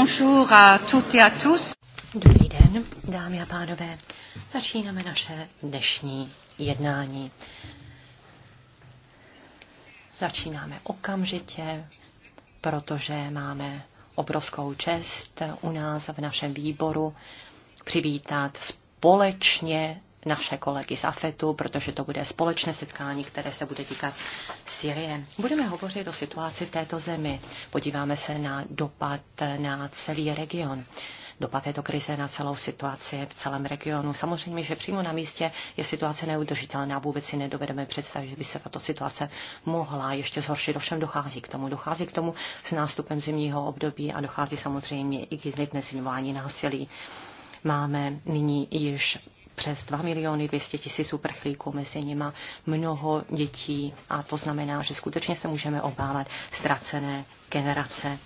Bonjour à toutes et à tous. Dobrý den, dámy a pánové. Začínáme naše dnešní jednání. Začínáme okamžitě, protože máme obrovskou čest u nás v našem výboru přivítat společně naše kolegy z AFETu, protože to bude společné setkání, které se bude týkat Syrie. Budeme hovořit o situaci v této zemi. Podíváme se na dopad na celý region dopad této krize na celou situaci v celém regionu. Samozřejmě, že přímo na místě je situace neudržitelná. Vůbec si nedovedeme představit, že by se tato situace mohla ještě zhoršit. Ovšem dochází k tomu. Dochází k tomu s nástupem zimního období a dochází samozřejmě i k zintenzivování násilí. Máme nyní již přes 2 miliony 200 tisíc uprchlíků, mezi nima mnoho dětí a to znamená, že skutečně se můžeme obávat ztracené generace.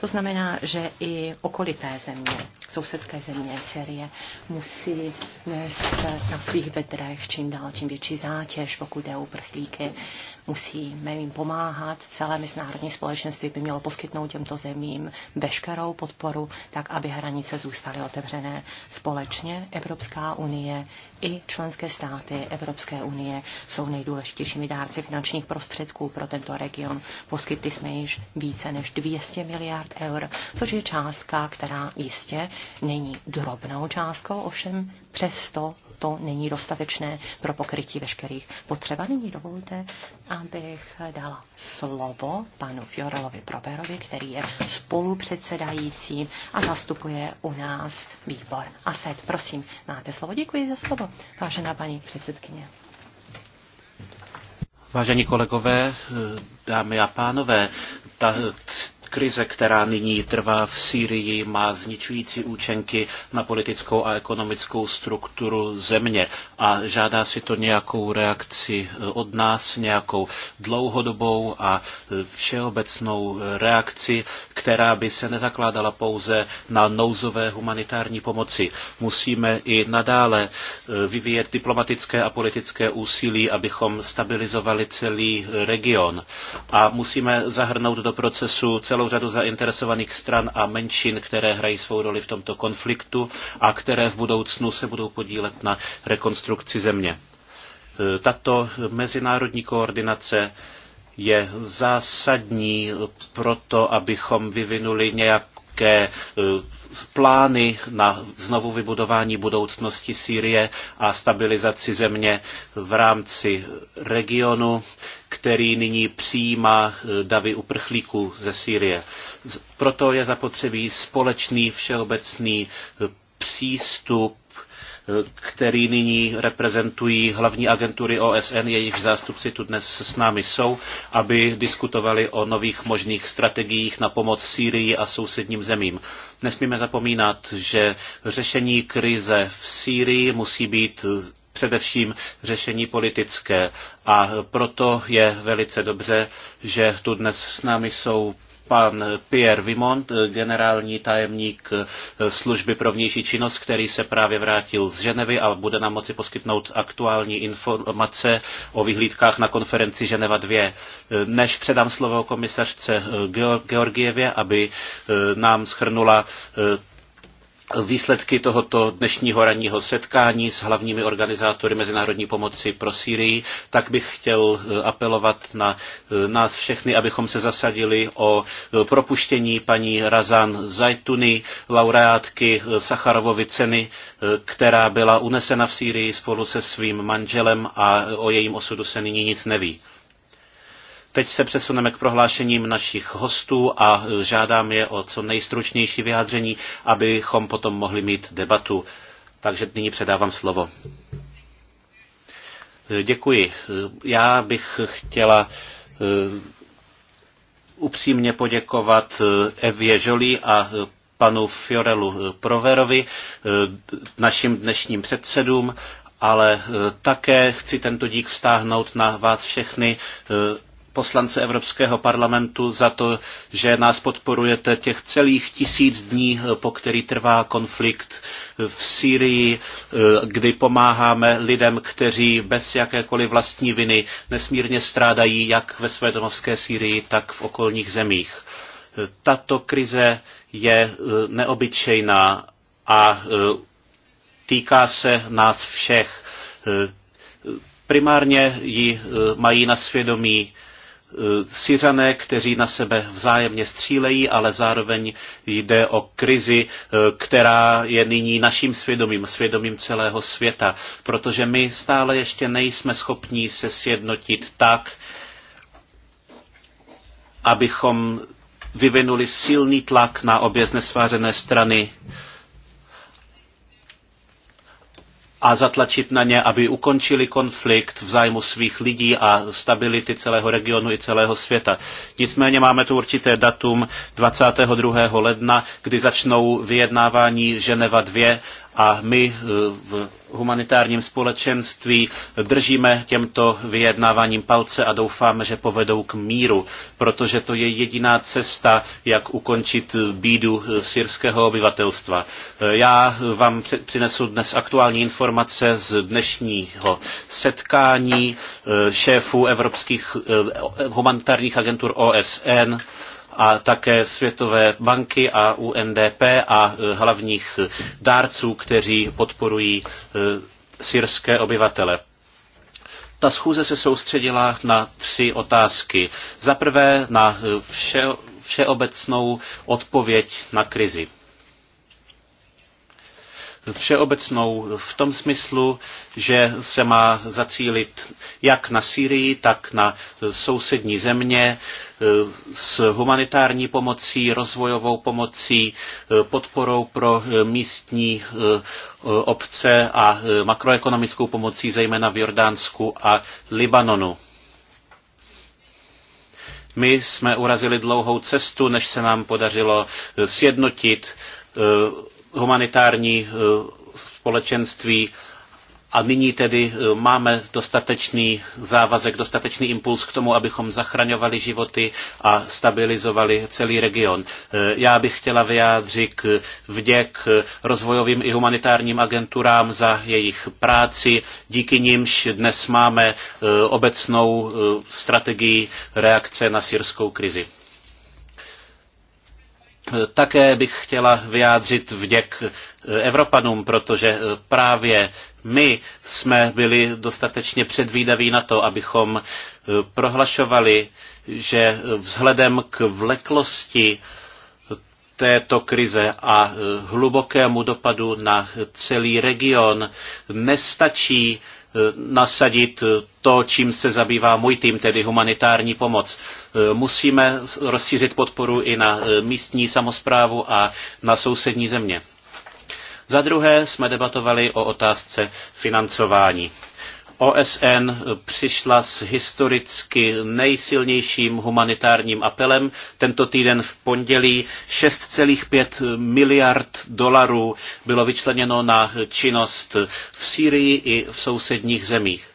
To znamená, že i okolité země sousedské země Syrie musí nést na svých vedrech čím dál tím větší zátěž, pokud jde o uprchlíky. Musíme jim pomáhat. Celé mezinárodní společenství by mělo poskytnout těmto zemím veškerou podporu, tak aby hranice zůstaly otevřené. Společně Evropská unie i členské státy Evropské unie jsou nejdůležitějšími dárci finančních prostředků pro tento region. Poskytli jsme již více než 200 miliard eur, což je částka, která jistě není drobnou částkou, ovšem přesto to není dostatečné pro pokrytí veškerých potřeb. nyní dovolte, abych dala slovo panu Fiorelovi Proberovi, který je spolupředsedajícím a zastupuje u nás výbor AFED. Prosím, máte slovo. Děkuji za slovo, vážená paní předsedkyně. Vážení kolegové, dámy a pánové, ta Krize, která nyní trvá v Sýrii, má zničující účinky na politickou a ekonomickou strukturu země a žádá si to nějakou reakci eh, od nás, nějakou dlouhodobou a eh, všeobecnou reakci, která by se nezakládala pouze na nouzové humanitární pomoci. Musíme i nadále eh, vyvíjet diplomatické a politické úsilí, abychom stabilizovali celý region a musíme zahrnout do procesu celé celou řadu zainteresovaných stran a menšin, které hrají svou roli v tomto konfliktu a které v budoucnu se budou podílet na rekonstrukci země. E, tato mezinárodní koordinace je zásadní proto, abychom vyvinuli nějak také e, plány na znovu vybudování budoucnosti Sýrie a stabilizaci země v rámci regionu, který nyní přijímá e, davy uprchlíků ze Sýrie. Proto je zapotřebí společný všeobecný e, přístup který nyní reprezentují hlavní agentury OSN, jejich zástupci tu dnes s námi jsou, aby diskutovali o nových možných strategiích na pomoc Sýrii a sousedním zemím. Nesmíme zapomínat, že řešení krize v Sýrii musí být především řešení politické. A proto je velice dobře, že tu dnes s námi jsou pan Pierre Vimont, generální tajemník eh, služby pro vnější činnost, který se právě vrátil z Ženevy a bude nám moci poskytnout aktuální informace o vyhlídkách na konferenci Ženeva 2. Eh, Než předám slovo komisařce eh, Georgievě, aby nám schrnula výsledky tohoto dnešního ranního setkání s hlavními organizátory mezinárodní pomoci pro Sýrii, tak bych chtěl eh, apelovat na eh, nás všechny, abychom se zasadili o eh, propuštění paní Razan Zajtuny, laureátky Sacharovovy ceny, která byla unesena v Sýrii spolu se svým manželem a o jejím osudu se nyní nic neví. Teď se přesuneme k prohlášením našich hostů a e, žádám je o co nejstručnější vyjádření, abychom potom mohli mít debatu. Takže nyní předávám slovo. E, děkuji. E, já bych chtěla upřímně poděkovat Evě Žolí a panu Fiorelu Proverovi, našim dnešním předsedům, ale také chci tento dík vztáhnout na vás všechny poslance Evropského parlamentu za to, že nás podporujete těch celých tisíc dní, eh, po který trvá konflikt v Sýrii, eh, kdy pomáháme lidem, kteří bez jakékoliv vlastní viny nesmírně strádají jak ve své domovské Sýrii, tak v okolních zemích. Eh, tato krize je neobyčejná a týká se nás všech. Primárně ji mají na svědomí Eh, Syřané, kteří na sebe vzájemně střílejí, ale zároveň jde o krizi, eh, která je nyní naším svědomím, svědomím celého světa, protože my stále ještě nejsme schopní se sjednotit tak, abychom vyvinuli silný tlak na obě znesvářené strany a zatlačit na ně, aby ukončili konflikt v zájmu svých lidí a stability celého regionu i celého světa. Nicméně máme tu určité datum 22. ledna, kdy začnou vyjednávání Ženeva 2 a my eh, v humanitárním společenství držíme těmto vyjednáváním palce a doufáme, že povedou k míru, protože to je jediná cesta, jak ukončit bídu eh, syrského obyvatelstva. Eh, já vám přinesu dnes aktuální informace z dnešního setkání šéfů evropských humanitárních agentur OSN a také Světové banky a UNDP a e, hlavních dárců, kteří podporují e, syrské obyvatele. Ta schůze se soustředila na tři otázky. Za prvé na e, vše, všeobecnou odpověď na krizi všeobecnou v tom smyslu, že se má zacílit jak na Syrii, tak na sousední země eh, s humanitární pomocí, rozvojovou pomocí, eh, podporou pro místní eh, obce a makroekonomickou pomocí zejména v Jordánsku a Libanonu. My jsme urazili dlouhou cestu, než se nám podařilo sjednotit humanitární eh, společenství a nyní tedy eh, máme dostatečný závazek, dostatečný impuls k tomu, abychom zachraňovali životy a stabilizovali celý region. Eh, já bych chtěla vyjádřit vděk rozvojovým i humanitárním agenturám za jejich práci. Díky nimž dnes máme obecnou strategii reakce na syrskou krizi. Také bych chtěla vyjádřit vděk eh, Evropanům, protože eh, právě my jsme byli dostatečně předvídaví na to, abychom eh, prohlašovali, že vzhledem k vleklosti této krize a hlubokému dopadu na celý region nestačí Eh, nasadit eh, to, čím se zabývá můj tým, tedy humanitární pomoc. Eh, musíme rozšířit podporu i na místní samozprávu a na sousední země. Za druhé jsme debatovali o otázce financování. OSN přišla s historicky nejsilnějším humanitárním apelem tento týden v pondělí 6,5 miliard dolarů bylo vyčleněno na činnost v Sýrii i v sousedních zemích.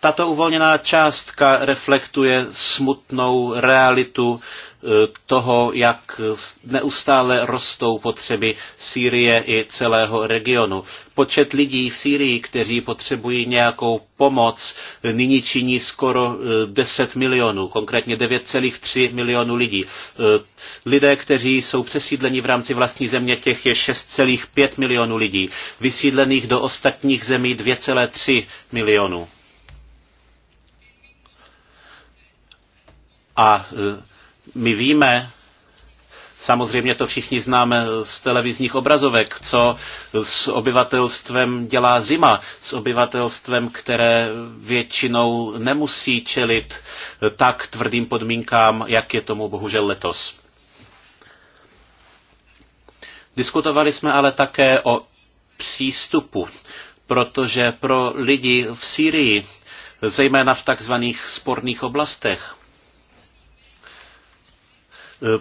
Tato uvolněná částka reflektuje smutnou realitu toho, jak neustále rostou potřeby Sýrie i celého regionu. Počet lidí v Sýrii, kteří potřebují nějakou pomoc, nyní činí skoro 10 eh, milionů, konkrétně 9,3 milionů lidí. Eh, lidé, kteří jsou přesídleni v rámci vlastní země, těch je 6,5 milionů lidí. Vysídlených do ostatních zemí 2,3 milionů. A eh, my víme, Samozřejmě to všichni známe z televizních obrazovek, co s obyvatelstvem dělá zima, s obyvatelstvem, které většinou nemusí čelit tak tvrdým podmínkám, jak je tomu bohužel letos. Diskutovali jsme ale také o přístupu, protože pro lidi v Sýrii, zejména v takzvaných sporných oblastech,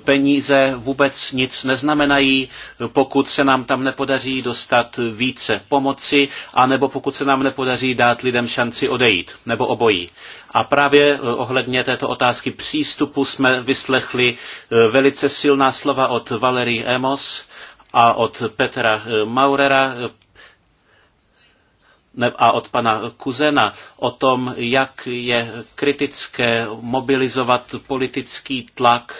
peníze vůbec nic neznamenají, pokud se nám tam nepodaří dostat více pomoci, anebo pokud se nám nepodaří dát lidem šanci odejít, nebo obojí. A právě eh, ohledně této otázky přístupu jsme vyslechli eh, velice silná slova od Valerie Emos, a od Petra eh, Maurera, a od pana Kuzena o tom, jak je kritické mobilizovat politický tlak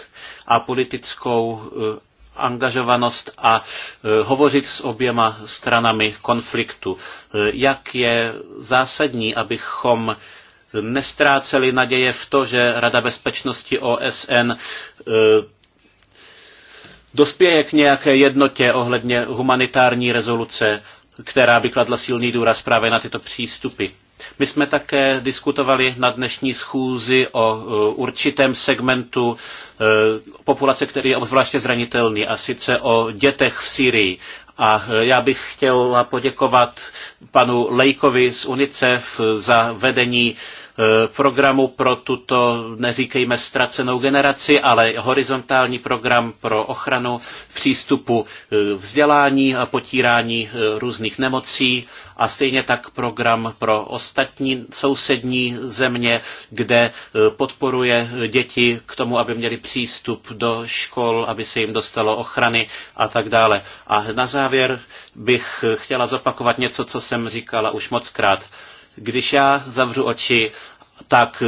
a politickou eh, angažovanost a eh, hovořit s oběma stranami konfliktu. Eh, jak je zásadní, abychom nestráceli naděje v to, že Rada bezpečnosti OSN dospěje k nějaké jednotě ohledně humanitární rezoluce která by kladla silný důraz právě na tyto přístupy. My jsme také diskutovali na dnešní schůzi o e, určitém segmentu e, populace, který je obzvláště zranitelný, a sice o dětech v Syrii. A e, já bych chtěla poděkovat panu Lejkovi z UNICEF za vedení Eh, programu pro tuto, neříkejme, ztracenou generaci, ale horizontální program pro ochranu přístupu eh, vzdělání a potírání eh, různých nemocí a stejně tak program pro ostatní sousední země, kde podporuje děti k tomu, aby měli přístup do škol, aby se jim dostalo ochrany a tak dále. A na závěr bych chtěla zopakovat něco, co jsem říkala už moc krát. Když já zavřu oči, tak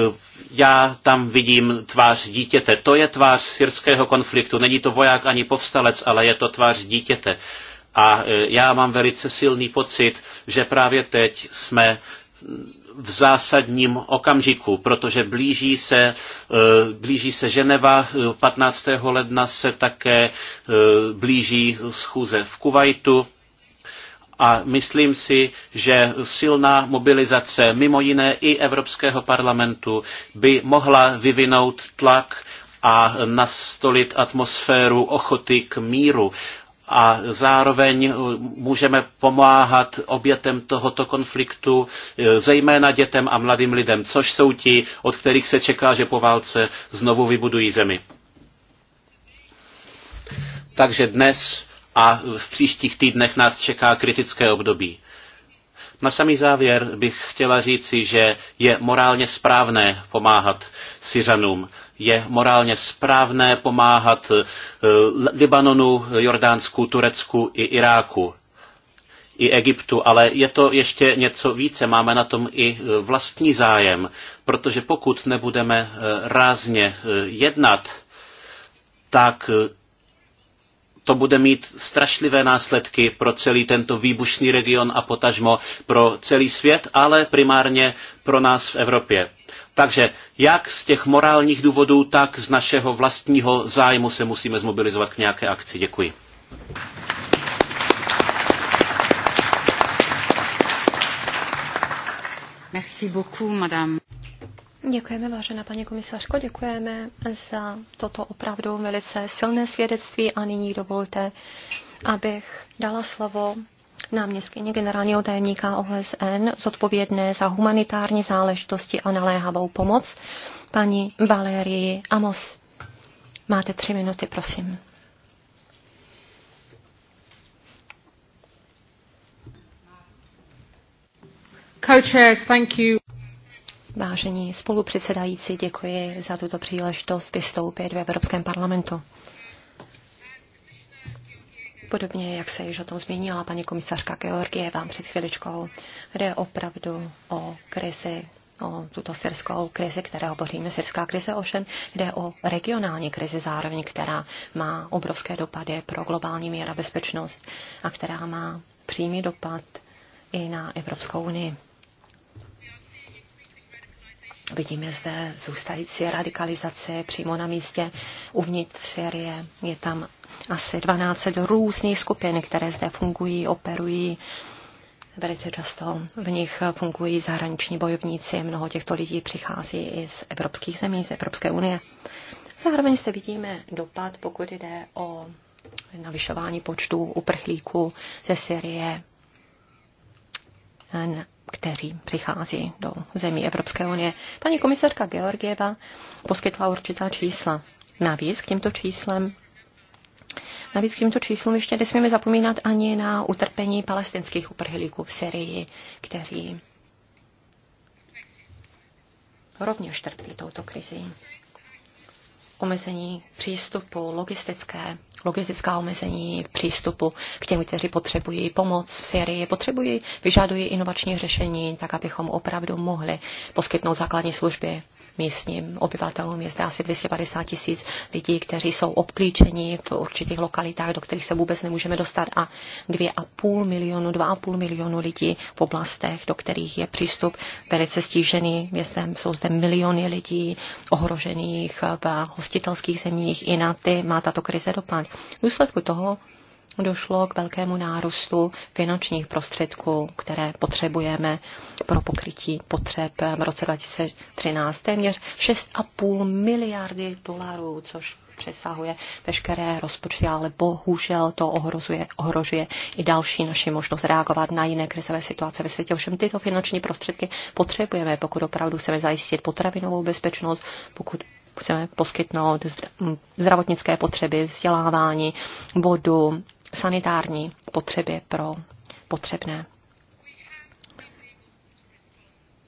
já tam vidím tvář dítěte. To je tvář syrského konfliktu. Není to voják ani povstalec, ale je to tvář dítěte. A e, já mám velice silný pocit, že právě teď jsme v zásadním okamžiku, protože blíží se, e, blíží se Ženeva, 15. E, ledna se také blíží schůze v Kuwaitu a myslím si, že silná mobilizace mimo jiné i Evropského parlamentu by mohla vyvinout tlak a nastolit atmosféru ochoty k míru a zároveň eh, můžeme pomáhat obětem tohoto konfliktu, eh, zejména dětem a mladým lidem, což jsou ti, od kterých se čeká, že po válce znovu vybudují zemi. Takže dnes a v příštích týdnech nás čeká kritické období. Na samý závěr bych chtěla říci, že je morálně správné pomáhat Syřanům. Je morálně správné pomáhat eh, Libanonu, Jordánsku, Turecku i Iráku i Egyptu, ale je to ještě něco více. Máme na tom i eh, vlastní zájem, protože pokud nebudeme eh, rázně jednat, tak to bude mít strašlivé následky pro celý tento výbušný region a potažmo pro celý svět, ale primárně pro nás v Evropě. Takže jak z těch morálních důvodů, tak z našeho vlastního zájmu se musíme zmobilizovat k nějaké akci. Děkuji. Merci beaucoup, madame. Děkujeme, vážená paní komisařko, děkujeme za toto opravdu velice silné svědectví a nyní dovolte, abych dala slovo náměstkyně generálního tajemníka OSN zodpovědné za humanitární záležitosti a naléhavou pomoc, paní Valérii Amos. Máte tři minuty, prosím. Co-chairs, thank you. Vážení spolupředsedající, děkuji za tuto příležitost vystoupit v Evropském parlamentu. Podobně, jak se již o tom zmínila paní komisařka Georgie vám před chviličkou, jde opravdu o krizi, o tuto syrskou krizi, které hovoříme, syrská krize, ovšem jde o regionální krizi zároveň, která má obrovské dopady pro globální míra bezpečnost a která má přímý dopad i na Evropskou unii. Vidíme zde zůstající radikalizace přímo na místě uvnitř Syrie. Je tam asi 12 různých skupin, které zde fungují, operují. Velice často v nich fungují zahraniční bojovníci. Mnoho těchto lidí přichází i z evropských zemí, z Evropské unie. Zároveň se vidíme dopad, pokud jde o navyšování počtu uprchlíků ze Syrie kteří přichází do zemí Evropské unie. Paní komisarka Georgieva poskytla určitá čísla. Navíc k těmto číslem Navíc k těmto číslům ještě nesmíme zapomínat ani na utrpení palestinských uprchlíků v Syrii, kteří rovněž trpí touto krizi omezení přístupu, logistické, logistická omezení přístupu k těm, kteří potřebují pomoc v Syrii, potřebují, vyžadují inovační řešení, tak abychom opravdu mohli poskytnout základní služby místním obyvatelům. Je zde asi 250 tisíc lidí, kteří jsou obklíčeni v určitých lokalitách, do kterých se vůbec nemůžeme dostat a 2,5 milionu, 2,5 milionu lidí v oblastech, do kterých je přístup velice stížený. Je zde, jsou zde miliony lidí ohrožených v hostitelských zemích. I na ty má tato krize dopad. V důsledku toho došlo k velkému nárůstu finančních prostředků, které potřebujeme pro pokrytí potřeb v roce 2013 téměř 6,5 miliardy dolarů, což přesahuje veškeré rozpočty, ale bohužel to ohrozuje, ohrožuje i další naši možnost reagovat na jiné krizové situace ve světě. Ovšem tyto finanční prostředky potřebujeme, pokud opravdu chceme zajistit potravinovou bezpečnost, pokud chceme poskytnout zdravotnické potřeby, vzdělávání, vodu, sanitární potřeby pro potřebné.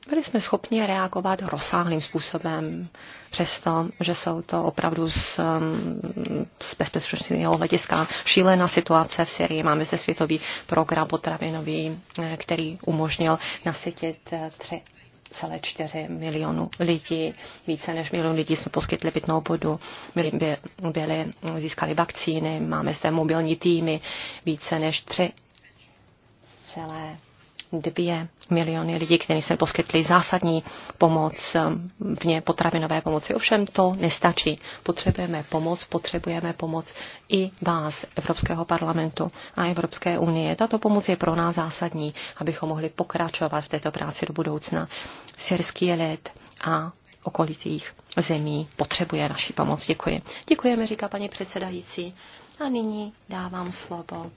Byli jsme schopni reagovat rozsáhlým způsobem, přesto, že jsou to opravdu z, um, z bezpečnostního hlediska šílená situace v Syrii. Máme zde světový program potravinový, eh, který umožnil nasytit eh, tři čtyři milionu lidí. Více než milion lidí jsme poskytli pitnou vodu, by, byli, získali vakcíny, máme zde mobilní týmy, více než 3 celé Dvě miliony lidí, kteří jsme poskytli zásadní pomoc um, ně potravinové pomoci. Ovšem to nestačí. Potřebujeme pomoc, potřebujeme pomoc i vás, Evropského parlamentu a Evropské unie. Tato pomoc je pro nás zásadní, abychom mohli pokračovat v této práci do budoucna. Syrský lid a okolitých zemí potřebuje naši pomoc. Děkuji. Děkujeme, říká paní předsedající. A nyní dávám slovo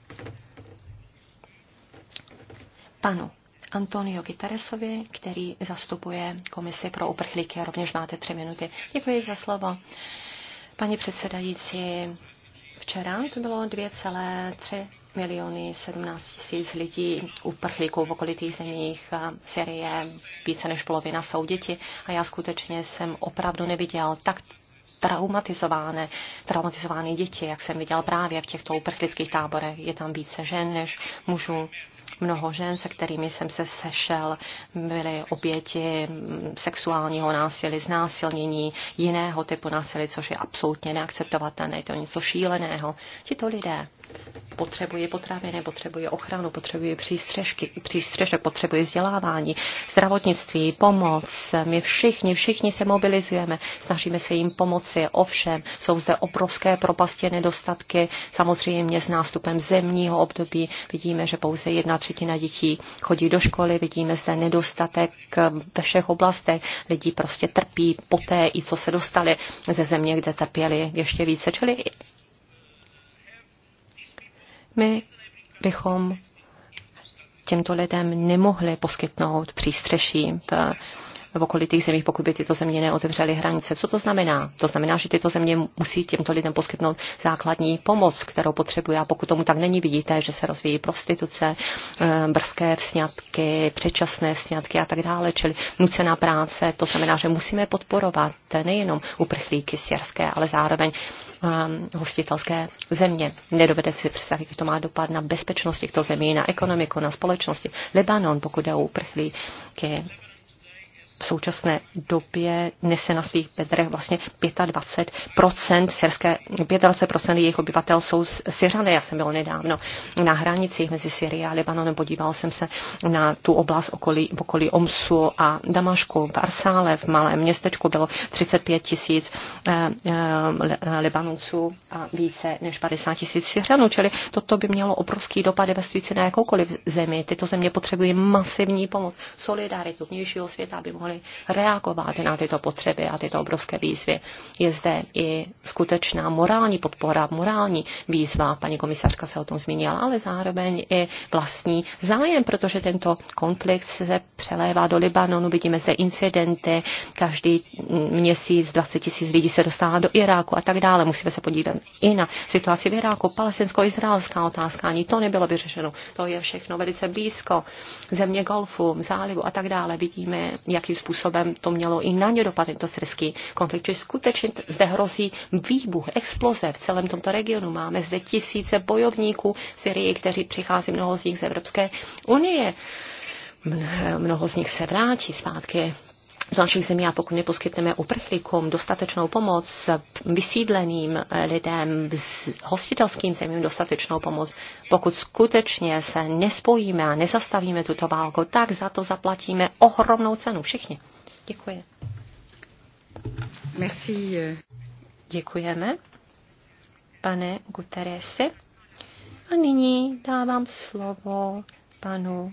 panu Antonio Guterresovi, který zastupuje Komisi pro uprchlíky a rovněž máte tři minuty. Děkuji za slovo. Paní předsedající, včera to bylo 2,3 miliony 17 tisíc lidí uprchlíků v okolitých zemích Syrie, více než polovina jsou děti a já skutečně jsem opravdu neviděl tak traumatizované, traumatizované děti, jak jsem viděl právě v těchto uprchlických táborech. Je tam více žen než mužů. Mnoho žen, se kterými jsem se sešel, byly oběti sexuálního násilí, znásilnění, jiného typu násilí, což je absolutně neakceptovatelné, je to něco šíleného. Tito lidé potřebují potraviny, potřebují ochranu, potřebují přístřežky, přístřežek, potřebují vzdělávání, zdravotnictví, pomoc. My všichni, všichni se mobilizujeme, snažíme se jim pomoci, ovšem jsou zde obrovské propasti, nedostatky, samozřejmě s nástupem zemního období vidíme, že pouze jedna třetina dětí chodí do školy, vidíme zde nedostatek ve všech oblastech. Lidi prostě trpí poté, i co se dostali ze země, kde trpěli ještě více. Čili my bychom těmto lidem nemohli poskytnout přístřeší To v okolitých těch zemí, pokud by tyto země neotevřely hranice. Co to znamená? To znamená, že tyto země musí těmto lidem poskytnout základní pomoc, kterou potřebují. A pokud tomu tak není, vidíte, že se rozvíjí prostituce, eh, brzké vsňatky, předčasné vsňatky a tak dále, čili nucená práce. To znamená, že musíme podporovat nejenom uprchlíky syrské, ale zároveň eh, hostitelské země. Nedovede si představit, jak to má dopad na bezpečnost těchto zemí, na ekonomiku, na společnosti. Libanon, pokud jde o uprchlíky, v současné době nese na svých bedrech vlastně 25% syrské, 25% jejich obyvatel jsou Syřané. Já jsem byl nedávno na hranicích mezi Syrií a Libanonem, podíval jsem se na tu oblast okolí, okolí Omsu a Damašku, v Arsále, v malém městečku bylo 35 tisíc eh, eh, Libanonců a více než 50 tisíc Syřanů, čili toto by mělo obrovský dopad devastující na jakoukoliv zemi. Tyto země potřebují masivní pomoc, solidaritu vnějšího světa, aby mohli mohli reagovat na tyto potřeby a tyto obrovské výzvy. Je zde i skutečná morální podpora, morální výzva, paní komisařka se o tom zmínila, ale zároveň i vlastní zájem, protože tento konflikt se přelévá do Libanonu, vidíme zde incidenty, každý měsíc 20 tisíc lidí se dostává do Iráku a tak dále. Musíme se podívat i na situaci v Iráku, palestinsko-izraelská otázka, ani to nebylo vyřešeno. To je všechno velice blízko. Země Golfu, zálivu a tak dále. Vidíme, jaký jakým způsobem to mělo i na ně dopad, tento syrský konflikt. Čili skutečně zde hrozí výbuch, exploze v celém tomto regionu. Máme zde tisíce bojovníků Syrii, kteří přichází mnoho z nich z Evropské unie. Mnoho z nich se vrátí zpátky z našich zemí a pokud neposkytneme uprchlíkům dostatečnou pomoc, vysídleným lidem, hostitelským zemím dostatečnou pomoc, pokud skutečně se nespojíme a nezastavíme tuto válku, tak za to zaplatíme ohromnou cenu všichni. Děkuji. Merci. Děkujeme, pane Guterresi. A nyní dávám slovo panu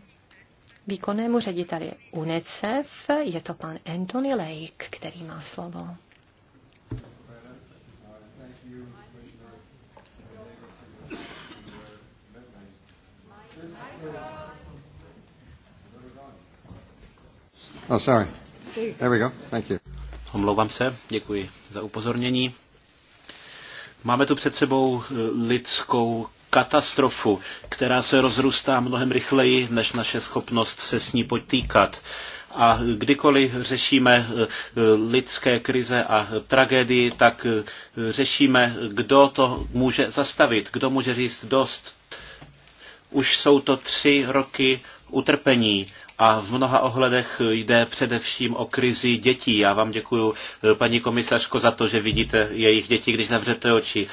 výkonnému řediteli UNICEF. Je to pan Anthony Lake, který má slovo. Oh, sorry. There we go. Thank you. Omlouvám se, děkuji za upozornění. Máme tu před sebou eh, lidskou katastrofu, která se rozrůstá mnohem rychleji než naše schopnost se s ní potýkat. A kdykoliv řešíme eh, lidské krize a tragédii, tak eh, řešíme, kdo to může zastavit, kdo může říct dost. Už jsou to tři roky utrpení a v mnoha ohledech jde především o krizi dětí. Já vám děkuji, eh, paní komisařko, za to, že vidíte jejich děti, když zavřete oči.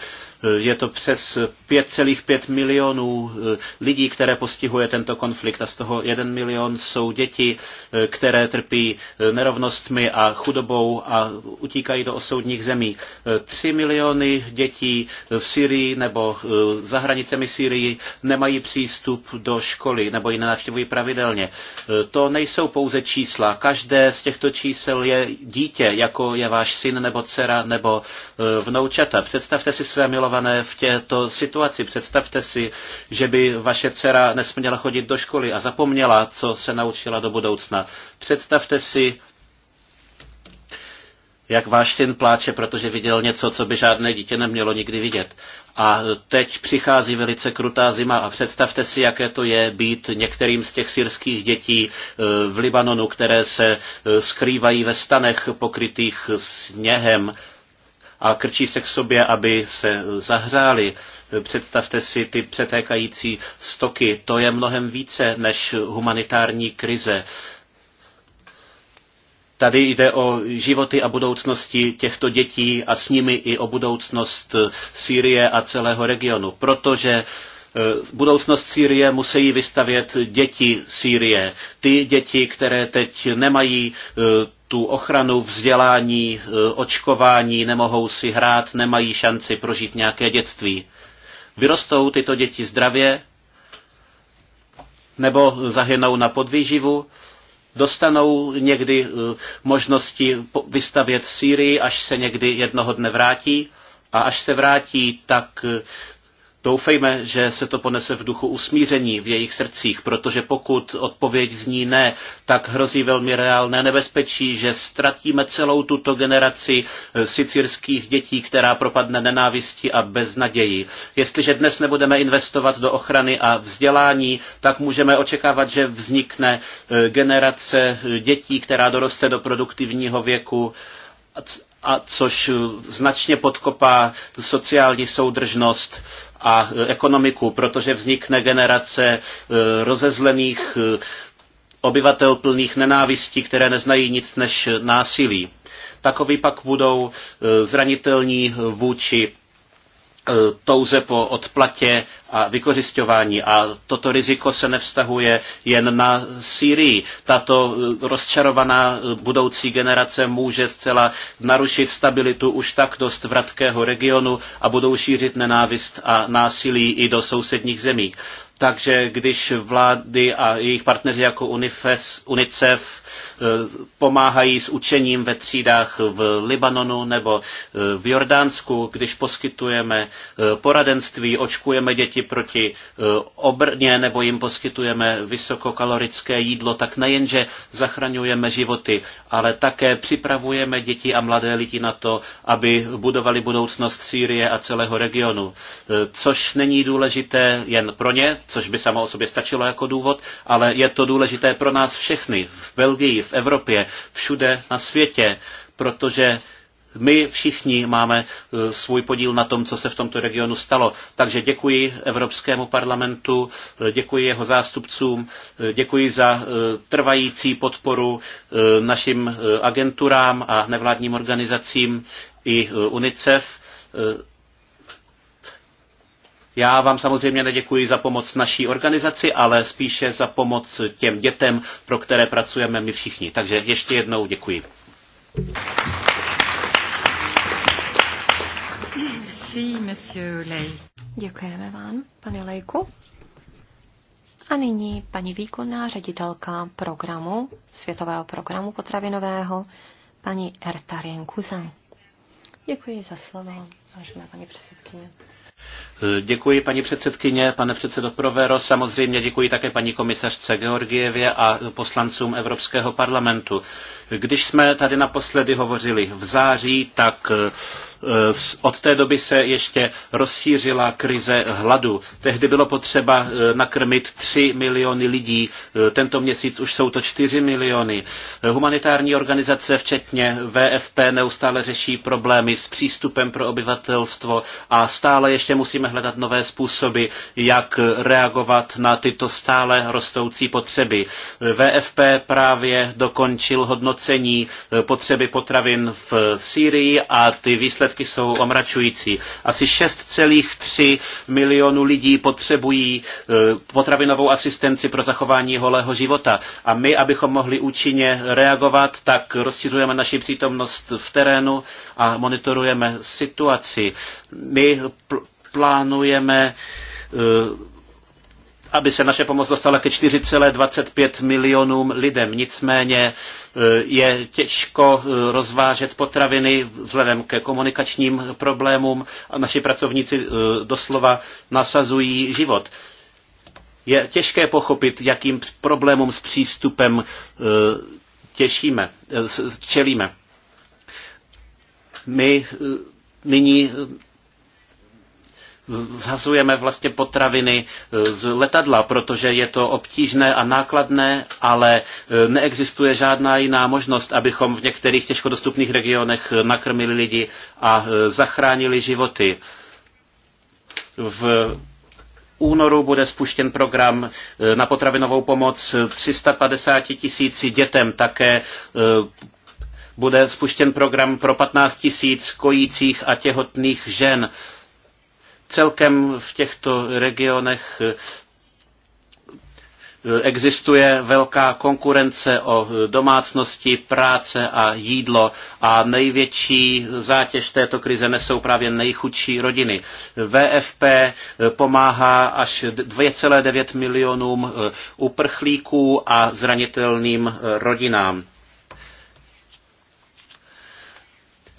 Je to přes 5,5 milionů eh, lidí, které postihuje tento konflikt a z toho 1 milion jsou děti, eh, které trpí eh, nerovnostmi a chudobou a utíkají do osoudních zemí. 3 miliony dětí v Syrii nebo za hranicemi Syrii nemají přístup do školy nebo ji nenavštěvují pravidelně. To nejsou pouze čísla. Každé z těchto čísel je dítě, jako je váš syn nebo dcera nebo vnoučata. Představte si své milované izolované v této situaci. Představte si, že by vaše dcera nesměla chodit do školy a zapomněla, co se naučila do budoucna. Představte si, jak váš syn pláče, protože viděl něco, co by žádné dítě nemělo nikdy vidět. A teď přichází velice krutá zima a představte si, jaké to je být některým z těch syrských dětí eh, v Libanonu, které se eh, skrývají ve stanech pokrytých sněhem a krčí se k sobě, aby se zahřáli. Představte si ty přetékající stoky, to je mnohem více než humanitární krize. Tady jde o životy a budoucnosti těchto dětí a s nimi i o budoucnost Sýrie a celého regionu, protože Eh, budoucnost Sýrie musí vystavět děti Sýrie. Ty děti, které teď nemají eh, tu ochranu, vzdělání, eh, očkování, nemohou si hrát, nemají šanci prožít nějaké dětství. Vyrostou tyto děti zdravě nebo zahynou na podvýživu, dostanou někdy možnosti vystavět Sýrii, až se někdy jednoho dne vrátí a až se vrátí, tak Doufejme, že se to ponese v duchu usmíření v jejich srdcích, protože pokud odpověď zní ne, tak hrozí velmi reálné nebezpečí, že ztratíme celou tuto generaci eh, sicírských dětí, která propadne nenávisti a beznaději. Jestliže dnes nebudeme investovat do ochrany a vzdělání, tak můžeme očekávat, že vznikne eh, generace eh, dětí, která doroste do produktivního věku a což značně podkopá sociální soudržnost a e, ekonomiku, protože vznikne generace e, rozezlených e, obyvatel plných nenávistí, které neznají nic než násilí. Takoví pak budou zranitelní vůči Eh, touze po odplatě a vykořišťování. A toto riziko se nevztahuje jen na Sýrii. Tato eh, rozčarovaná eh, budoucí generace může zcela narušit stabilitu už tak dost vratkého regionu a budou šířit nenávist a násilí i do sousedních zemí. Takže když vlády a jejich partneři jako UNIFES, UNICEF eh, pomáhají s učením ve třídách v Libanonu nebo eh, v Jordánsku, když poskytujeme eh, poradenství, očkujeme děti proti obrně nebo jim poskytujeme vysokokalorické jídlo, tak nejenže zachraňujeme životy, ale také připravujeme děti a mladé lidi na to, aby budovali budoucnost Sýrie a celého regionu, což není důležité jen pro ně, což by samo o sobě stačilo jako důvod, ale je to důležité pro nás všechny v Belgii, v Evropě, všude na světě, protože my všichni máme e, svůj podíl na tom, co se v tomto regionu stalo. Takže děkuji Evropskému parlamentu, e, děkuji jeho zástupcům, e, děkuji za trvající podporu našim agenturám a nevládním organizacím i UNICEF já vám samozřejmě neděkuji za pomoc naší organizaci, ale spíše za pomoc těm dětem, pro které pracujeme my všichni. Takže ještě jednou děkuji. Děkujeme vám, pane Lejku. A nyní paní výkonná ředitelka programu, světového programu potravinového, paní Erta Rienkuza. Děkuji za slovo, vážená paní předsedkyně. Děkuji paní předsedkyně, pane předsedo Provero, samozřejmě děkuji také paní komisařce Georgievě a poslancům Evropského parlamentu. Když jsme tady naposledy hovořili v září, tak Eh, od té doby se ještě rozšířila krize hladu. Tehdy bylo potřeba eh, nakrmit 3 miliony lidí, eh, tento měsíc už jsou to 4 miliony. Humanitární organizace, včetně VFP, neustále řeší problémy s přístupem pro obyvatelstvo a stále ještě musíme hledat nové způsoby, jak reagovat na tyto stále rostoucí potřeby. VFP právě dokončil hodnocení potřeby potravin v Sýrii a ty výsledky výsledky jsou omračující. Asi 6,3 milionů lidí potřebují eh, potravinovou asistenci pro zachování holého života. A my, abychom mohli účinně reagovat, tak rozšiřujeme naši přítomnost v terénu a monitorujeme situaci. My pl- plánujeme eh, aby se naše pomoc dostala ke 4,25 milionům lidem. Nicméně e, je těžko e, rozvážet potraviny vzhledem ke komunikačním problémům a naši pracovníci e, doslova nasazují život. Je těžké pochopit, jakým problémům s přístupem těšíme, čelíme. My nyní zhazujeme vlastně potraviny e, z letadla, protože je to obtížné a nákladné, ale e, neexistuje žádná jiná možnost, abychom v některých těžkodostupných dostupných regionech nakrmili lidi a e, zachránili životy. V únoru bude spuštěn program na potravinovou pomoc 350 tisíci dětem. Také bude spuštěn program pro 15 tisíc kojících a těhotných žen Celkem v těchto regionech eh, existuje velká konkurence o eh, domácnosti, práce a jídlo a největší zátěž této krize nesou právě nejchudší rodiny. VFP eh, pomáhá až 2,9 milionům uprchlíků a zranitelným rodinám.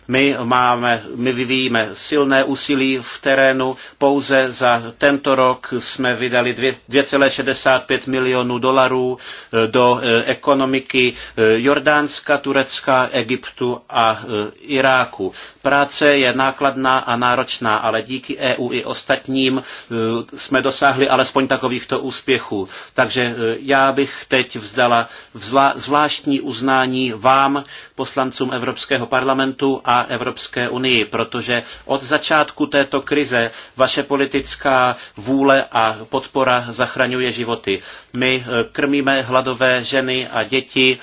My, máme, my vyvíjíme silné úsilí v terénu. Pouze za tento rok jsme vydali 2,65 milionů dolarů eh, do eh, ekonomiky eh, Jordánska, Turecka, Egyptu a Iráku. Práce je nákladná a náročná, ale díky EU i ostatním e, jsme dosáhli alespoň takovýchto úspěchů. Takže e, já bych teď vzdala vzla, zvláštní uznání vám, poslancům Evropského parlamentu a Evropské unii, protože od začátku této krize vaše politická vůle a podpora zachraňuje životy. My e, krmíme hladové ženy a děti,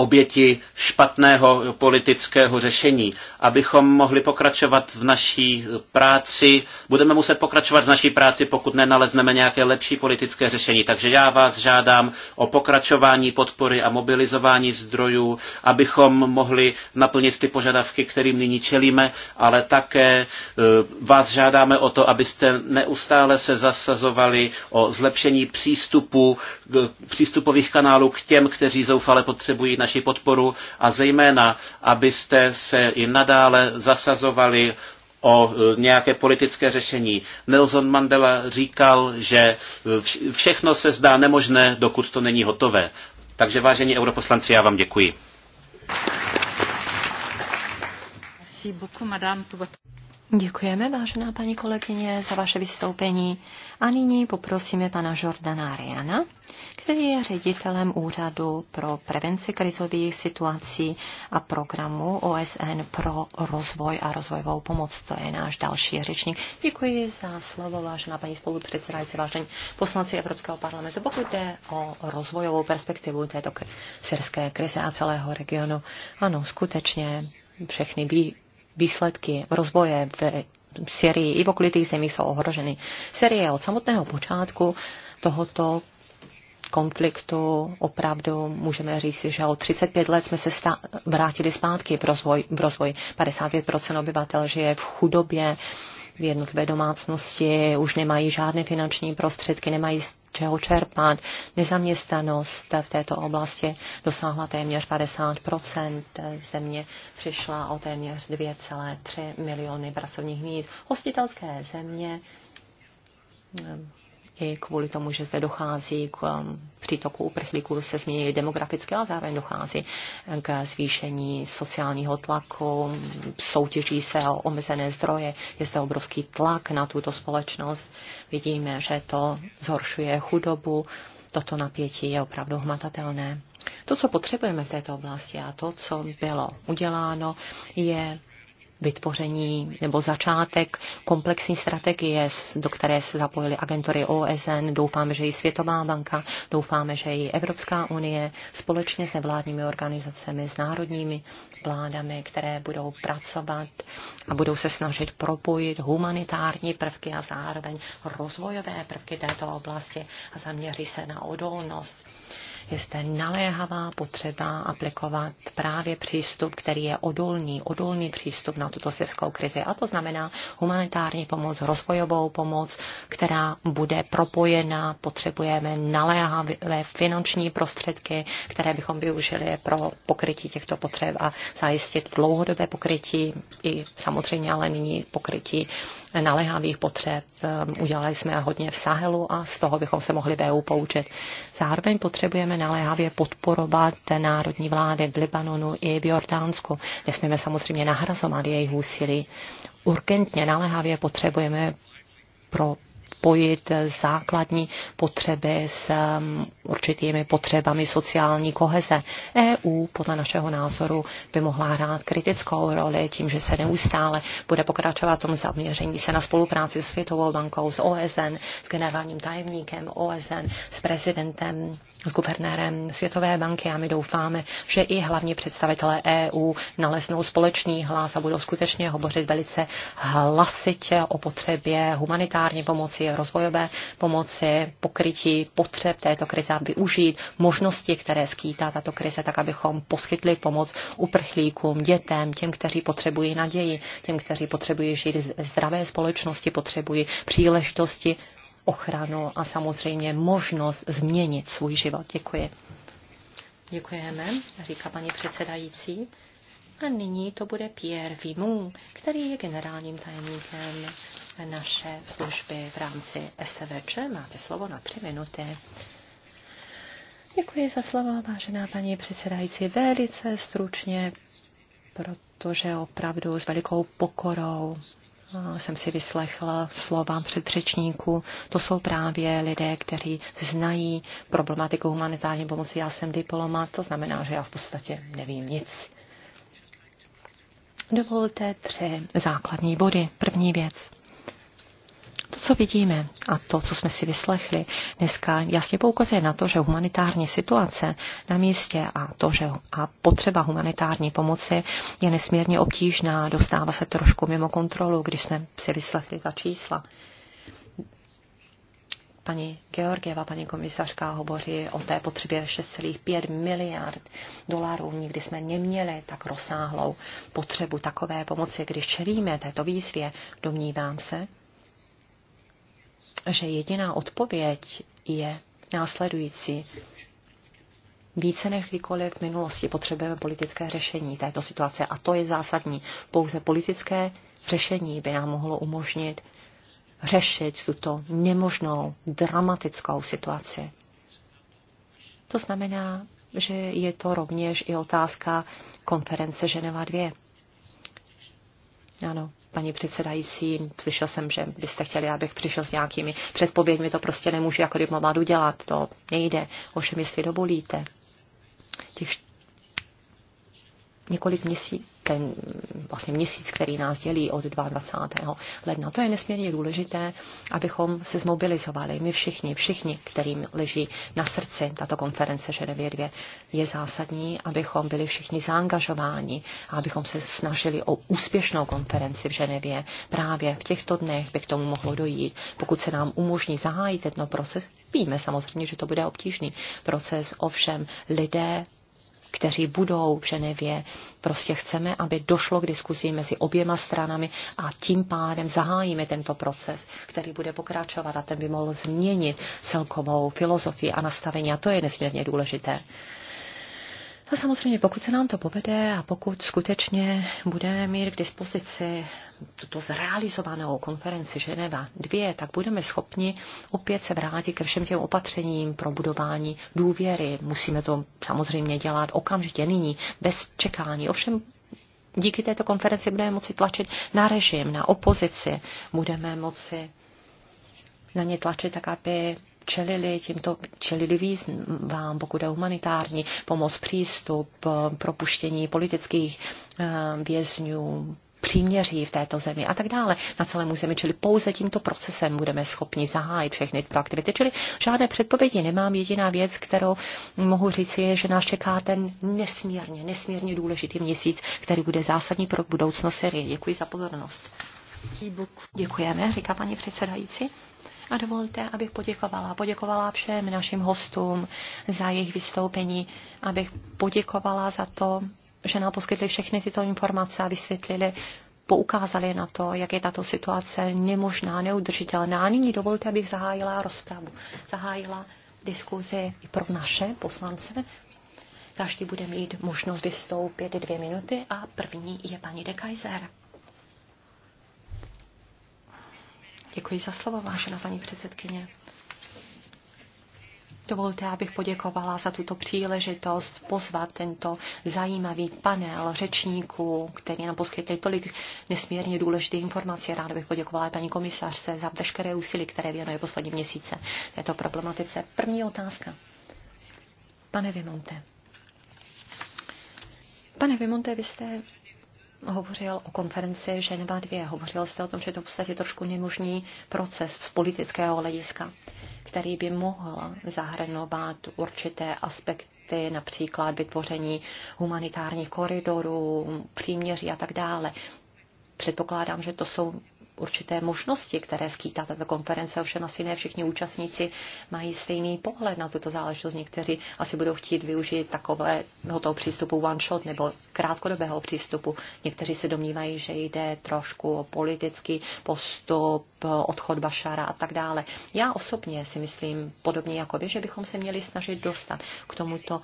oběti špatného politického řešení. Abychom mohli pokračovat v naší práci, budeme muset pokračovat v naší práci, pokud nenalezneme nějaké lepší politické řešení. Takže já vás žádám o pokračování podpory a mobilizování zdrojů, abychom mohli naplnit ty požadavky, kterým nyní čelíme, ale také eh, vás žádáme o to, abyste neustále se zasazovali o zlepšení přístupu, eh, přístupových kanálů k těm, kteří zoufale potřebují naši naši podporu a zejména, abyste se i nadále zasazovali o e, nějaké politické řešení. Nelson Mandela říkal, že e, všechno se zdá nemožné, dokud to není hotové. Takže vážení europoslanci, já vám děkuji. Děkujeme, vážená paní kolegyně, za vaše vystoupení. A nyní poprosíme pana Jordana Ariana, který je ředitelem Úřadu pro prevenci krizových situací a programu OSN pro rozvoj a rozvojovou pomoc. To je náš další řečník. Děkuji za slovo, vážená paní spolupředsedající, vážení poslanci Evropského parlamentu. Pokud jde o rozvojovou perspektivu této syrské krize a celého regionu, ano, skutečně všechny výsledky rozvoje v Syrii i v okolitých zemích jsou ohroženy. Syrie od samotného počátku tohoto konfliktu opravdu můžeme říct, že o 35 let jsme se stá- vrátili zpátky v rozvoj, v rozvoj. 55% obyvatel žije v chudobě, v jednotlivé domácnosti už nemají žádné finanční prostředky, nemají z čeho čerpat. Nezaměstnanost v této oblasti dosáhla téměř 50 Země přišla o téměř 2,3 miliony pracovních míst. Hostitelské země i kvůli tomu, že zde dochází k um, přítoku uprchlíků, se změní demografické a zároveň dochází k zvýšení sociálního tlaku, soutěží se o omezené zdroje, je zde obrovský tlak na tuto společnost. Vidíme, že to zhoršuje chudobu, toto napětí je opravdu hmatatelné. To, co potřebujeme v této oblasti a to, co bylo uděláno, je vytvoření nebo začátek komplexní strategie, do které se zapojily agentury OSN, doufáme, že i Světová banka, doufáme, že i Evropská unie společně s nevládními organizacemi, s národními vládami, které budou pracovat a budou se snažit propojit humanitární prvky a zároveň rozvojové prvky této oblasti a zaměří se na odolnost je zde naléhavá potřeba aplikovat právě přístup, který je odolný, odolný přístup na tuto syrskou krizi. A to znamená humanitární pomoc, rozvojovou pomoc, která bude propojena, potřebujeme naléhavé finanční prostředky, které bychom využili pro pokrytí těchto potřeb a zajistit dlouhodobé pokrytí i samozřejmě ale nyní pokrytí naléhavých potřeb. Ehm, udělali jsme hodně v Sahelu a z toho bychom se mohli v EU poučit. Zároveň potřebujeme naléhavě podporovat národní vlády v Libanonu i v Jordánsku. Nesmíme samozřejmě nahrazovat jejich úsilí. Urgentně naléhavě potřebujeme pro spojit základní potřeby s um, určitými potřebami sociální koheze. EU podle našeho názoru by mohla hrát kritickou roli tím, že se neustále bude pokračovat v tom zaměření se na spolupráci s Světovou bankou, s OSN, s generálním tajemníkem OSN, s prezidentem s guvernérem Světové banky a my doufáme, že i hlavní představitelé EU naleznou společný hlas a budou skutečně hovořit velice hlasitě o potřebě humanitární pomoci, rozvojové pomoci, pokrytí potřeb této krize a využít možnosti, které skýtá tato krize, tak abychom poskytli pomoc uprchlíkům, dětem, těm, kteří potřebují naději, těm, kteří potřebují žít v zdravé společnosti, potřebují příležitosti, ochranu a samozřejmě možnost změnit svůj život. Děkuji. Děkujeme, říká paní předsedající. A nyní to bude Pierre Vimou, který je generálním tajemníkem naše služby v rámci SVČ. Máte slovo na tři minuty. Děkuji za slovo, vážená paní předsedající. Velice stručně, protože opravdu s velikou pokorou jsem si vyslechla slova předřečníků. To jsou právě lidé, kteří znají problematiku humanitární pomoci. Já jsem diplomat, to znamená, že já v podstatě nevím nic. Dovolte tři základní body. První věc. To, co vidíme a to, co jsme si vyslechli dneska, jasně poukazuje na to, že humanitární situace na místě a, to, že, a potřeba humanitární pomoci je nesmírně obtížná, dostává se trošku mimo kontrolu, když jsme si vyslechli ta čísla paní Georgieva, paní komisařka, hovoří o té potřebě 6,5 miliard dolarů. Nikdy jsme neměli tak rozsáhlou potřebu takové pomoci, když čelíme této výzvě. Domnívám se, že jediná odpověď je následující. Více než kdykoliv v minulosti potřebujeme politické řešení této situace a to je zásadní. Pouze politické řešení by nám mohlo umožnit řešit tuto nemožnou, dramatickou situaci. To znamená, že je to rovněž i otázka konference Ženeva 2. Ano, paní předsedající. Slyšel jsem, že byste chtěli, abych přišel s nějakými předpověďmi. To prostě nemůžu jako diplomat udělat. To nejde. Ovšem, jestli dovolíte. Těch několik měsíc, ten vlastně měsíc, který nás dělí od 22. ledna. To je nesmírně důležité, abychom se zmobilizovali. My všichni, všichni, kterým leží na srdci tato konference Ženevě 2, je zásadní, abychom byli všichni zaangažováni a abychom se snažili o úspěšnou konferenci v Ženevě. Právě v těchto dnech by k tomu mohlo dojít. Pokud se nám umožní zahájit tento proces, víme samozřejmě, že to bude obtížný proces, ovšem lidé kteří budou v Ženevě. Prostě chceme, aby došlo k diskusi mezi oběma stranami a tím pádem zahájíme tento proces, který bude pokračovat a ten by mohl změnit celkovou filozofii a nastavení a to je nesmírně důležité. A no samozřejmě, pokud se nám to povede a pokud skutečně budeme mít k dispozici tuto zrealizovanou konferenci Ženeva 2, tak budeme schopni opět se vrátit ke všem těm opatřením pro budování důvěry. Musíme to samozřejmě dělat okamžitě nyní, bez čekání. Ovšem díky této konferenci budeme moci tlačit na režim, na opozici, budeme moci na ně tlačit tak, aby čelili tímto čelili výzvám, pokud je humanitární pomoc, přístup, eh, propuštění politických eh, vězňů, příměří v této zemi a tak dále na celém území. Čili pouze tímto procesem budeme schopni zahájit všechny tyto aktivity. Čili žádné předpovědi nemám. Jediná věc, kterou mohu říct, je, že nás čeká ten nesmírně, nesmírně důležitý měsíc, který bude zásadní pro budoucnost série. Děkuji za pozornost. Děkujeme, říká paní předsedající. A dovolte, abych poděkovala. Poděkovala všem našim hostům za jejich vystoupení, abych poděkovala za to, že nám poskytli všechny tyto informace a vysvětlili, poukázali na to, jak je tato situace nemožná, neudržitelná. A nyní dovolte, abych zahájila rozpravu. Zahájila diskuzi i pro naše poslance. Každý bude mít možnost vystoupit dvě minuty a první je paní de Kaiser. Děkuji za slovo, vážená paní předsedkyně. Dovolte, abych poděkovala za tuto příležitost pozvat tento zajímavý panel řečníků, který nám poskytli tolik nesmírně důležité informací. Ráda bych poděkovala paní komisařce za veškeré úsilí, které věnuje poslední měsíce této problematice. První otázka. Pane Vimonte. Pane Vimonte, vy jste hovořil o konferenci Ženeva 2. Hovořil jste o tom, že je to v podstatě trošku nemožný proces z politického hlediska, který by mohl zahrnovat určité aspekty, například vytvoření humanitárních koridorů, příměří a tak dále. Předpokládám, že to jsou určité možnosti, které skýtá tato konference. Ovšem asi ne všichni účastníci mají stejný pohled na tuto záležitost. Někteří asi budou chtít využít takového toho přístupu one shot nebo krátkodobého přístupu. Někteří se domnívají, že jde trošku o politický postup, odchod Bašara a tak dále. Já osobně si myslím, podobně jako vy, že bychom se měli snažit dostat k tomuto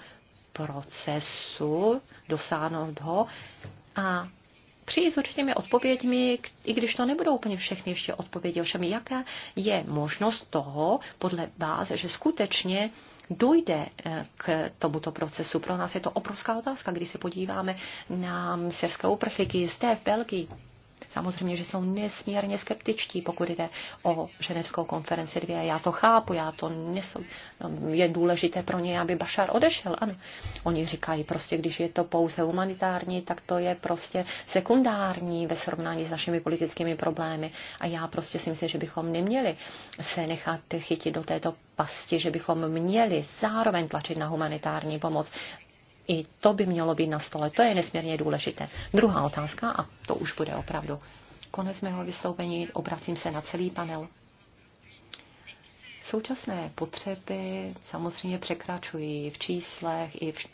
procesu, dosáhnout ho a přijít s určitými odpověďmi, i když to nebudou úplně všechny ještě odpovědi, ovšem jaká je možnost toho, podle vás, že skutečně dojde eh, k tomuto procesu. Pro nás je to obrovská otázka, když se podíváme na syrské uprchlíky zde v Belgii samozřejmě, že jsou nesmírně skeptičtí, pokud jde o ženevskou konferenci Dvě, Já to chápu, já to nesu, no, je důležité pro ně, aby Bašar odešel. Ano. Oni říkají prostě, když je to pouze humanitární, tak to je prostě sekundární ve srovnání s našimi politickými problémy. A já prostě si myslím, že bychom neměli se nechat chytit do této pasti, že bychom měli zároveň tlačit na humanitární pomoc. I to by mělo být na stole. To je nesmírně důležité. Druhá otázka, a to už bude opravdu konec mého vystoupení, obracím se na celý panel. Současné potřeby samozřejmě překračují v číslech i v,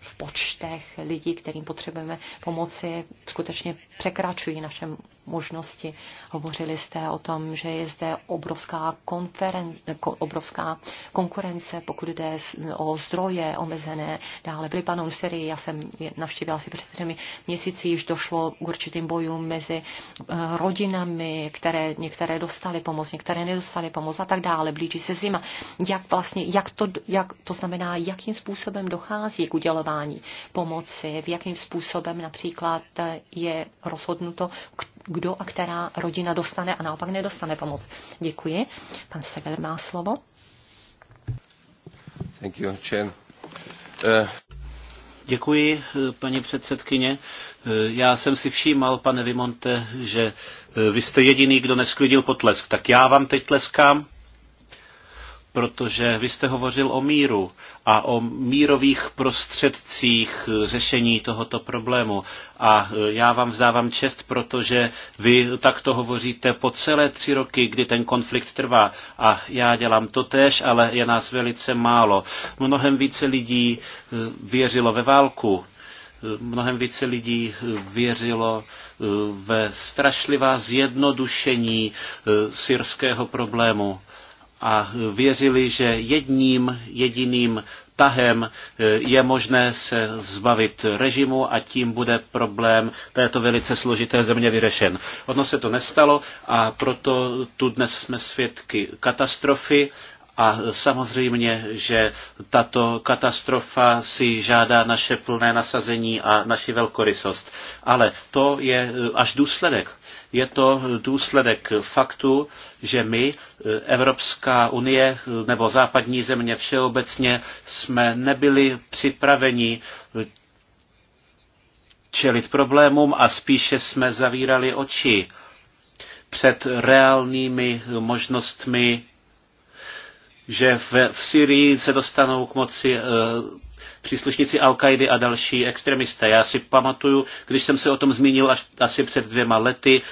v počtech lidí, kterým potřebujeme pomoci, skutečně překračují naše možnosti. Hovořili jste o tom, že je zde obrovská, konferen, obrovská konkurence, pokud jde o zdroje omezené dále v Libanon, v Syrii. Já jsem navštívila si před třemi měsíci, již došlo k určitým bojům mezi eh, rodinami, které některé dostaly pomoc, některé nedostaly pomoc a tak dále. Blíží se zima. Jak vlastně, jak to, jak, to znamená, jakým způsobem dochází k udělování pomoci, v jakým způsobem například eh, je rozhodnuto, kdo kdo a která rodina dostane a naopak nedostane pomoc. Děkuji. Pan Seger má slovo. Thank you, Chen. Uh... Děkuji, paní předsedkyně. Eh, já jsem si všímal, pane Vimonte, že eh, vy jste jediný, kdo nesklidil potlesk. Tak já vám teď tleskám protože vy jste hovořil o míru a o mírových prostředcích řešení tohoto problému. A e, já vám vzdávám čest, protože vy takto hovoříte po celé tři roky, kdy ten konflikt trvá. A já dělám to tež, ale je nás velice málo. Mnohem více lidí e, věřilo ve válku, e, mnohem více lidí věřilo ve strašlivá zjednodušení syrského problému a věřili, že jedním jediným tahem e, je možné se zbavit režimu a tím bude problém této velice složité země vyřešen. Ono se to nestalo a proto tu dnes jsme svědky katastrofy a samozřejmě, že tato katastrofa si žádá naše plné nasazení a naši velkorysost. Ale to je e, až důsledek je to důsledek faktu, že my, eh, Evropská unie eh, nebo západní země všeobecně, jsme nebyli připraveni eh, čelit problémům a spíše jsme zavírali oči před reálnými možnostmi, že v, v Syrii se dostanou k moci příslušníci al kaidy a další extremisté. Já si pamatuju, když jsem se o tom zmínil až asi před dvěma lety,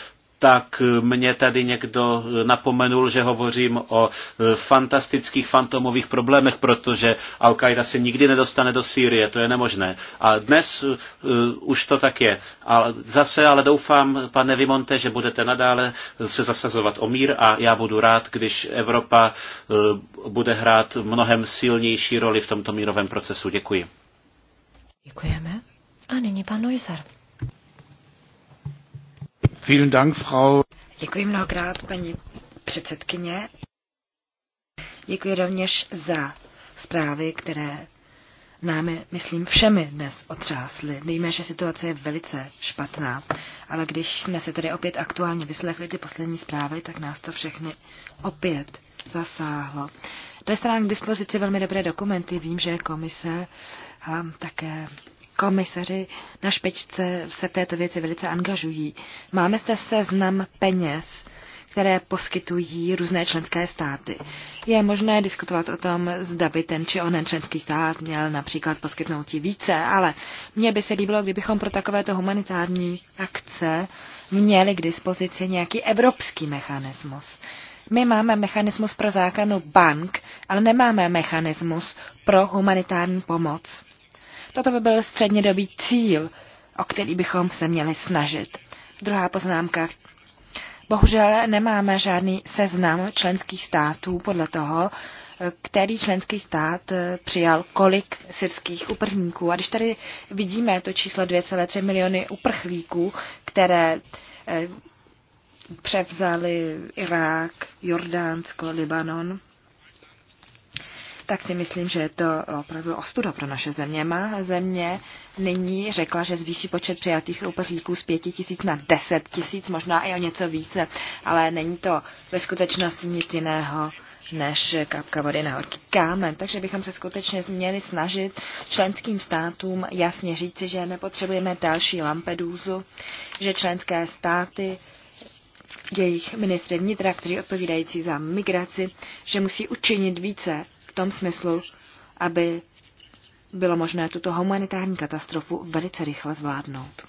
tak mě tady někdo napomenul, že hovořím o e, fantastických fantomových problémech, protože Al-Qaida se nikdy nedostane do Sýrie, to je nemožné. A dnes uh, už to tak je. A zase ale doufám, pane Vimonte, že budete nadále se zasazovat o mír a já budu rád, když Evropa uh, bude hrát mnohem silnější roli v tomto mírovém procesu. Děkuji. Děkujeme. A nyní pan Neuser. Vielen Dank, Frau. Děkuji mnohokrát, paní předsedkyně. Děkuji rovněž za zprávy, které námi, myslím, všemi dnes otřásly. Víme, že situace je velice špatná, ale když jsme se tedy opět aktuálně vyslechli ty poslední zprávy, tak nás to všechny opět zasáhlo. Dnes jste nám k dispozici velmi dobré dokumenty. Vím, že komise a hm, také komisaři na špičce se v této věci velice angažují. Máme zde seznam peněz, které poskytují různé členské státy. Je možné diskutovat o tom, zda by ten či onen členský stát měl například poskytnout více, ale mně by se líbilo, kdybychom pro takovéto humanitární akce měli k dispozici nějaký evropský mechanismus. My máme mechanismus pro zákonu bank, ale nemáme mechanismus pro humanitární pomoc. Toto by byl střednědobý cíl, o který bychom se měli snažit. Druhá poznámka. Bohužel nemáme žádný seznam členských států podle toho, který členský stát přijal kolik syrských uprchlíků. A když tady vidíme to číslo 2,3 miliony uprchlíků, které eh, převzali Irák, Jordánsko, Libanon, tak si myslím, že je to opravdu ostuda pro naše země. Má země nyní řekla, že zvýší počet přijatých uprchlíků z pěti tisíc na deset tisíc, možná i o něco více, ale není to ve skutečnosti nic jiného než kapka vody na horký kámen. Takže bychom se skutečně měli snažit členským státům jasně říci, že nepotřebujeme další lampedůzu, že členské státy jejich ministry vnitra, kteří odpovídající za migraci, že musí učinit více tom smyslu, aby bylo možné tuto humanitární katastrofu velice rychle zvládnout.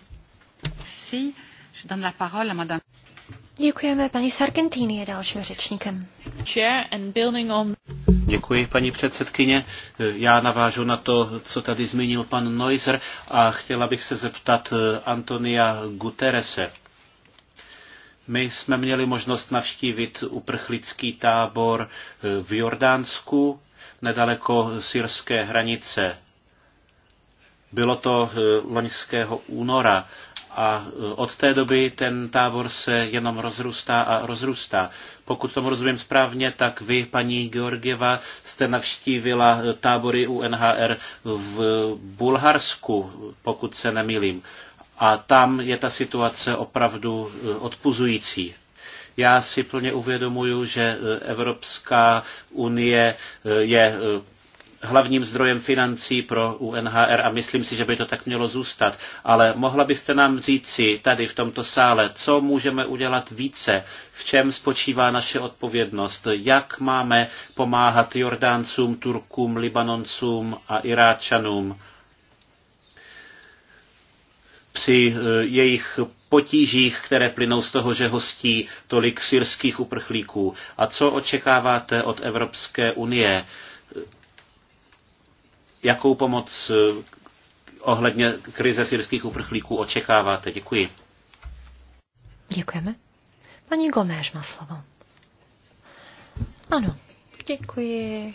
Děkujeme. Paní Sargentini je dalším řečníkem. Děkuji, paní předsedkyně. Já navážu na to, co tady zmínil pan Neuser a chtěla bych se zeptat eh, Antonia Guterese. My jsme měli možnost navštívit uprchlický tábor eh, v Jordánsku nedaleko syrské hranice. Bylo to eh, loňského února a eh, od té doby ten tábor se jenom rozrůstá a rozrůstá. Pokud tomu rozumím správně, tak vy, paní Georgieva, jste navštívila eh, tábory UNHR v Bulharsku, pokud se nemýlím. A tam je ta situace opravdu odpuzující. Já si plně uvědomuju, že e, Evropská unie e, je e, hlavním zdrojem financí pro UNHR a myslím si, že by to tak mělo zůstat. Ale mohla byste nám říci tady v tomto sále, co můžeme udělat více, v čem spočívá naše odpovědnost, jak máme pomáhat Jordáncům, Turkům, Libanoncům a Iráčanům při jejich potížích, které plynou z toho, že hostí tolik syrských uprchlíků? A co očekáváte od Evropské unie? Jakou pomoc eh, ohledně krize syrských uprchlíků očekáváte? Děkuji. Děkujeme. Paní Goméř má slovo. Ano, děkuji.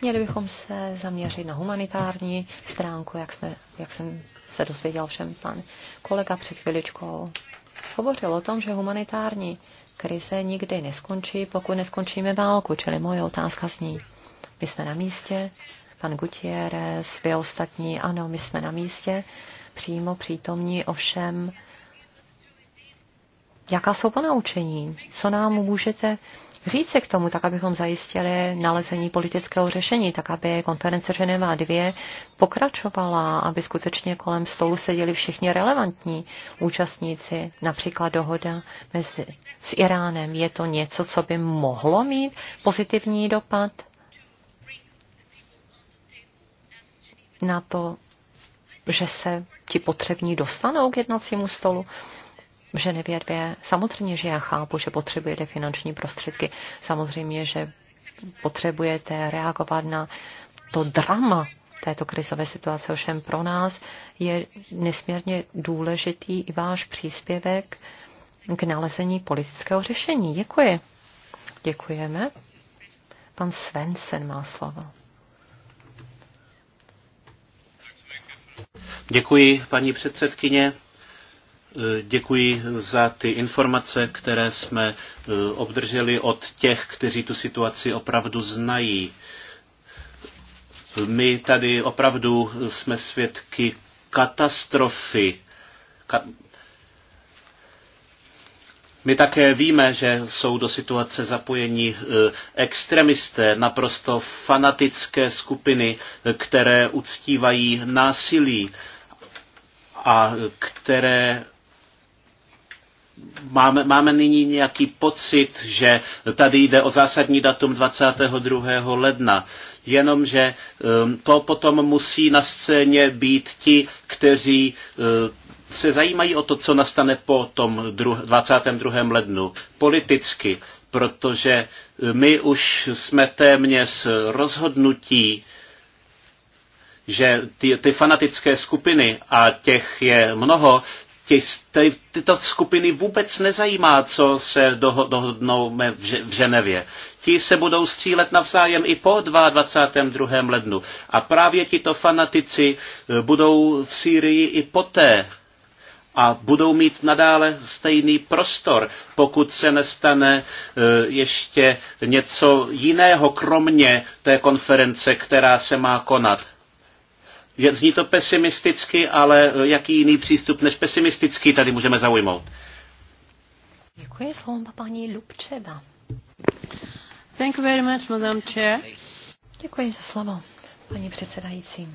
Měli bychom se zaměřit na humanitární stránku, jak, jsme, jak jsem se dozvěděl všem pan kolega před chviličkou. Hovořil o tom, že humanitární krize nikdy neskončí, pokud neskončíme válku, čili moje otázka zní. My jsme na místě, pan Gutierrez, vy ostatní, ano, my jsme na místě, přímo přítomní, ovšem Jaká jsou ponaučení? Co nám můžete říct se k tomu, tak abychom zajistili nalezení politického řešení, tak aby konference Ženeva 2 pokračovala, aby skutečně kolem stolu seděli všichni relevantní účastníci, například dohoda mezi, s Iránem. Je to něco, co by mohlo mít pozitivní dopad na to, že se ti potřební dostanou k jednacímu stolu v Ženevě 2. Samozřejmě, že já chápu, že potřebujete finanční prostředky. Samozřejmě, že potřebujete reagovat na to drama této krizové situace. Ovšem pro nás je nesmírně důležitý i váš příspěvek k nalezení politického řešení. Děkuji. Děkujeme. Pan Svensen má slovo. Děkuji, paní předsedkyně. Děkuji za ty informace, které jsme e, obdrželi od těch, kteří tu situaci opravdu znají. My tady opravdu jsme svědky katastrofy. Ka- my také víme, že jsou do situace zapojeni e, extremisté, naprosto fanatické skupiny, které uctívají násilí a které máme, máme nyní nějaký pocit, že tady jde o zásadní datum 22. ledna, jenomže um, to potom musí na scéně být ti, kteří uh, se zajímají o to, co nastane po tom 22. lednu politicky, protože uh, my už jsme téměř rozhodnutí, že ty, ty fanatické skupiny, a těch je mnoho, tě, ty, tyto skupiny vůbec nezajímá, co se dohodnou v Ženevě. Ti se budou střílet navzájem i po 22. lednu. A právě tito fanatici e, budou v Sýrii i poté a budou mít nadále stejný prostor, pokud se nestane e, ještě něco jiného, kromě té konference, která se má konat zní to pesimisticky, ale e, jaký jiný přístup než pesimistický tady můžeme zaujmout? Děkuji, slovo paní Lubčeva. Thank you very much, Madam Chair. Děkuji za slovo, paní předsedající.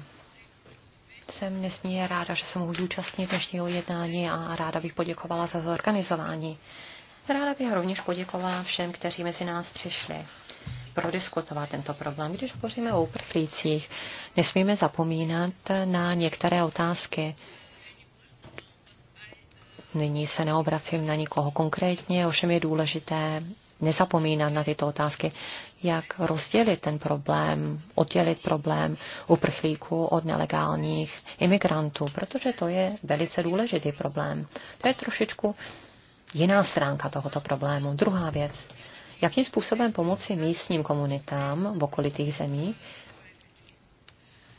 Jsem nesmírně ráda, že se mohu zúčastnit dnešního jednání a ráda bych poděkovala za zorganizování. Ráda bych rovněž poděkovala všem, kteří mezi nás přišli prodiskutovat tento problém. Když hovoříme o uprchlících, nesmíme zapomínat na některé otázky. Nyní se neobracím na nikoho konkrétně, ovšem je důležité nezapomínat na tyto otázky, jak rozdělit ten problém, oddělit problém uprchlíků od nelegálních imigrantů, protože to je velice důležitý problém. To je trošičku jiná stránka tohoto problému. Druhá věc, jakým způsobem pomoci místním komunitám v okolitých zemí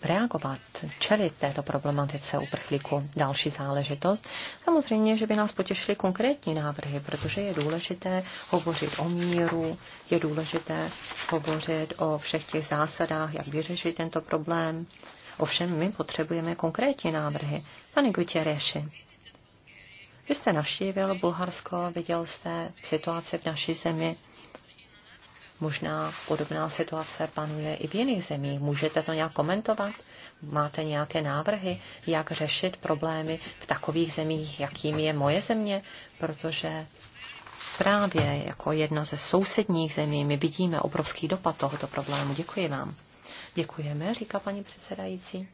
reagovat, čelit této problematice uprchlíku. Další záležitost. Samozřejmě, že by nás potěšily konkrétní návrhy, protože je důležité hovořit o míru, je důležité hovořit o všech těch zásadách, jak vyřešit tento problém. Ovšem my potřebujeme konkrétní návrhy. Pane Gutierreši, vy jste navštívil Bulharsko, viděl jste situaci v naší zemi. Možná podobná situace panuje i v jiných zemích. Můžete to nějak komentovat? Máte nějaké návrhy, jak řešit problémy v takových zemích, jakým je moje země? Protože právě jako jedna ze sousedních zemí my vidíme obrovský dopad tohoto problému. Děkuji vám. Děkujeme, říká paní předsedající.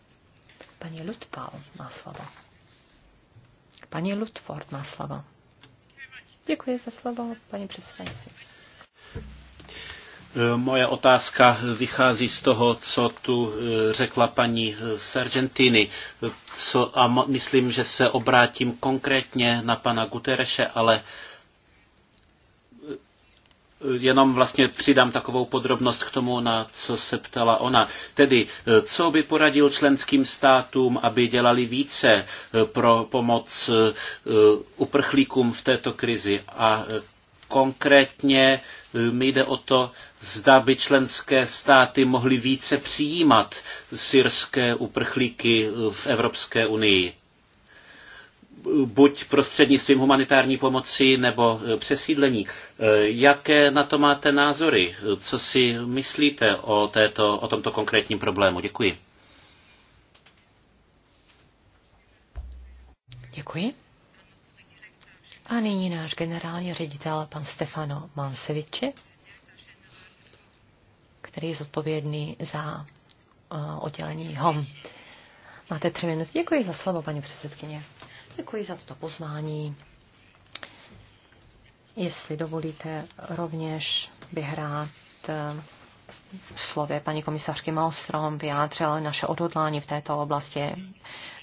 Paní Lutpal má slovo. Paní Lutford má slovo. Děkuji za slovo, paní předsedající. E, moje otázka vychází z toho, co tu e, řekla paní Sargentini. Co, a myslím, že se obrátím konkrétně na pana Gutereše, ale e, jenom vlastně přidám takovou podrobnost k tomu, na co se ptala ona. Tedy, co by poradil členským státům, aby dělali více pro pomoc uprchlíkům v této krizi a Konkrétně mi um, jde o to, zda by členské státy mohly více přijímat syrské uprchlíky v Evropské unii. Buď prostřednictvím humanitární pomoci nebo uh, přesídlení. Uh, jaké na to máte názory? Co si myslíte o, této, o tomto konkrétním problému? Děkuji. Děkuji. A nyní náš generální ředitel, pan Stefano Manseviči, který je zodpovědný za uh, oddělení HOM. Máte tři minuty. Děkuji za slovo, paní předsedkyně. Děkuji za toto pozvání. Jestli dovolíte, rovněž bych rád eh, slově paní komisařky Malstrom vyjádřila naše odhodlání v této oblasti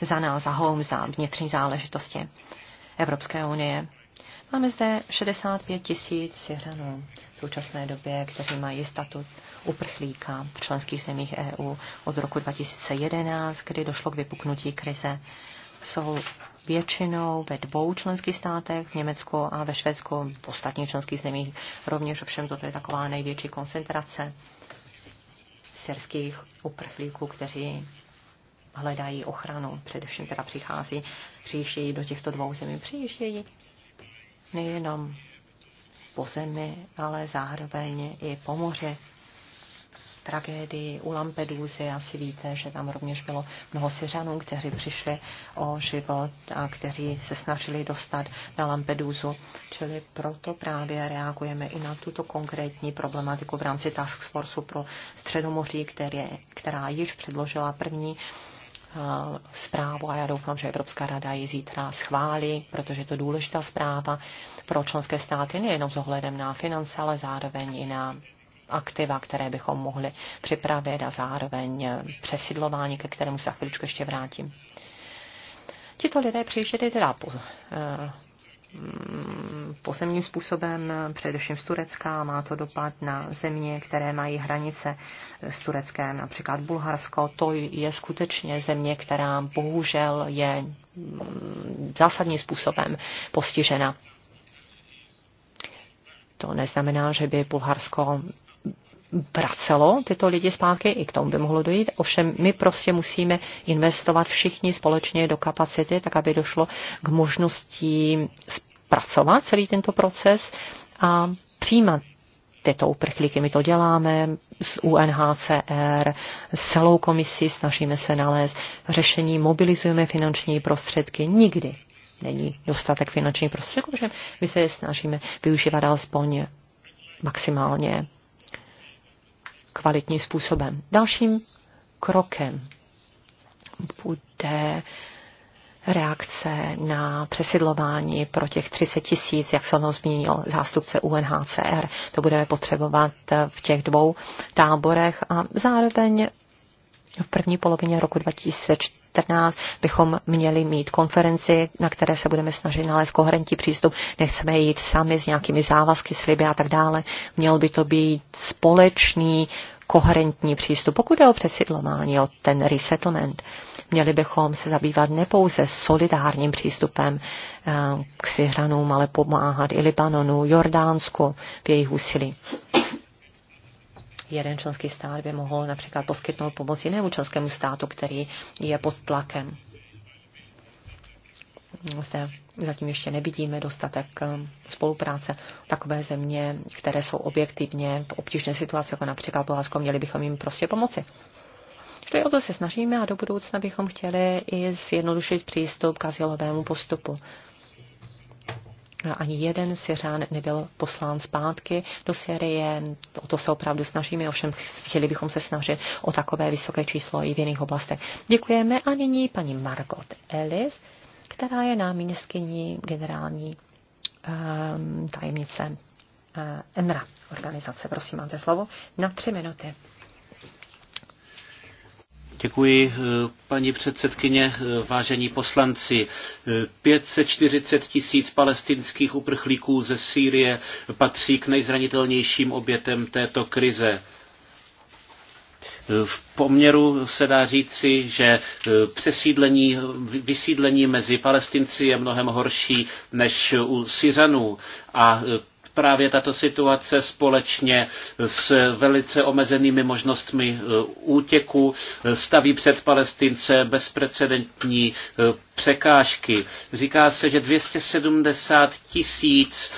za nás, za home, za vnitřní záležitosti Evropské unie. Máme zde 65 tisíc Syřanů v současné době, kteří mají statut uprchlíka v členských zemích EU od roku 2011, kdy došlo k vypuknutí krize. Jsou většinou ve dvou členských státech, v Německu a ve Švédsku, v ostatních členských zemích rovněž, ovšem toto je taková největší koncentrace syrských uprchlíků, kteří hledají ochranu, především teda přichází, přijíždějí do těchto dvou zemí, přijíždějí nejenom po zemi, ale zároveň i po moři. Tragédii u Lampedusy asi víte, že tam rovněž bylo mnoho Syřanů, kteří přišli o život a kteří se snažili dostat na Lampedusu. Čili proto právě reagujeme i na tuto konkrétní problematiku v rámci Task Forceu pro Středomoří, které, která již předložila první Eh, zprávu a já doufám, že Evropská rada ji zítra schválí, protože je to důležitá zpráva pro členské státy nejenom s ohledem na finance, ale zároveň i na aktiva, které bychom mohli připravit a zároveň eh, přesidlování, ke kterému se za chvíličku ještě vrátím. Tito lidé přijížděli teda po, eh, Mm, pozemním způsobem, především z Turecka. Má to dopad na země, které mají hranice s Tureckem, například Bulharsko. To je skutečně země, která bohužel je mm, zásadním způsobem postižena. To neznamená, že by Bulharsko vracelo tyto lidi zpátky, i k tomu by mohlo dojít. Ovšem my prostě musíme investovat všichni společně do kapacity, tak aby došlo k možnosti zpracovat celý tento proces a přijímat tyto uprchlíky. My to děláme s UNHCR, s celou komisí snažíme se nalézt řešení, mobilizujeme finanční prostředky. Nikdy není dostatek finančních prostředků, protože my se je snažíme využívat alespoň maximálně kvalitním způsobem. Dalším krokem bude reakce na přesidlování pro těch 30 tisíc, jak se ono zmínil zástupce UNHCR. To budeme potřebovat v těch dvou táborech a zároveň v první polovině roku 2014 bychom měli mít konferenci, na které se budeme snažit nalézt koherentní přístup. Nechceme jít sami s nějakými závazky, sliby a tak dále. Měl by to být společný koherentní přístup. Pokud je o přesidlování, o ten resettlement, měli bychom se zabývat nepouze solidárním přístupem eh, k Syřanům, ale pomáhat i Libanonu, Jordánsku v jejich úsilí jeden členský stát by mohl například poskytnout pomoc jinému členskému státu, který je pod tlakem. Zde zatím ještě nevidíme dostatek eh, spolupráce. Takové země, které jsou objektivně v obtížné situaci, jako například Bulharsko, měli bychom jim prostě pomoci. Čili o to se snažíme a do budoucna bychom chtěli i zjednodušit přístup k asilovému postupu ani jeden Syřán nebyl poslán zpátky do Syrie. O to se opravdu snažíme, ovšem chtěli bychom se snažit o takové vysoké číslo i v jiných oblastech. Děkujeme a nyní paní Margot Ellis, která je náměstkyní generální um, tajemnice uh, ENRA organizace. Prosím, máte slovo na tři minuty. Děkuji, eh, paní předsedkyně, eh, vážení poslanci. 540 eh, tisíc palestinských uprchlíků ze Sýrie patří k nejzranitelnějším obětem této krize. V poměru se dá říci, že přesídlení, vysídlení mezi palestinci je mnohem horší než u Syřanů a právě tato situace společně s velice omezenými možnostmi eh, útěku eh, staví před Palestince bezprecedentní eh, překážky. Říká se, že 270 tisíc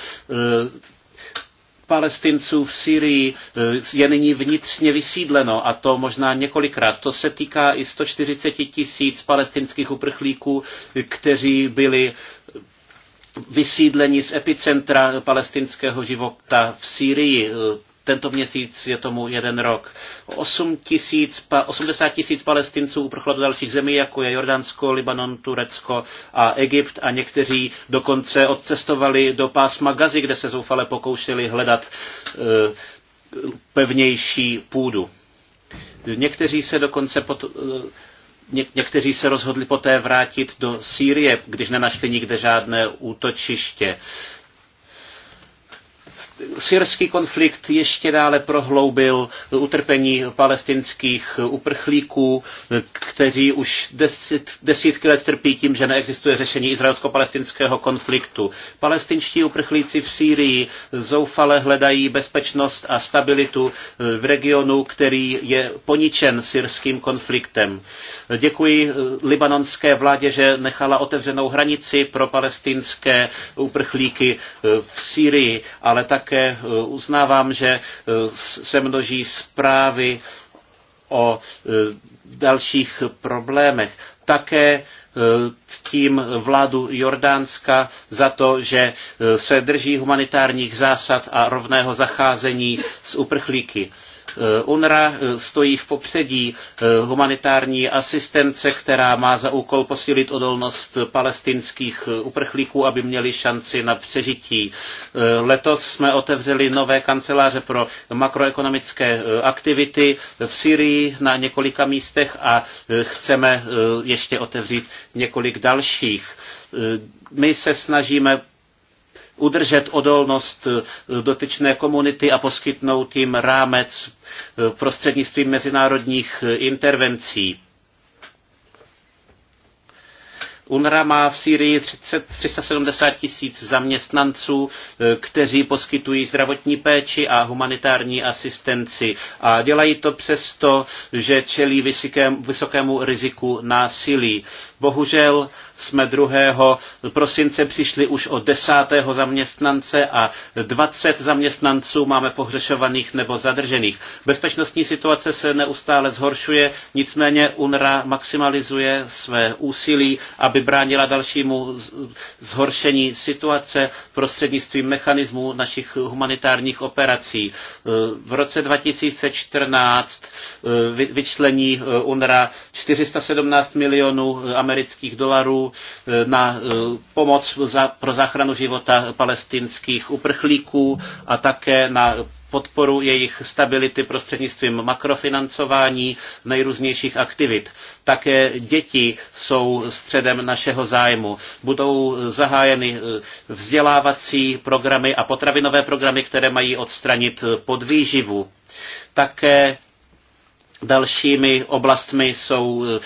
palestinců v Syrii je nyní vnitřně vysídleno a to možná několikrát. To se týká i 140 tisíc palestinských uprchlíků, kteří byli Vysídlení z epicentra palestinského života v Sýrii. Tento měsíc je tomu jeden rok. 8 tisíc, 80 tisíc palestinců uprchlo do dalších zemí, jako je Jordánsko, Libanon, Turecko a Egypt a někteří dokonce odcestovali do pásma Gazy, kde se zoufale pokoušeli hledat eh, pevnější půdu. Někteří se dokonce pod, Něk- někteří se rozhodli poté vrátit do Sýrie, když nenašli nikde žádné útočiště. Syrský konflikt ještě dále prohloubil utrpení palestinských uprchlíků, kteří už desít, desítky let trpí tím, že neexistuje řešení izraelsko-palestinského konfliktu. Palestinští uprchlíci v Sýrii zoufale hledají bezpečnost a stabilitu eh, v regionu, který je poničen syrským konfliktem. Děkuji eh, libanonské vládě, že nechala otevřenou hranici pro palestinské uprchlíky eh, v Sýrii, ale také eh, uznávám, že eh, se množí zprávy o eh, dalších problémech. Také tím vládu Jordánska za to, že se drží humanitárních zásad a rovného zacházení s uprchlíky. Eh, UNRA eh, stojí v popředí eh, humanitární asistence, která má za úkol posílit odolnost palestinských uprchlíků, aby měli šanci na přežití. Letos jsme otevřeli nové kanceláře pro makroekonomické aktivity v Syrii na několika místech a chceme ještě otevřít několik dalších. My se snažíme udržet odolnost eh, dotyčné komunity a poskytnout jim rámec eh, prostřednictvím mezinárodních eh, intervencí. UNRWA má v Sýrii 30, 370 tisíc zaměstnanců, kteří poskytují zdravotní péči a humanitární asistenci. A dělají to přesto, že čelí vysokému, vysokému riziku násilí. Bohužel jsme 2. prosince přišli už o 10. zaměstnance a 20 zaměstnanců máme pohřešovaných nebo zadržených. Bezpečnostní situace se neustále zhoršuje, nicméně UNRA maximalizuje své úsilí, aby bránila dalšímu zhoršení situace prostřednictvím mechanismů našich humanitárních operací. V roce 2014 eh, vyčlení eh, UNRA 417 milionů amerických dolarů eh, na eh, pomoc pro záchranu života palestinských uprchlíků a také na podporu jejich stability prostřednictvím makrofinancování nejrůznějších aktivit. Také děti jsou středem našeho zájmu. Budou zahájeny eh, vzdělávací programy a potravinové programy, které mají odstranit podvýživu. Také Dalšími oblastmi jsou e,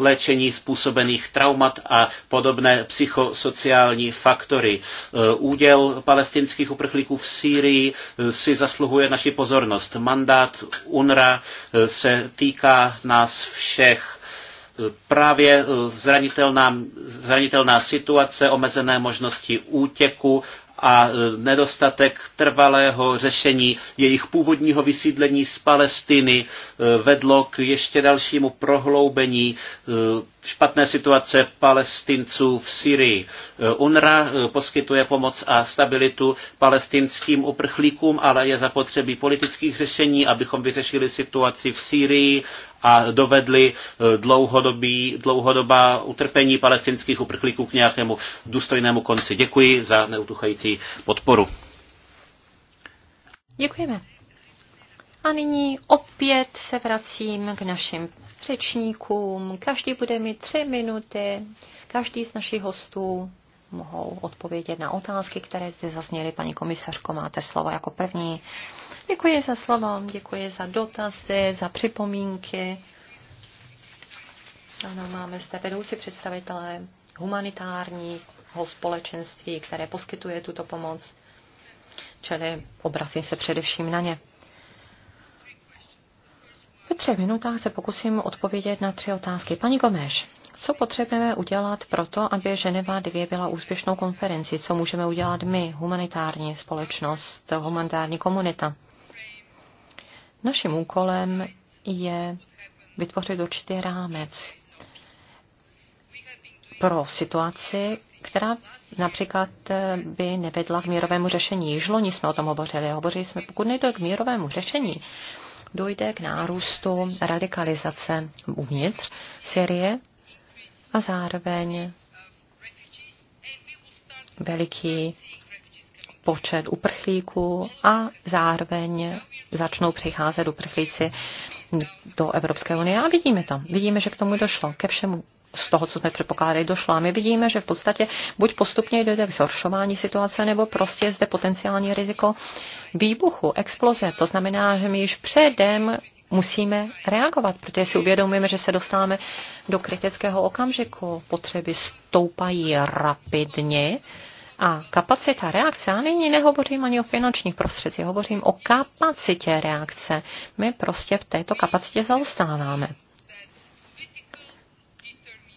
léčení způsobených traumat a podobné psychosociální faktory. E, úděl palestinských uprchlíků v Sýrii e, si zasluhuje naši pozornost. Mandát UNRA se týká nás všech právě zranitelná, zranitelná situace, omezené možnosti útěku a e, nedostatek trvalého řešení jejich původního vysídlení z Palestiny e, vedlo k ještě dalšímu prohloubení e, špatné situace palestinců v Syrii. UNRA poskytuje pomoc a stabilitu palestinským uprchlíkům, ale je zapotřebí politických řešení, abychom vyřešili situaci v Syrii a dovedli eh, dlouhodobí, dlouhodobá utrpení palestinských uprchlíků k nějakému důstojnému konci. Děkuji za neutuchající podporu. Děkujeme. A nyní opět se vracím k našim řečníkům. Každý bude mít tři minuty, každý z našich hostů mohou odpovědět na otázky, které zde zazněly. Paní komisařko, máte slovo jako první. Děkuji za slovo, děkuji za dotazy, za připomínky. Ano, máme zde vedoucí představitelé humanitárního společenství, které poskytuje tuto pomoc, čili obracím se především na ně. Ve třech minutách se pokusím odpovědět na tři otázky. Paní Gomeš, co potřebujeme udělat proto, aby Ženeva 2 byla úspěšnou konferenci? Co můžeme udělat my, humanitární společnost, humanitární komunita? Naším úkolem je vytvořit určitý rámec pro situaci, která například eh, by nevedla k mírovému řešení. Již loni jsme o tom hovořili. Hovořili jsme, pokud nejde k mírovému řešení, dojde k nárůstu radikalizace uvnitř Syrie a zároveň veliký počet uprchlíků a zároveň začnou přicházet uprchlíci do Evropské unie. A vidíme to. Vidíme, že k tomu došlo. Ke všemu z toho, co jsme předpokládali, došlo. A my vidíme, že v podstatě buď postupně jde k zhoršování situace, nebo prostě je zde potenciální riziko výbuchu, exploze. To znamená, že my již předem musíme reagovat, protože si uvědomujeme, že se dostáváme do kritického okamžiku. Potřeby stoupají rapidně a kapacita reakce, a nyní nehovořím ani o finančních prostředcích, hovořím o kapacitě reakce. My prostě v této kapacitě zaostáváme.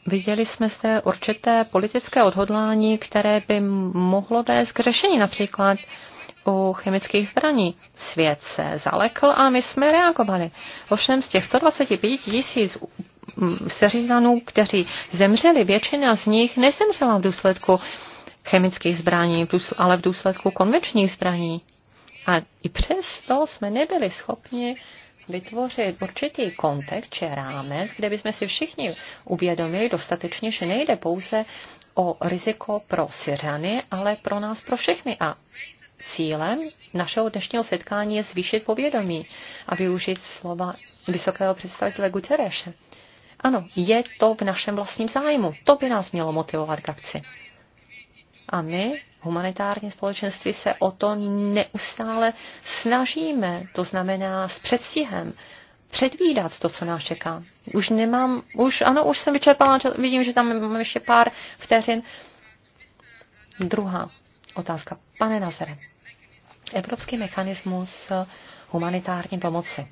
Viděli jsme zde určité politické odhodlání, které by mohlo vést k řešení, například u chemických zbraní. Svět se zalekl a my jsme reagovali. Ovšem z těch 125 tisíc mm, seřízanů, kteří zemřeli, většina z nich nezemřela v důsledku chemických zbraní, ale v důsledku konvenčních zbraní. A i přesto jsme nebyli schopni vytvořit určitý kontext či rámec, kde bychom si všichni uvědomili dostatečně, že nejde pouze o riziko pro Syřany, ale pro nás, pro všechny. A cílem našeho dnešního setkání je zvýšit povědomí a využít slova vysokého představitele Gutereše. Ano, je to v našem vlastním zájmu. To by nás mělo motivovat k akci. A my, humanitární společenství, se o to neustále snažíme, to znamená s předstihem, předvídat to, co nás čeká. Už nemám, už ano, už jsem vyčerpala, vidím, že tam mám ještě pár vteřin. Druhá otázka. Pane Nazare, evropský mechanismus humanitární pomoci.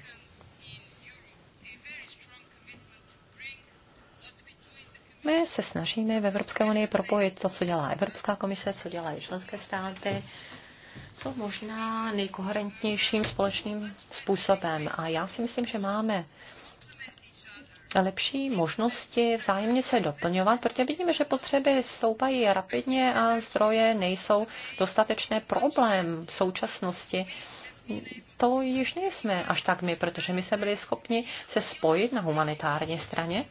My se snažíme v Evropské unii propojit to, co dělá Evropská komise, co dělají členské státy, to možná nejkoherentnějším společným způsobem. A já si myslím, že máme lepší možnosti vzájemně se doplňovat, protože vidíme, že potřeby stoupají rapidně a zdroje nejsou dostatečné problém v současnosti to již nejsme až tak my, protože my jsme byli schopni se spojit na humanitární straně,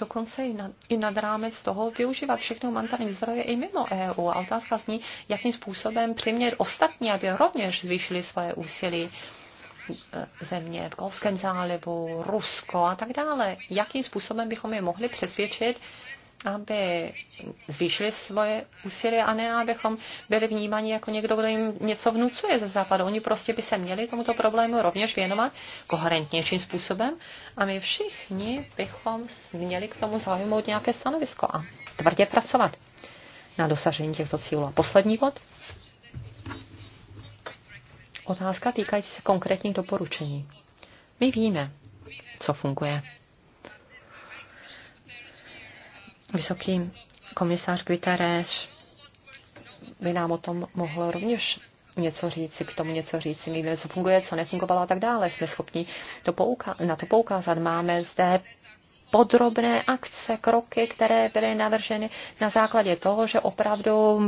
dokonce i nad, i nad rámec toho využívat všechny humanitární zdroje i mimo EU. A otázka zní, jakým způsobem přimět ostatní, aby rovněž zvýšili svoje úsilí země v Kolském zálivu, Rusko a tak dále. Jakým způsobem bychom je mohli přesvědčit, aby zvýšili svoje úsilí a ne, abychom byli vnímáni jako někdo, kdo jim něco vnucuje ze západu. Oni prostě by se měli tomuto problému rovněž věnovat koherentnějším způsobem a my všichni bychom měli k tomu zaujmout nějaké stanovisko a tvrdě pracovat na dosažení těchto cílů. A poslední bod otázka týkající se konkrétních doporučení. My víme, co funguje. Vysoký komisář Guterres by nám o tom mohl rovněž něco říci, k tomu něco říci, my víme, co funguje, co nefungovalo a tak dále. Jsme schopni to pouka- na to poukázat. Máme zde podrobné akce, kroky, které byly navrženy na základě toho, že opravdu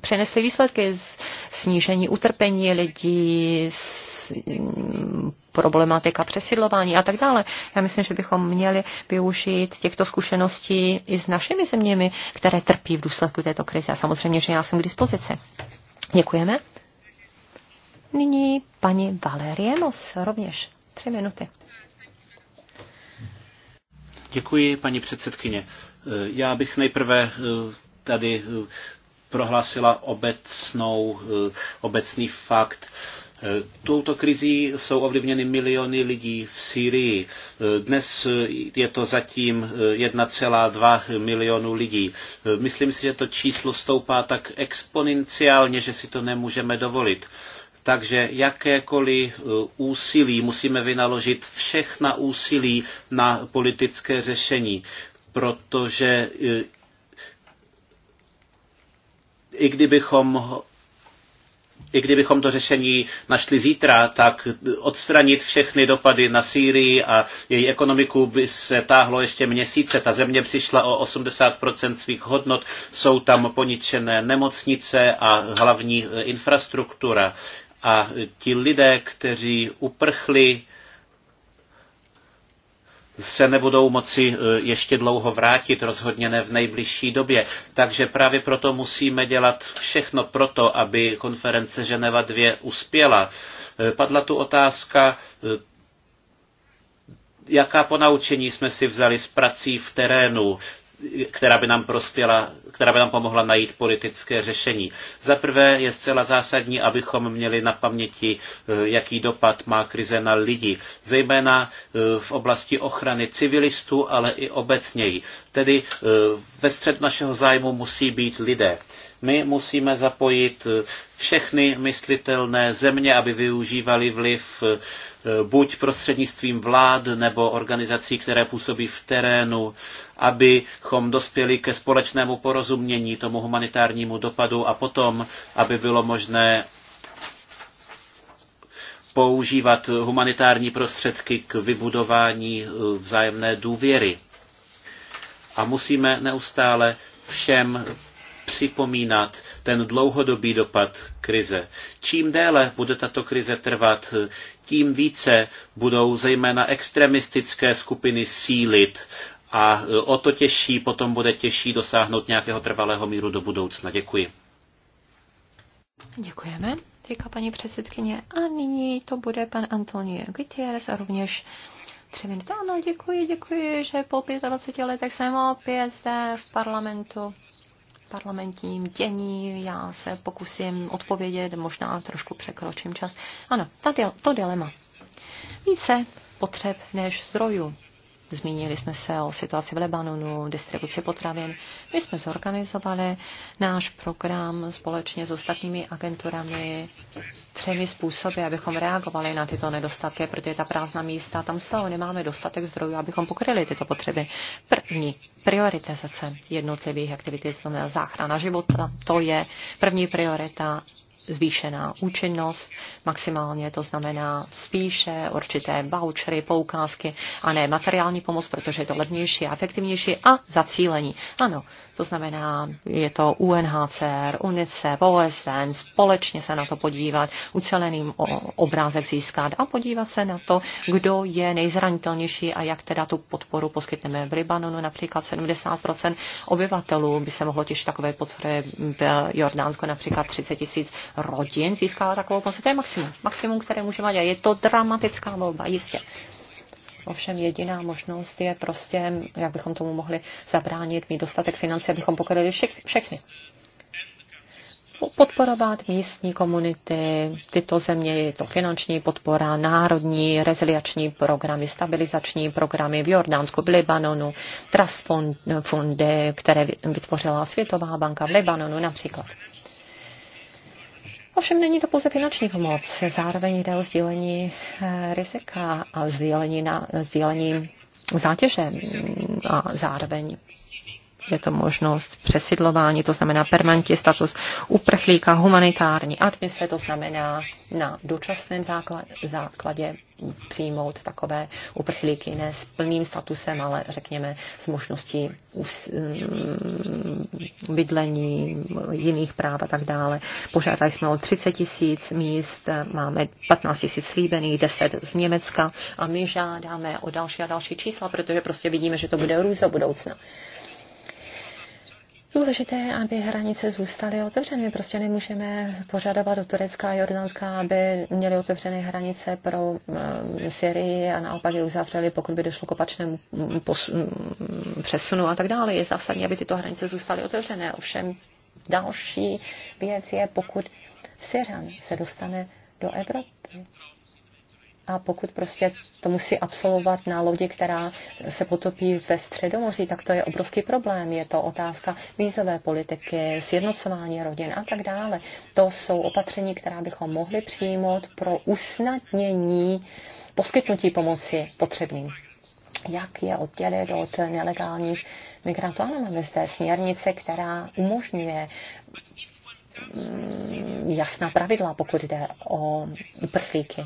přinesly výsledky z snížení utrpení lidí, z mm, problematika přesidlování a tak dále. Já myslím, že bychom měli využít těchto zkušeností i s našimi zeměmi, které trpí v důsledku této krize. A samozřejmě, že já jsem k dispozici. Děkujeme. Nyní paní Valerie Mos, rovněž tři minuty. Děkuji, paní předsedkyně. Eh, já bych nejprve eh, tady eh, prohlásila obecnou, obecný fakt. Touto krizí jsou ovlivněny miliony lidí v Sýrii. Dnes je to zatím 1,2 milionu lidí. Myslím si, že to číslo stoupá tak exponenciálně, že si to nemůžeme dovolit. Takže jakékoliv e, úsilí musíme vynaložit všechna úsilí na politické řešení, protože e, i kdybychom i kdybychom to řešení našli zítra, tak odstranit všechny dopady na Sýrii a její ekonomiku by se táhlo ještě měsíce. Ta země přišla o 80% svých hodnot, jsou tam poničené nemocnice a hlavní e, infrastruktura. A ti lidé, kteří uprchli, se nebudou moci e, ještě dlouho vrátit, rozhodně ne v nejbližší době. Takže právě proto musíme dělat všechno proto, aby konference Ženeva 2 uspěla. E, padla tu otázka, e, jaká ponaučení jsme si vzali z prací v terénu, která by nám prospěla která by nám pomohla najít politické řešení. Za prvé je zcela zásadní, abychom měli na paměti, eh, jaký dopad má krize na lidi, zejména eh, v oblasti ochrany civilistů, ale i obecněji. Tedy eh, ve střed našeho zájmu musí být lidé. My musíme zapojit všechny myslitelné země, aby využívali vliv eh, buď prostřednictvím vlád nebo organizací, které působí v terénu, abychom dospěli ke společnému porozumění tomu humanitárnímu dopadu a potom, aby bylo možné používat humanitární prostředky k vybudování eh, vzájemné důvěry. A musíme neustále všem připomínat ten dlouhodobý dopad krize. Čím déle bude tato krize trvat, tím více budou zejména extremistické skupiny sílit a e, o to těžší potom bude těžší dosáhnout nějakého trvalého míru do budoucna. Děkuji. Děkujeme, Děká paní předsedkyně. A nyní to bude pan Antonio Gutierrez a rovněž tři minuty. Ano, děkuji, děkuji, že po 25 letech jsem opět zde v parlamentu parlamentním dění. Já se pokusím odpovědět, možná trošku překročím čas. Ano, tady to dilema. Více potřeb než zdrojů. Zmínili jsme se o situaci v Lebanonu, distribuci potravin. My jsme zorganizovali náš program společně s ostatními agenturami třemi způsoby, abychom reagovali na tyto nedostatky, protože ta prázdná místa tam jsou, nemáme dostatek zdrojů, abychom pokryli tyto potřeby. První prioritizace jednotlivých aktivit, znamená záchrana života, to je první priorita zvýšená účinnost, maximálně to znamená spíše určité vouchery, poukázky a ne materiální pomoc, protože je to levnější a efektivnější a zacílení. Ano, to znamená, je to UNHCR, UNICEF, OSN, společně se na to podívat, uceleným obrázek získat a podívat se na to, kdo je nejzranitelnější a jak teda tu podporu poskytneme. V Libanonu například 70% obyvatelů by se mohlo těšit takové podpory v Jordánsku například 30 tisíc rodin získala takovou pozici. To je maximum, maximum, které můžeme dělat. Je to dramatická volba, jistě. Ovšem jediná možnost je prostě, jak bychom tomu mohli zabránit, mít dostatek financí, abychom pokryli všech, všechny. Podporovat místní komunity, tyto země, je to finanční podpora, národní reziliační programy, stabilizační programy v Jordánsku, v Libanonu, trust eh, fundy, které vytvořila Světová banka v Libanonu například. Ovšem není to pouze finanční pomoc, zároveň jde o sdílení eh, rizika a sdílení, na, sdílení zátěže a zároveň je to možnost přesidlování, to znamená permanentní status uprchlíka, humanitární admise, to znamená na dočasném základě, základě přijmout takové uprchlíky ne s plným statusem, ale řekněme s možností mm, bydlení, jiných práv a tak dále. Požádali jsme o 30 tisíc míst, máme 15 tisíc slíbených, 10 z Německa a my žádáme o další a další čísla, protože prostě vidíme, že to bude růst do budoucna důležité, aby hranice zůstaly otevřené. My prostě nemůžeme požadovat do Turecka a Jordánska, aby měli otevřené hranice pro um, Syrii a naopak je uzavřeli, pokud by došlo k opačnému mm, mm, přesunu a tak dále. Je zásadní, aby tyto hranice zůstaly otevřené. Ovšem další věc je, pokud Syřan se dostane do Evropy, a pokud prostě to musí absolvovat na lodi, která se potopí ve středomoří, tak to je obrovský problém. Je to otázka vízové politiky, sjednocování rodin a tak dále. To jsou opatření, která bychom mohli přijmout pro usnadnění poskytnutí pomoci potřebným. Jak je oddělit od nelegálních migrantů? Ano, máme zde směrnice, která umožňuje mm, jasná pravidla, pokud jde o uprchlíky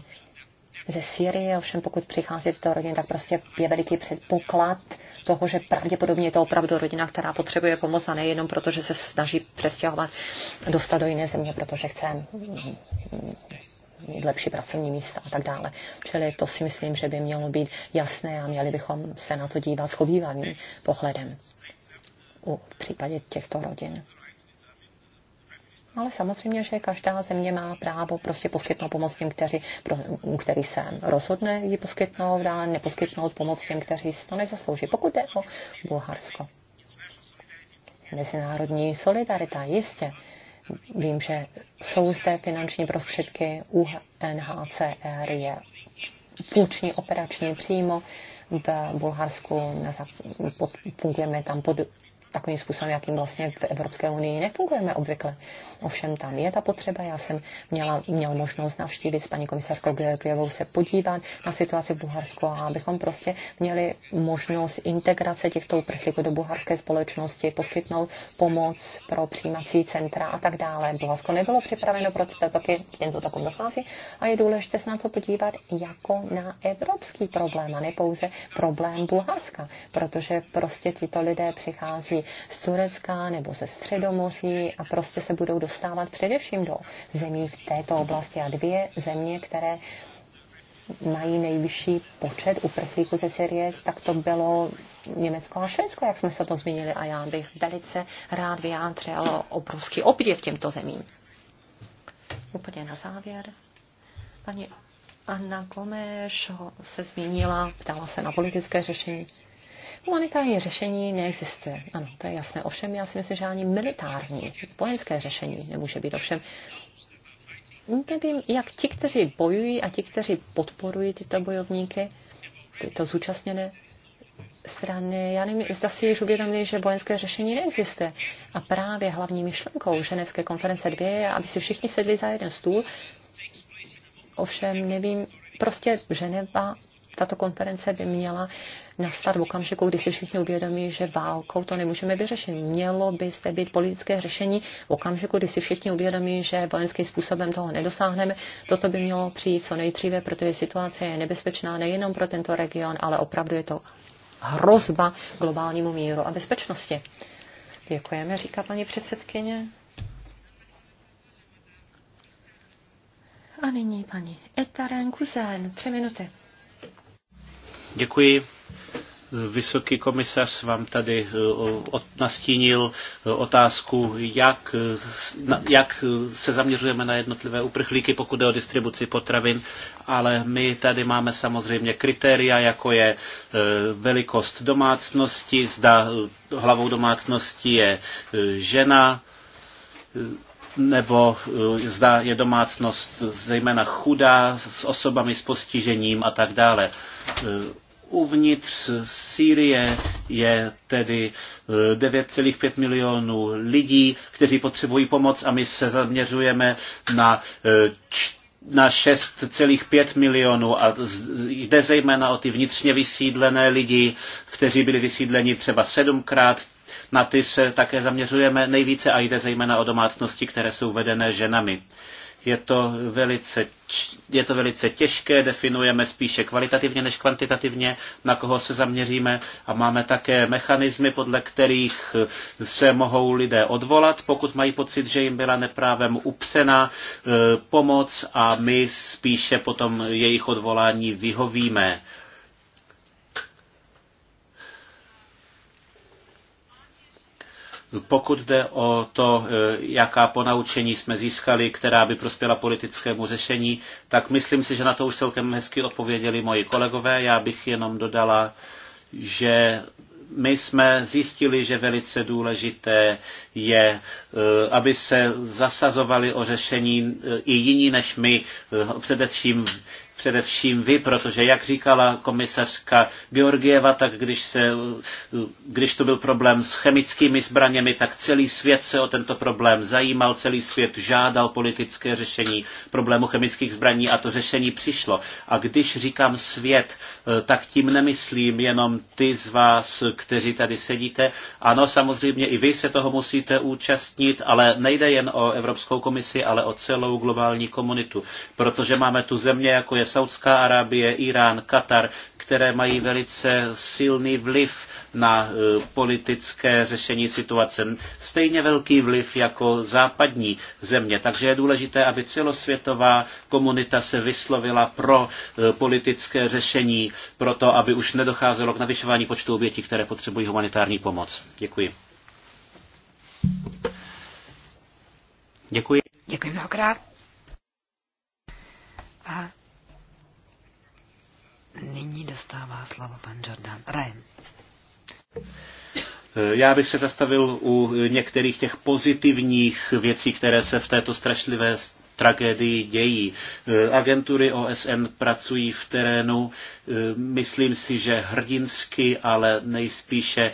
ze Syrie, ovšem pokud přichází tyto rodiny, tak prostě je veliký předpoklad toho, že pravděpodobně je to opravdu rodina, která potřebuje pomoc a nejenom proto, že se snaží přestěhovat, dostat do jiné země, protože chce mít lepší pracovní místa a tak dále. Čili to si myslím, že by mělo být jasné a měli bychom se na to dívat s pohledem u, v případě těchto rodin ale samozřejmě, že každá země má právo prostě poskytnout pomoc těm, kteří, pro, který se rozhodne ji poskytnout a neposkytnout pomoc těm, kteří si to nezaslouží, pokud jde o Bulharsko. Mezinárodní solidarita, jistě. Vím, že jsou zde finanční prostředky UNHCR je půjční operační přímo v Bulharsku, fungujeme tam pod takovým způsobem, jakým vlastně v Evropské unii nefungujeme obvykle. Ovšem tam je ta potřeba. Já jsem měla, měl možnost navštívit s paní komisařkou Georgievou se podívat na situaci v Bulharsku a abychom prostě měli možnost integrace těchto uprchlíků do bulharské společnosti, poskytnout pomoc pro přijímací centra a tak dále. Bulharsko nebylo připraveno pro tyto taky tento takovou dochází a je důležité se na to podívat jako na evropský problém a ne pouze problém Bulharska, protože prostě tito lidé přichází z Turecka nebo ze Středomoří a prostě se budou dostávat především do zemí této oblasti a dvě země, které mají nejvyšší počet uprchlíků ze Syrie, tak to bylo Německo a Švédsko, jak jsme se to zmínili. A já bych velice rád vyjádřil obrovský obdiv těmto zemím. Úplně na závěr. Paní Anna Gomeš se zmínila, ptala se na politické řešení. Humanitární řešení neexistuje. Ano, to je jasné. Ovšem, já si myslím, že ani militární, vojenské řešení nemůže být. Ovšem, nevím, jak ti, kteří bojují a ti, kteří podporují tyto bojovníky, tyto zúčastněné strany, já nevím, zda si již uvědomili, že vojenské řešení neexistuje. A právě hlavní myšlenkou Ženevské konference 2 je, aby si všichni sedli za jeden stůl. Ovšem nevím, prostě Ženeva tato konference by měla nastat v okamžiku, kdy si všichni uvědomí, že válkou to nemůžeme vyřešit. Mělo by zde být politické řešení v okamžiku, kdy si všichni uvědomí, že vojenským způsobem toho nedosáhneme. Toto by mělo přijít co nejdříve, protože situace je nebezpečná nejenom pro tento region, ale opravdu je to hrozba globálnímu míru a bezpečnosti. Děkujeme, říká paní předsedkyně. A nyní paní Etaren Kuzén, tři minuty. Děkuji. Vysoký komisař vám tady eh, nastínil eh, otázku, jak, eh, jak se zaměřujeme na jednotlivé uprchlíky, pokud jde o distribuci potravin, ale my tady máme samozřejmě kritéria, jako je velikost domácnosti, zda hlavou domácnosti je žena, nebo zda je domácnost zejména chudá, s osobami s postižením a tak dále. Uvnitř Sýrie je tedy 9,5 eh, milionů lidí, kteří potřebují pomoc a my se zaměřujeme na eh, na 6,5 milionů a jde zejména o ty vnitřně vysídlené lidi, kteří byli vysídleni třeba sedmkrát, na ty se také zaměřujeme nejvíce a jde zejména o domácnosti, které jsou vedené ženami. Je to velice, je to velice těžké, definujeme spíše kvalitativně než kvantitativně, na koho se zaměříme a máme také mechanismy, podle kterých se mohou lidé odvolat, pokud mají pocit, že jim byla neprávem upřena e, pomoc a my spíše potom jejich odvolání vyhovíme Pokud jde o to, e, jaká ponaučení jsme získali, která by prospěla politickému řešení, tak myslím si, že na to už celkem hezky odpověděli moji kolegové. Já bych jenom dodala, že my jsme zjistili, že velice důležité je, e, aby se zasazovali o řešení e, i jiní než my, především především vy, protože jak říkala komisařka Georgieva, tak když, se, když to byl problém s chemickými zbraněmi, tak celý svět se o tento problém zajímal, celý svět žádal politické řešení problému chemických zbraní a to řešení přišlo. A když říkám svět, eh, tak tím nemyslím jenom ty z vás, kteří tady sedíte. Ano, samozřejmě i vy se toho musíte účastnit, ale nejde jen o Evropskou komisi, ale o celou globální komunitu, protože máme tu země, jako je je Saudská Arábie, Irán, Katar, které mají velice silný vliv na e, politické řešení situace. Stejně velký vliv jako západní země. Takže je důležité, aby celosvětová komunita se vyslovila pro e, politické řešení, pro to, aby už nedocházelo k navyšování počtu obětí, které potřebují humanitární pomoc. Děkuji. Děkuji. Děkuji mnohokrát. A Nyní dostává slovo pan Jordan Ryan. Já bych se zastavil u některých těch pozitivních věcí, které se v této strašlivé tragédii dějí. E, agentury OSN pracují v terénu, e, myslím si, že hrdinsky, ale nejspíše e,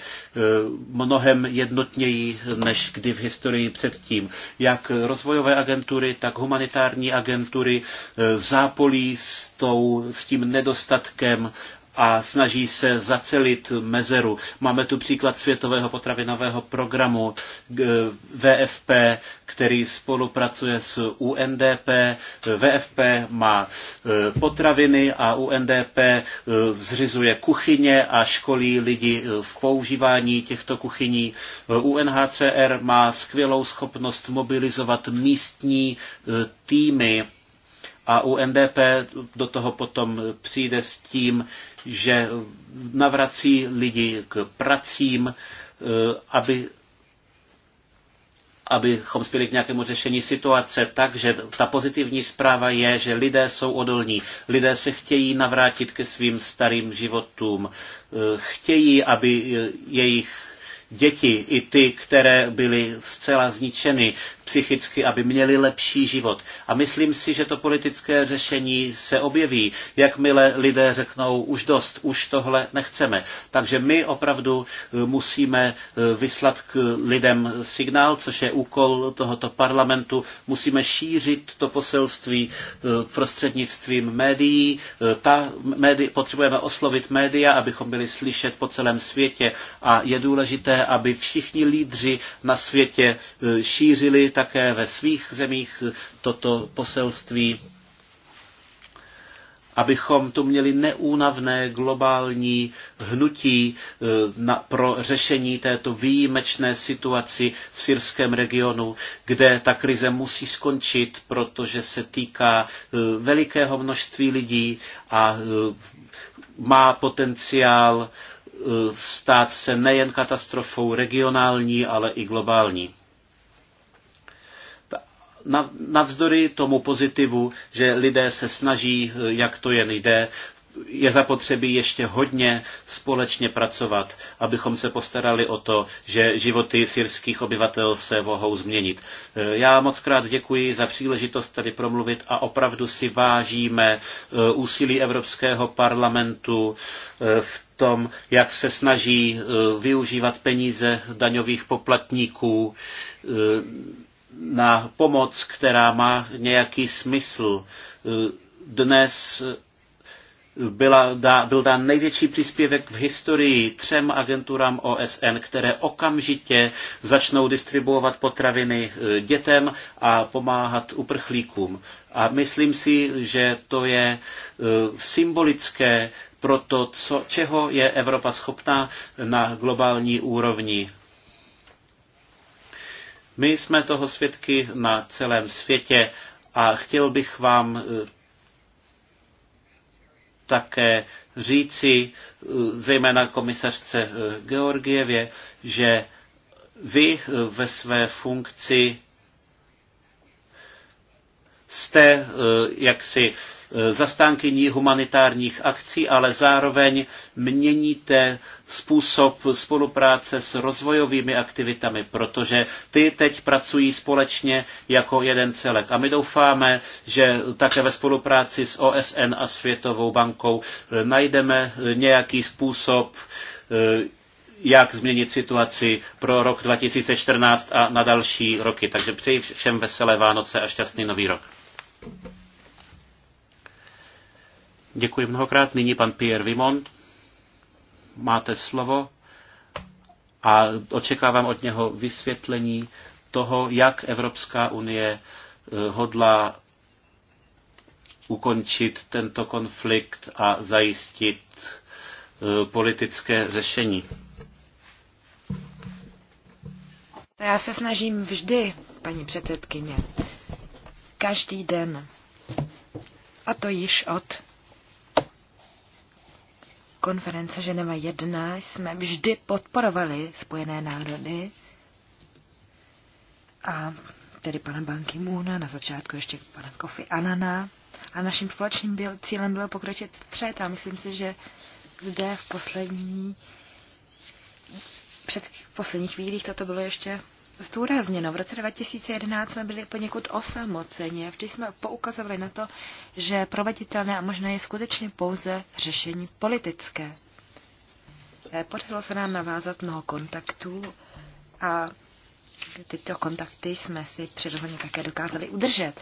mnohem jednotněji než kdy v historii předtím. Jak rozvojové agentury, tak humanitární agentury zápolí s, tou, s tím nedostatkem a snaží se zacelit mezeru. Máme tu příklad Světového potravinového programu eh, VFP, který spolupracuje s UNDP. VFP má eh, potraviny a UNDP eh, zřizuje kuchyně a školí lidi v používání těchto kuchyní. UNHCR má skvělou schopnost mobilizovat místní týmy a u NDP do toho potom přijde s tím, že navrací lidi k pracím, eh, aby abychom spěli k nějakému řešení situace tak, že ta pozitivní zpráva je, že lidé jsou odolní. Lidé se chtějí navrátit ke svým starým životům. Eh, chtějí, aby eh, jejich děti, i ty, které byly zcela zničeny, psychicky, aby měli lepší život. A myslím si, že to politické řešení se objeví, jakmile lidé řeknou už dost, už tohle nechceme. Takže my opravdu eh, musíme eh, vyslat k lidem signál, což je úkol tohoto parlamentu. Musíme šířit to poselství eh, prostřednictvím médií. Ta médi, potřebujeme oslovit média, abychom byli slyšet po celém světě a je důležité, aby všichni lídři na světě šířili také ve svých zemích toto poselství, abychom tu měli neúnavné globální hnutí eh, na, pro řešení této výjimečné situaci v syrském regionu, kde ta krize musí skončit, protože se týká eh, velikého množství lidí a eh, má potenciál stát se nejen katastrofou regionální, ale i globální navzdory tomu pozitivu, že lidé se snaží, eh, jak to jen jde, je zapotřebí ještě hodně společně pracovat, abychom se postarali o to, že životy syrských obyvatel se mohou změnit. Eh, já moc krát děkuji za příležitost tady promluvit a opravdu si vážíme eh, úsilí Evropského parlamentu v tom, jak se snaží využívat peníze daňových poplatníků na pomoc, která má nějaký smysl. Dnes byla, da, byl dán největší příspěvek v historii třem agenturám OSN, které okamžitě začnou distribuovat potraviny eh, dětem a pomáhat uprchlíkům. A myslím si, že to je eh, symbolické pro to, co, čeho je Evropa schopná na globální úrovni my jsme toho svědky na celém světě a chtěl bych vám eh, také říci, eh, zejména komisařce eh, Georgievě, že vy ve své funkci jste jaksi Eh, zastánkyní humanitárních akcí, ale zároveň měníte způsob spolupráce s rozvojovými aktivitami, protože ty teď pracují společně jako jeden celek. A my doufáme, že také ve spolupráci s OSN a Světovou bankou eh, najdeme nějaký způsob, eh, jak změnit situaci pro rok 2014 a na další roky. Takže přeji všem veselé Vánoce a šťastný nový rok. Děkuji mnohokrát. Nyní pan Pierre Vimont. Máte slovo a očekávám od něho vysvětlení toho, jak Evropská unie eh, hodlá ukončit tento konflikt a zajistit eh, politické řešení. To já se snažím vždy, paní předsedkyně. Každý den. A to již od konference Ženeva 1 jsme vždy podporovali Spojené národy a tedy pana Banky Moona, na začátku ještě pana Kofi Anana. A naším společným byl, cílem bylo pokročit vpřed a myslím si, že zde v poslední, před v posledních chvílích toto bylo ještě zdůrazněno. V roce 2011 jsme byli poněkud osamoceni a vždy jsme poukazovali na to, že proveditelné a možné je skutečně pouze řešení politické. Eh, podařilo se nám navázat mnoho kontaktů a tyto kontakty jsme si přirozeně také dokázali udržet.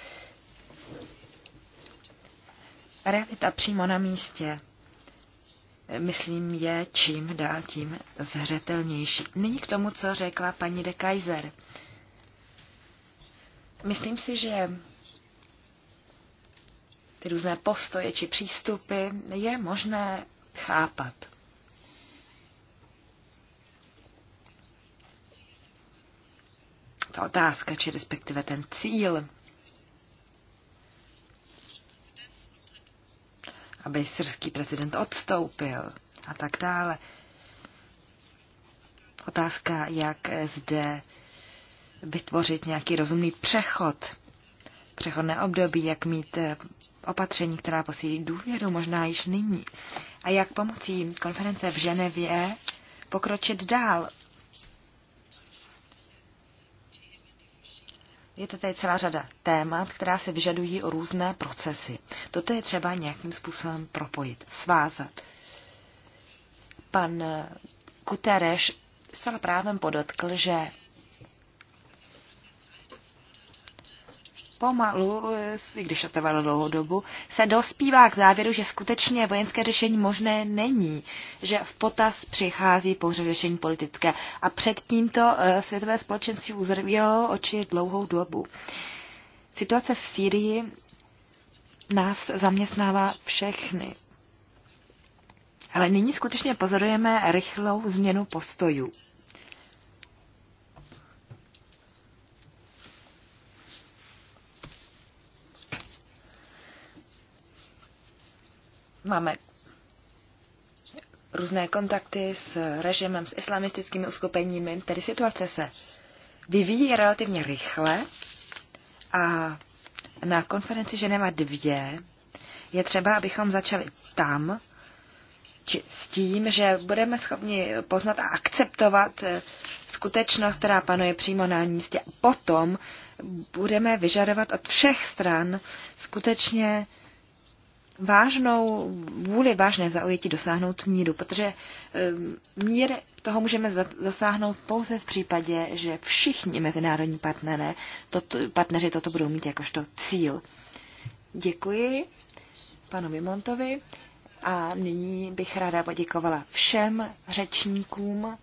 Realita přímo na místě myslím, je čím dál tím zřetelnější. Nyní k tomu, co řekla paní de Kaiser. Myslím si, že ty různé postoje či přístupy je možné chápat. Ta otázka, či respektive ten cíl, aby syrský prezident odstoupil a tak dále. Otázka, jak zde vytvořit nějaký rozumný přechod, přechodné období, jak mít eh, opatření, která posílí důvěru, možná již nyní. A jak pomocí konference v Ženevě pokročit dál. Je to tady celá řada témat, která se vyžadují o různé procesy. Toto je třeba nějakým způsobem propojit, svázat. Pan Kutereš se právem podotkl, že pomalu, i když to trvalo dlouhou dobu, se dospívá k závěru, že skutečně vojenské řešení možné není, že v potaz přichází pouze řešení politické. A před tímto eh, světové společenství uzrvělo oči dlouhou dobu. Situace v Sýrii nás zaměstnává všechny. Ale nyní skutečně pozorujeme rychlou změnu postojů. Máme různé kontakty s režimem, s islamistickými uskupeními, tedy situace se vyvíjí relativně rychle a na konferenci Ženeva 2 je třeba, abychom začali tam, či s tím, že budeme schopni poznat a akceptovat eh, skutečnost, která panuje přímo na místě. Potom budeme vyžadovat od všech stran skutečně vážnou vůli, vážné zaujetí dosáhnout míru, protože ehm, mír toho můžeme dosáhnout pouze v případě, že všichni mezinárodní partnere, toto, partneři toto budou mít jakožto cíl. Děkuji panu Mimontovi a nyní bych ráda poděkovala všem řečníkům.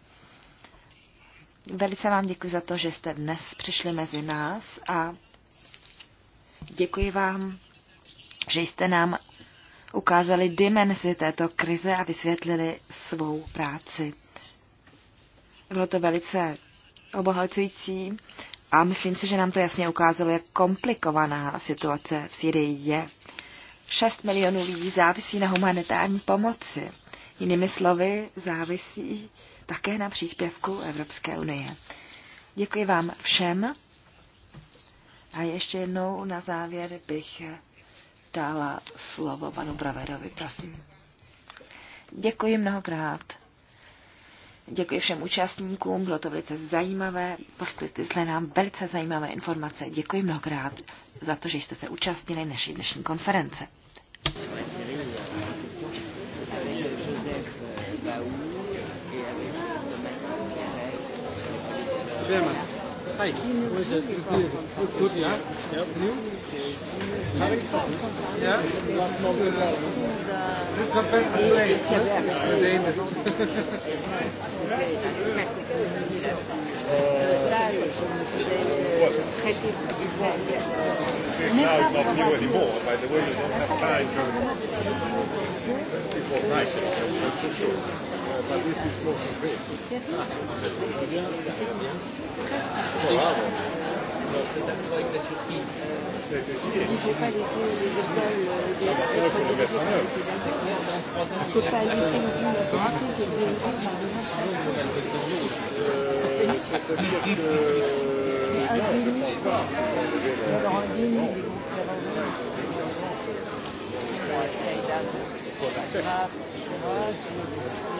Velice vám děkuji za to, že jste dnes přišli mezi nás a děkuji vám, že jste nám ukázali dimenzi této krize a vysvětlili svou práci. Bylo to velice obohacující a myslím si, že nám to jasně ukázalo, jak komplikovaná situace v Syrii je. 6 milionů lidí závisí na humanitární pomoci. Jinými slovy, závisí také na příspěvku Evropské unie. Děkuji vám všem. A ještě jednou na závěr bych dala slovo panu Braverovi, prosím. Děkuji mnohokrát. Děkuji všem účastníkům, bylo to velice zajímavé, poskytli jste nám velice zajímavé informace. Děkuji mnohokrát za to, že jste se účastnili naší dnešní konference. Děkujeme. Hi, who is it? Good, good, yeah? Yep. You? Yeah? Last month back from Spain. Huh? They did. Now it's not new anymore, by the way, you don't have time to... It was nice, that's for sure but this is not free. Bien, bien. Bravo. Alors, cet accord avec la Turquie. Ça a été signé. Il ne faut pas laisser les écoles des ah bah, faut le mettre en œuvre. C'est clair, dans trois ans, il ne faut pas laisser non plus la Turquie qui est une par exemple. C'est-à-dire que. Non, je ne pense pas. Alors, un demi, ils vont faire un demi. Il faut l'accepter.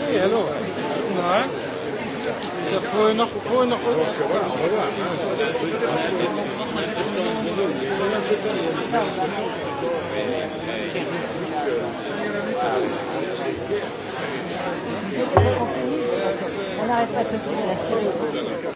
Hé, hey, hallo. Nou, ja, voor je nog... Voor je nog... Ja, ja, äh, ja.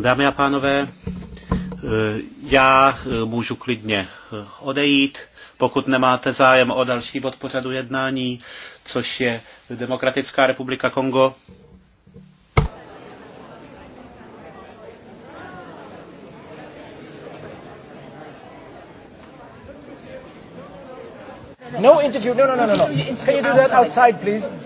Dámy a pánové, eh, já eh, můžu klidně eh, odejít, pokud nemáte zájem o další bod pořadu jednání, což je Demokratická republika Kongo. No interview. No, no, no, no, no. Can you do that outside, please?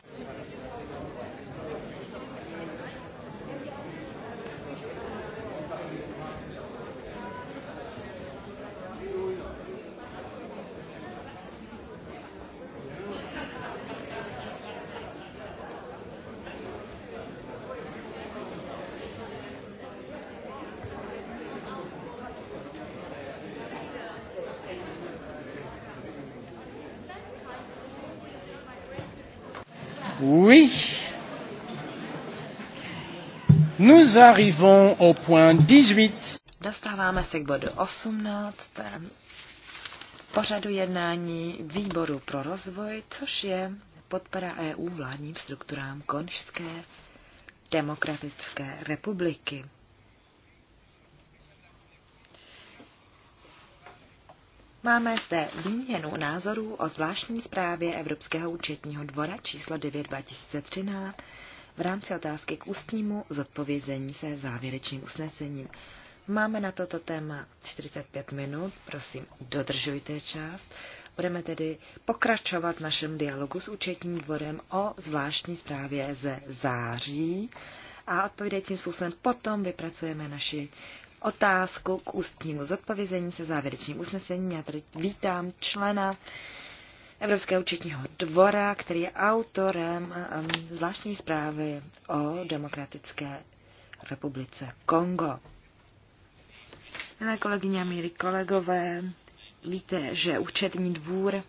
nous arrivons au point 18. Dostáváme se k bodu 18 pořadu jednání výboru pro rozvoj, což je podpora EU vládním strukturám Konžské demokratické republiky. Máme zde výměnu názorů o zvláštní zprávě Evropského účetního dvora číslo 9 2013 v rámci otázky k ústnímu zodpovězení se závěrečným usnesením. Máme na toto téma 45 minut, prosím, dodržujte čas. Budeme tedy pokračovat v našem dialogu s účetním dvorem o zvláštní zprávě ze září a odpovídajícím způsobem potom vypracujeme naši otázku k ústnímu zodpovězení se závěrečným usnesením. Já tady vítám člena Evropského účetního dvora, který je autorem um, zvláštní zprávy o demokratické republice Kongo. Milé kolegyně a milí kolegové, víte, že účetní dvůr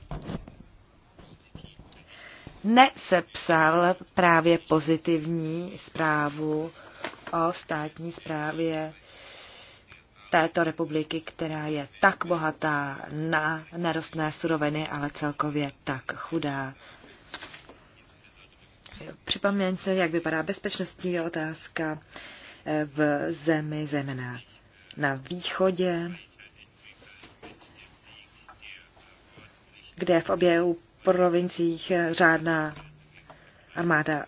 nesepsal právě pozitivní zprávu o státní zprávě této republiky, která je tak bohatá na nerostné suroviny, ale celkově tak chudá. Připomeňte, jak vypadá bezpečnostní otázka eh, v zemi, zejména na východě, kde v oběhu provinciích eh, řádná armáda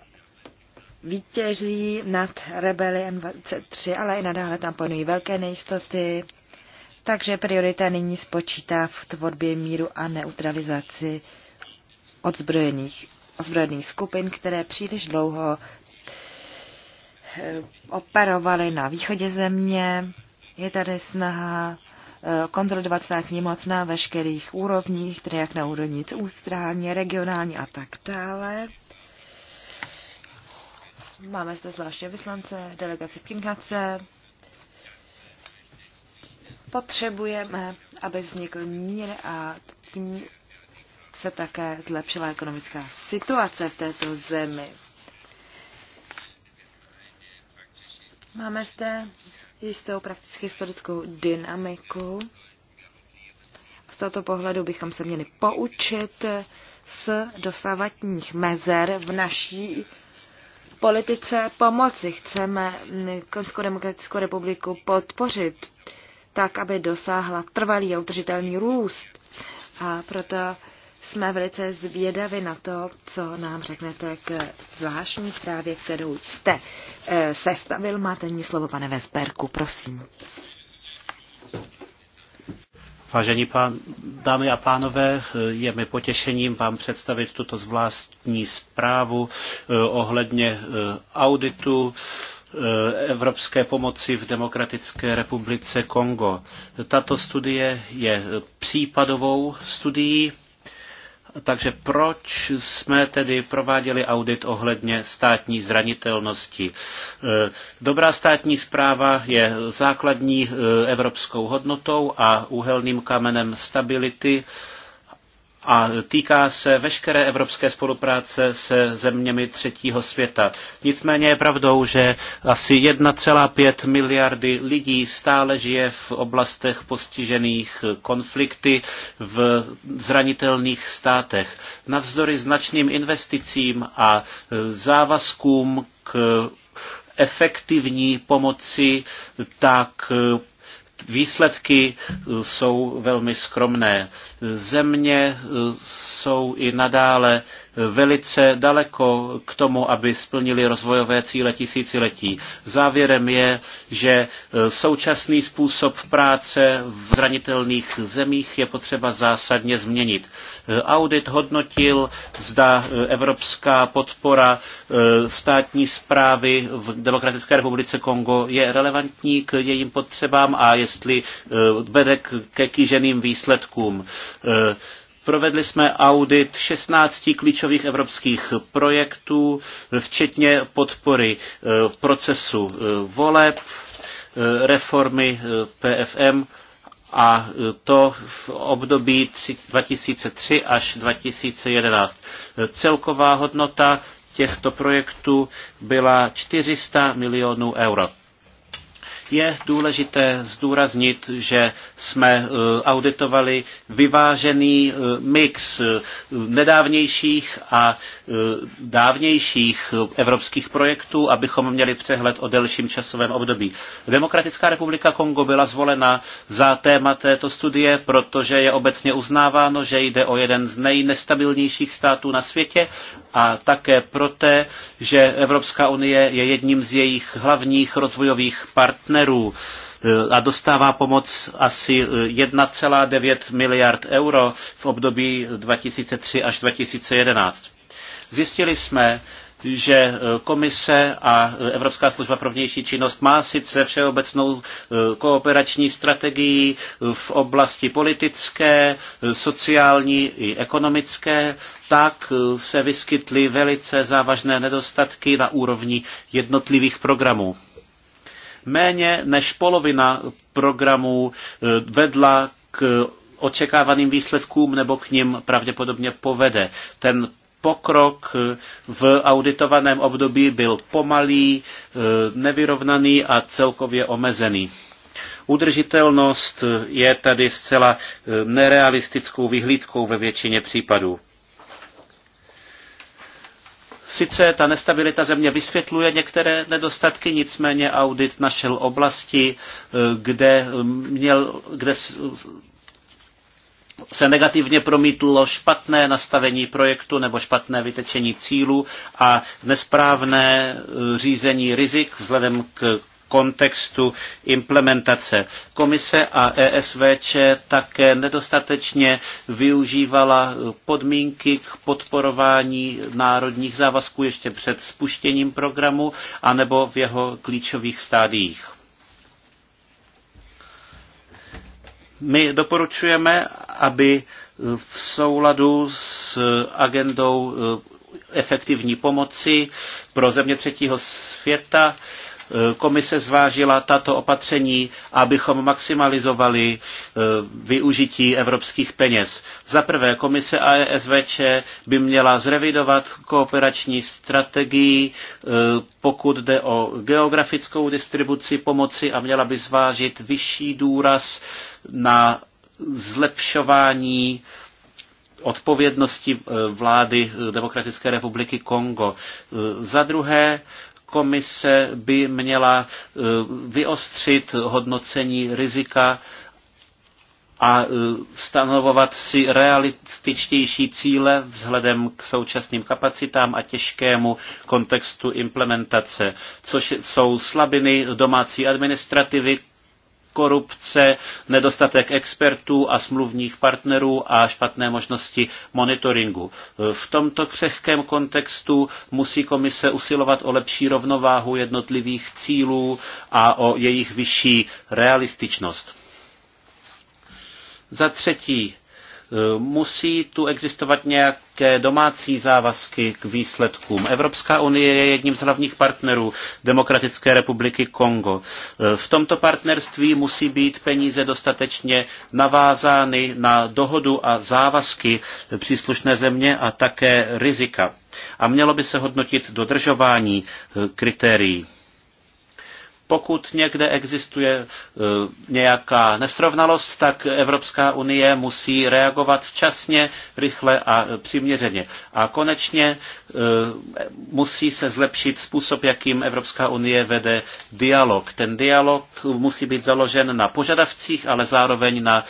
vítězí nad rebeli M23, ale i nadále tam panují velké nejistoty, takže priorita nyní spočítá v tvorbě míru a neutralizaci odzbrojených, ozbrojených skupin, které příliš dlouho eh, operovaly na východě země. Je tady snaha eh, kontrolovat státní moc na veškerých úrovních, tedy jak na úrovni ústrání, regionální a tak dále. Máme zde zvláště vyslance, delegaci v Potřebujeme, aby vznikl mír a tím se také zlepšila ekonomická situace v této zemi. Máme zde jistou prakticky historickou dynamiku. Z tohoto pohledu bychom se měli poučit z dosávatních mezer v naší politice pomoci. Chceme Konskou demokratickou republiku podpořit tak, aby dosáhla trvalý a udržitelný růst. A proto jsme velice zvědavi na to, co nám řeknete k zvláštní zprávě, kterou jste eh, sestavil. Máte ní slovo, pane Vesperku, prosím. Vážení pán, dámy a pánové, je mi potěšením vám představit tuto zvláštní zprávu eh, ohledně eh, auditu eh, evropské pomoci v Demokratické republice Kongo. Tato studie je případovou studií takže proč jsme tedy prováděli audit ohledně státní zranitelnosti? Eh, dobrá státní zpráva je základní eh, evropskou hodnotou a úhelným kamenem stability a týká se veškeré evropské spolupráce se zeměmi třetího světa. Nicméně je pravdou, že asi 1,5 miliardy lidí stále žije v oblastech postižených konflikty v zranitelných státech. Navzdory značným investicím a závazkům k efektivní pomoci, tak výsledky eh, jsou velmi skromné. Země eh, jsou i nadále velice daleko k tomu, aby splnili rozvojové cíle tisíciletí. Závěrem je, že e, současný způsob práce v zranitelných zemích je potřeba zásadně změnit. E, audit hodnotil, zda e, evropská podpora státní zprávy v Demokratické republice Kongo je relevantní k jejím potřebám a jestli vede ke kýženým výsledkům. Provedli jsme audit 16 klíčových evropských projektů, včetně podpory e, procesu e, voleb, e, reformy PFM a to v období 2003 až 2011. Celková hodnota těchto projektů byla 400 milionů euro. Je důležité zdůraznit, že jsme eh, auditovali vyvážený eh, mix eh, nedávnějších a dávnějších evropských projektů, abychom měli přehled o delším časovém období. Demokratická republika Kongo byla zvolena za téma této studie, protože je obecně uznáváno, že jde o jeden z nejnestabilnějších států na světě a také proto, že Evropská unie je jedním z jejich hlavních rozvojových partnerů partnerů eh, a dostává pomoc asi 1,9 eh, miliard euro v období 2003 až 2011. Zjistili jsme, že eh, komise a Evropská služba pro vnější činnost má sice všeobecnou kooperační strategii v oblasti politické, sociální i ekonomické, tak se vyskytly velice závažné nedostatky na úrovni jednotlivých programů. Méně než polovina programů e, vedla k očekávaným výsledkům nebo k ním pravděpodobně povede. Ten pokrok e, v auditovaném období byl pomalý, e, nevyrovnaný a celkově omezený. Udržitelnost je tady zcela nerealistickou vyhlídkou ve většině případů. Sice ta nestabilita země vysvětluje některé nedostatky, nicméně audit našel oblasti, eh, kde, eh, měl, kde se negativně promítlo špatné nastavení projektu nebo špatné vytečení cílu a nesprávné eh, řízení rizik vzhledem k kontextu implementace. Komise a ESVČ také nedostatečně využívala podmínky k podporování národních závazků ještě před spuštěním programu anebo v jeho klíčových stádiích. My doporučujeme, aby v souladu s agendou efektivní pomoci pro země třetího světa Eh, komise zvážila tato opatření, abychom maximalizovali eh, využití evropských peněz. Za prvé, komise AESVČ by měla zrevidovat kooperační strategii, eh, pokud jde o geografickou distribuci pomoci a měla by zvážit vyšší důraz na zlepšování odpovědnosti vlády Demokratické republiky Kongo. Za druhé, Komise by měla e, vyostřit hodnocení rizika a e, stanovovat si realističtější cíle vzhledem k současným kapacitám a těžkému kontextu implementace, což jsou slabiny domácí administrativy, korupce, nedostatek expertů a smluvních partnerů a špatné možnosti monitoringu. V tomto křehkém kontextu musí komise usilovat o lepší rovnováhu jednotlivých cílů a o jejich vyšší realističnost. Za třetí, Musí tu existovat nějaké domácí závazky k výsledkům. Evropská unie je jedním z hlavních partnerů Demokratické republiky Kongo. V tomto partnerství musí být peníze dostatečně navázány na dohodu a závazky příslušné země a také rizika. A mělo by se hodnotit dodržování eh, kritérií. Pokud někde existuje e, nějaká nesrovnalost, tak Evropská unie musí reagovat včasně, rychle a e, přiměřeně. A konečně e, musí se zlepšit způsob, jakým Evropská unie vede dialog. Ten dialog musí být založen na požadavcích, ale zároveň na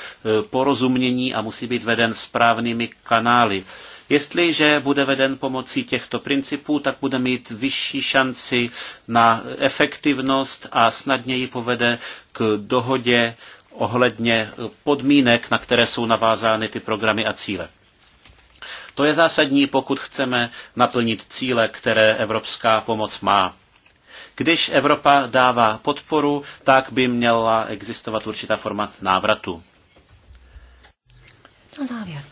porozumění a musí být veden správnými kanály. Jestliže bude veden pomocí těchto principů, tak bude mít vyšší šanci na efektivnost a snadněji povede k dohodě ohledně podmínek, na které jsou navázány ty programy a cíle. To je zásadní, pokud chceme naplnit cíle, které evropská pomoc má. Když Evropa dává podporu, tak by měla existovat určitá forma návratu. Na závěr.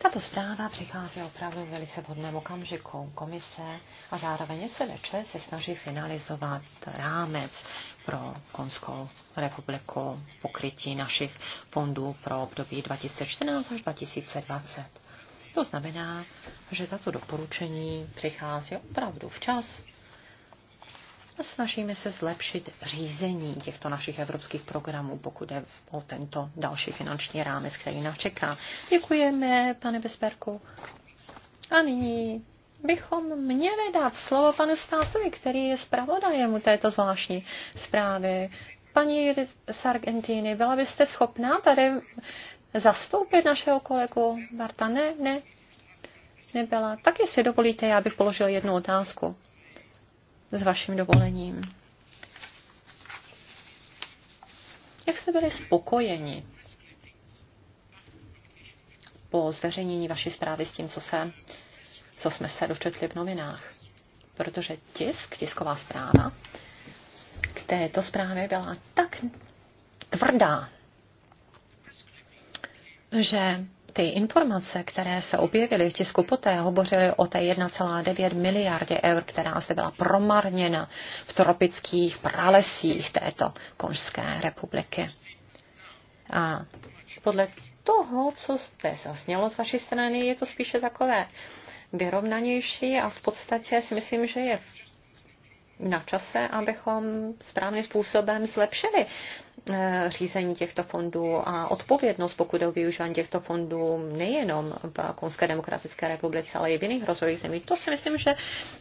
Tato zpráva přichází opravdu velice vhodném okamžiku. Komise a zároveň se leče se snaží finalizovat rámec pro Konskou republiku pokrytí našich fondů pro období 2014 až 2020. To znamená, že tato doporučení přichází opravdu včas snažíme se zlepšit řízení těchto našich evropských programů, pokud je o tento další finanční rámec, který nás čeká. Děkujeme, pane Besperku. A nyní bychom měli dát slovo panu Stásovi, který je zpravodajem u této zvláštní zprávy. Paní z Argentíny, byla byste schopná tady zastoupit našeho kolegu Barta? Ne, ne, nebyla. Tak jestli dovolíte, já bych položil jednu otázku s vaším dovolením. Jak jste byli spokojeni po zveřejnění vaší zprávy s tím, co, se, co jsme se dočetli v novinách? Protože tisk, tisková zpráva, k této zprávě byla tak tvrdá, že ty informace, které se objevily v tisku poté, hovořily o té 1,9 miliardě eur, která zde byla promarněna v tropických pralesích této Konžské republiky. A podle toho, co jste zaznělo z vaší strany, je to spíše takové vyrovnanější a v podstatě si myslím, že je na čase, abychom správným způsobem zlepšili eh, řízení těchto fondů a odpovědnost, pokud o využívání těchto fondů nejenom v Konské demokratické republice, ale i v jiných rozvojových zemích. To si myslím, že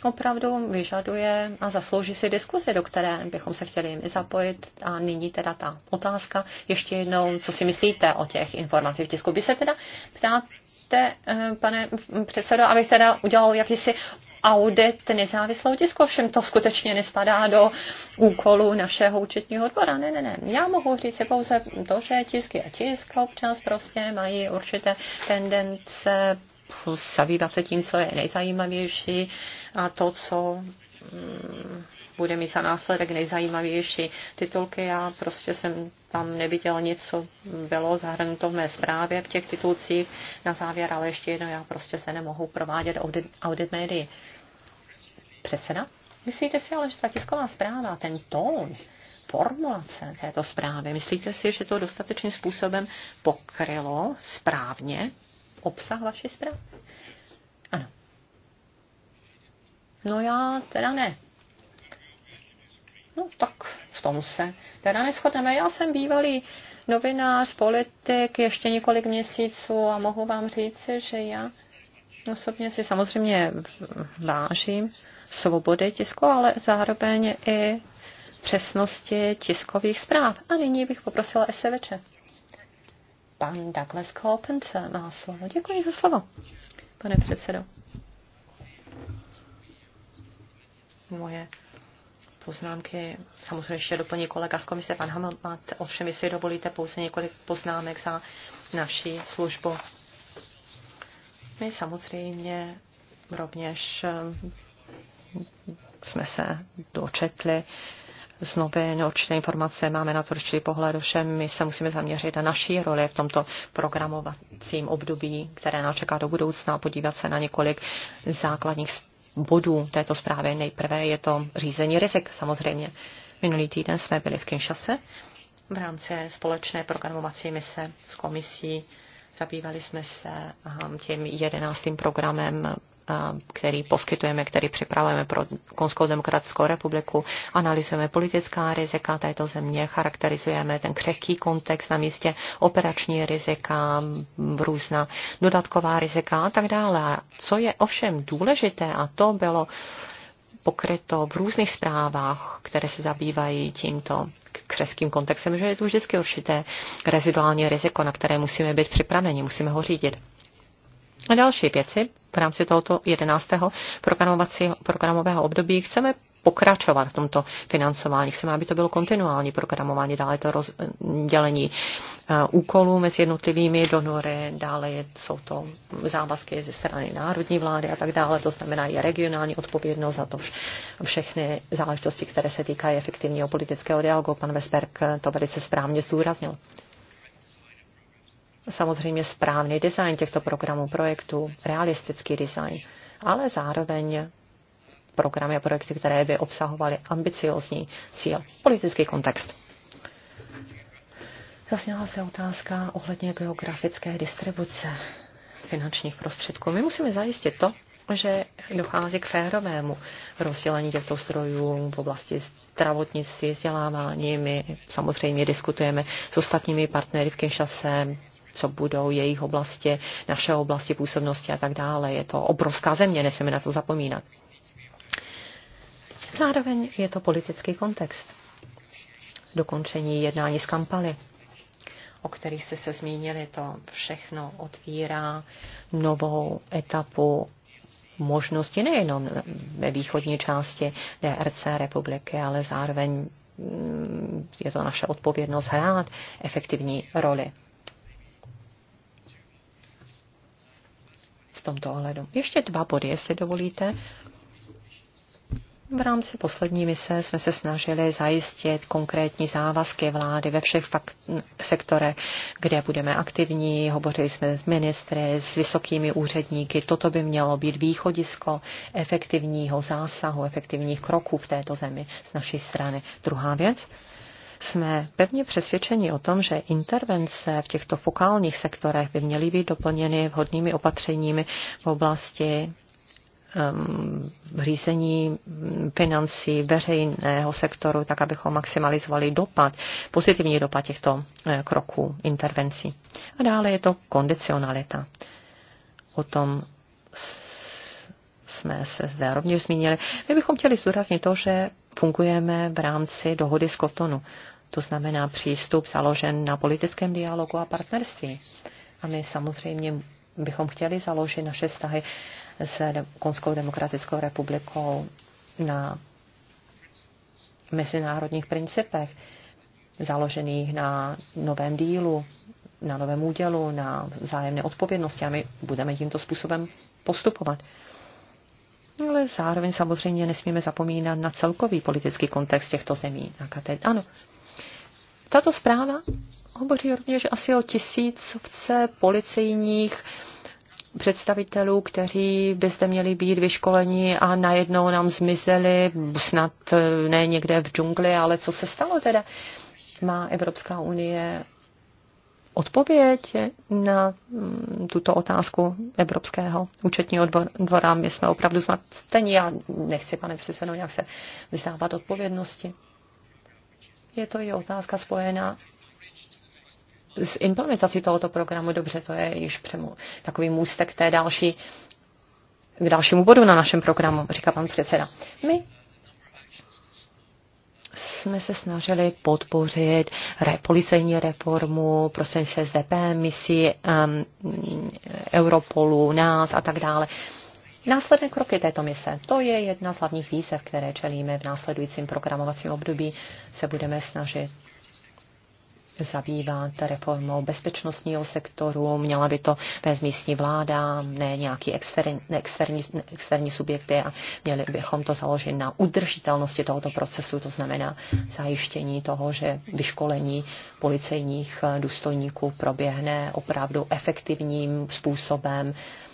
opravdu vyžaduje a zaslouží si diskuzi, do které bychom se chtěli zapojit. A nyní teda ta otázka ještě jednou, co si myslíte o těch informacích v tisku. Vy se teda ptáte, eh, pane předsedo, abych teda udělal jakýsi audit nezávislého tisku, ovšem to skutečně nespadá do úkolu našeho účetního odbora. Ne, ne, ne. Já mohu říct si pouze to, že tisky a tisk občas prostě mají určité tendence zabývat se tím, co je nejzajímavější a to, co mm, bude mít za následek nejzajímavější titulky. Já prostě jsem tam neviděl nic, co bylo zahrnuto v mé zprávě v těch titulcích na závěr, ale ještě jedno, já prostě se nemohu provádět audit, audit médií. Předseda? Myslíte si ale, že ta tisková zpráva, ten tón, formulace této zprávy, myslíte si, že to dostatečným způsobem pokrylo správně obsah vaší zprávy? Ano. No já teda ne. No tak v tom se teda neschodneme. Já jsem bývalý novinář, politik ještě několik měsíců a mohu vám říct, že já osobně si samozřejmě vážím svobody tisku, ale zároveň i přesnosti tiskových zpráv. A nyní bych poprosila SVČ. Pan Douglas Kolpence má slovo. Děkuji za slovo, pane předsedo. Moje poznámky. Samozřejmě ještě doplní kolega z komise, pan Hamamat. Ovšem, jestli dovolíte pouze několik poznámek za naší službu. My samozřejmě rovněž eh, jsme se dočetli z novin určité informace, máme na to určitý pohled, ovšem my se musíme zaměřit na naší roli v tomto programovacím období, které nás čeká do budoucna, podívat se na několik základních bodů této zprávy. Nejprve je to řízení rizik, samozřejmě. Minulý týden jsme byli v Kinshase v rámci společné programovací mise s komisí. Zabývali jsme se um, tím jedenáctým programem který poskytujeme, který připravujeme pro Konskou demokratickou republiku, analyzujeme politická rizika této země, charakterizujeme ten křehký kontext na místě, operační rizika, různá dodatková rizika a tak dále. Co je ovšem důležité, a to bylo pokryto v různých zprávách, které se zabývají tímto křeským kontextem, že je tu vždycky určité reziduální riziko, na které musíme být připraveni, musíme ho řídit. A další věci, v rámci tohoto 11. programového období chceme pokračovat v tomto financování. Chceme, aby to bylo kontinuální programování, dále je to rozdělení eh, úkolů mezi jednotlivými donory, dále jsou to závazky ze strany národní vlády a tak dále, to znamená i regionální odpovědnost za to všechny záležitosti, které se týkají efektivního politického dialogu. Pan Vesberg to velice správně zdůraznil samozřejmě správný design těchto programů, projektů, realistický design, ale zároveň programy a projekty, které by obsahovaly ambiciozní cíl. Politický kontext. Zasněla se otázka ohledně geografické distribuce finančních prostředků. My musíme zajistit to, že dochází k férovému rozdělení těchto zdrojů v oblasti zdravotnictví, vzdělávání. My samozřejmě diskutujeme s ostatními partnery v Kinshase, co budou jejich oblasti, naše oblasti působnosti a tak dále. Je to obrovská země, nesmíme na to zapomínat. Zároveň je to politický kontext. Dokončení jednání z kampaly, o kterých jste se zmínili, to všechno otvírá novou etapu možnosti nejenom ve východní části DRC republiky, ale zároveň mm, je to naše odpovědnost hrát efektivní roli. tomto ohledu. Ještě dva body, jestli dovolíte. V rámci poslední mise jsme se snažili zajistit konkrétní závazky vlády ve všech fakt- sektorech, kde budeme aktivní. Hovořili jsme s ministry, s vysokými úředníky. Toto by mělo být východisko efektivního zásahu, efektivních kroků v této zemi z naší strany. Druhá věc. Jsme pevně přesvědčeni o tom, že intervence v těchto fokálních sektorech by měly být doplněny vhodnými opatřeními v oblasti um, řízení financí veřejného sektoru, tak abychom maximalizovali dopad, pozitivní dopad těchto e, kroků intervencí. A dále je to kondicionalita. O tom jsme se zde rovněž zmínili. My bychom chtěli zdůraznit to, že fungujeme v rámci dohody z Kotonu. To znamená přístup založen na politickém dialogu a partnerství. A my samozřejmě bychom chtěli založit naše vztahy s Konskou demokratickou republikou na mezinárodních principech, založených na novém dílu, na novém údělu, na vzájemné odpovědnosti a my budeme tímto způsobem postupovat ale zároveň samozřejmě nesmíme zapomínat na celkový politický kontext těchto zemí. Ano. Tato zpráva hovoří rovněž asi o tisícovce policejních představitelů, kteří by zde měli být vyškoleni a najednou nám zmizeli, snad eh, ne někde v džungli, ale co se stalo teda? Má Evropská unie odpověď na mm, tuto otázku Evropského účetního dvora. My jsme opravdu zmatení. Já nechci, pane předsedo, nějak se vzdávat odpovědnosti. Je to i otázka spojená s implementací tohoto programu. Dobře, to je již přemu takový můstek té další k dalšímu bodu na našem programu, říká pan předseda. My jsme se snažili podpořit re, policejní reformu, prosím se SDP, misi um, Europolu, nás a tak dále. Následné kroky této mise, to je jedna z hlavních výzev, které čelíme v následujícím programovacím období, se budeme snažit zabývat reformou bezpečnostního sektoru, měla by to vést místní vláda, ne nějaký externí, externí, externí subjekty a měli bychom to založit na udržitelnosti tohoto procesu, to znamená zajištění toho, že vyškolení policejních důstojníků proběhne opravdu efektivním způsobem,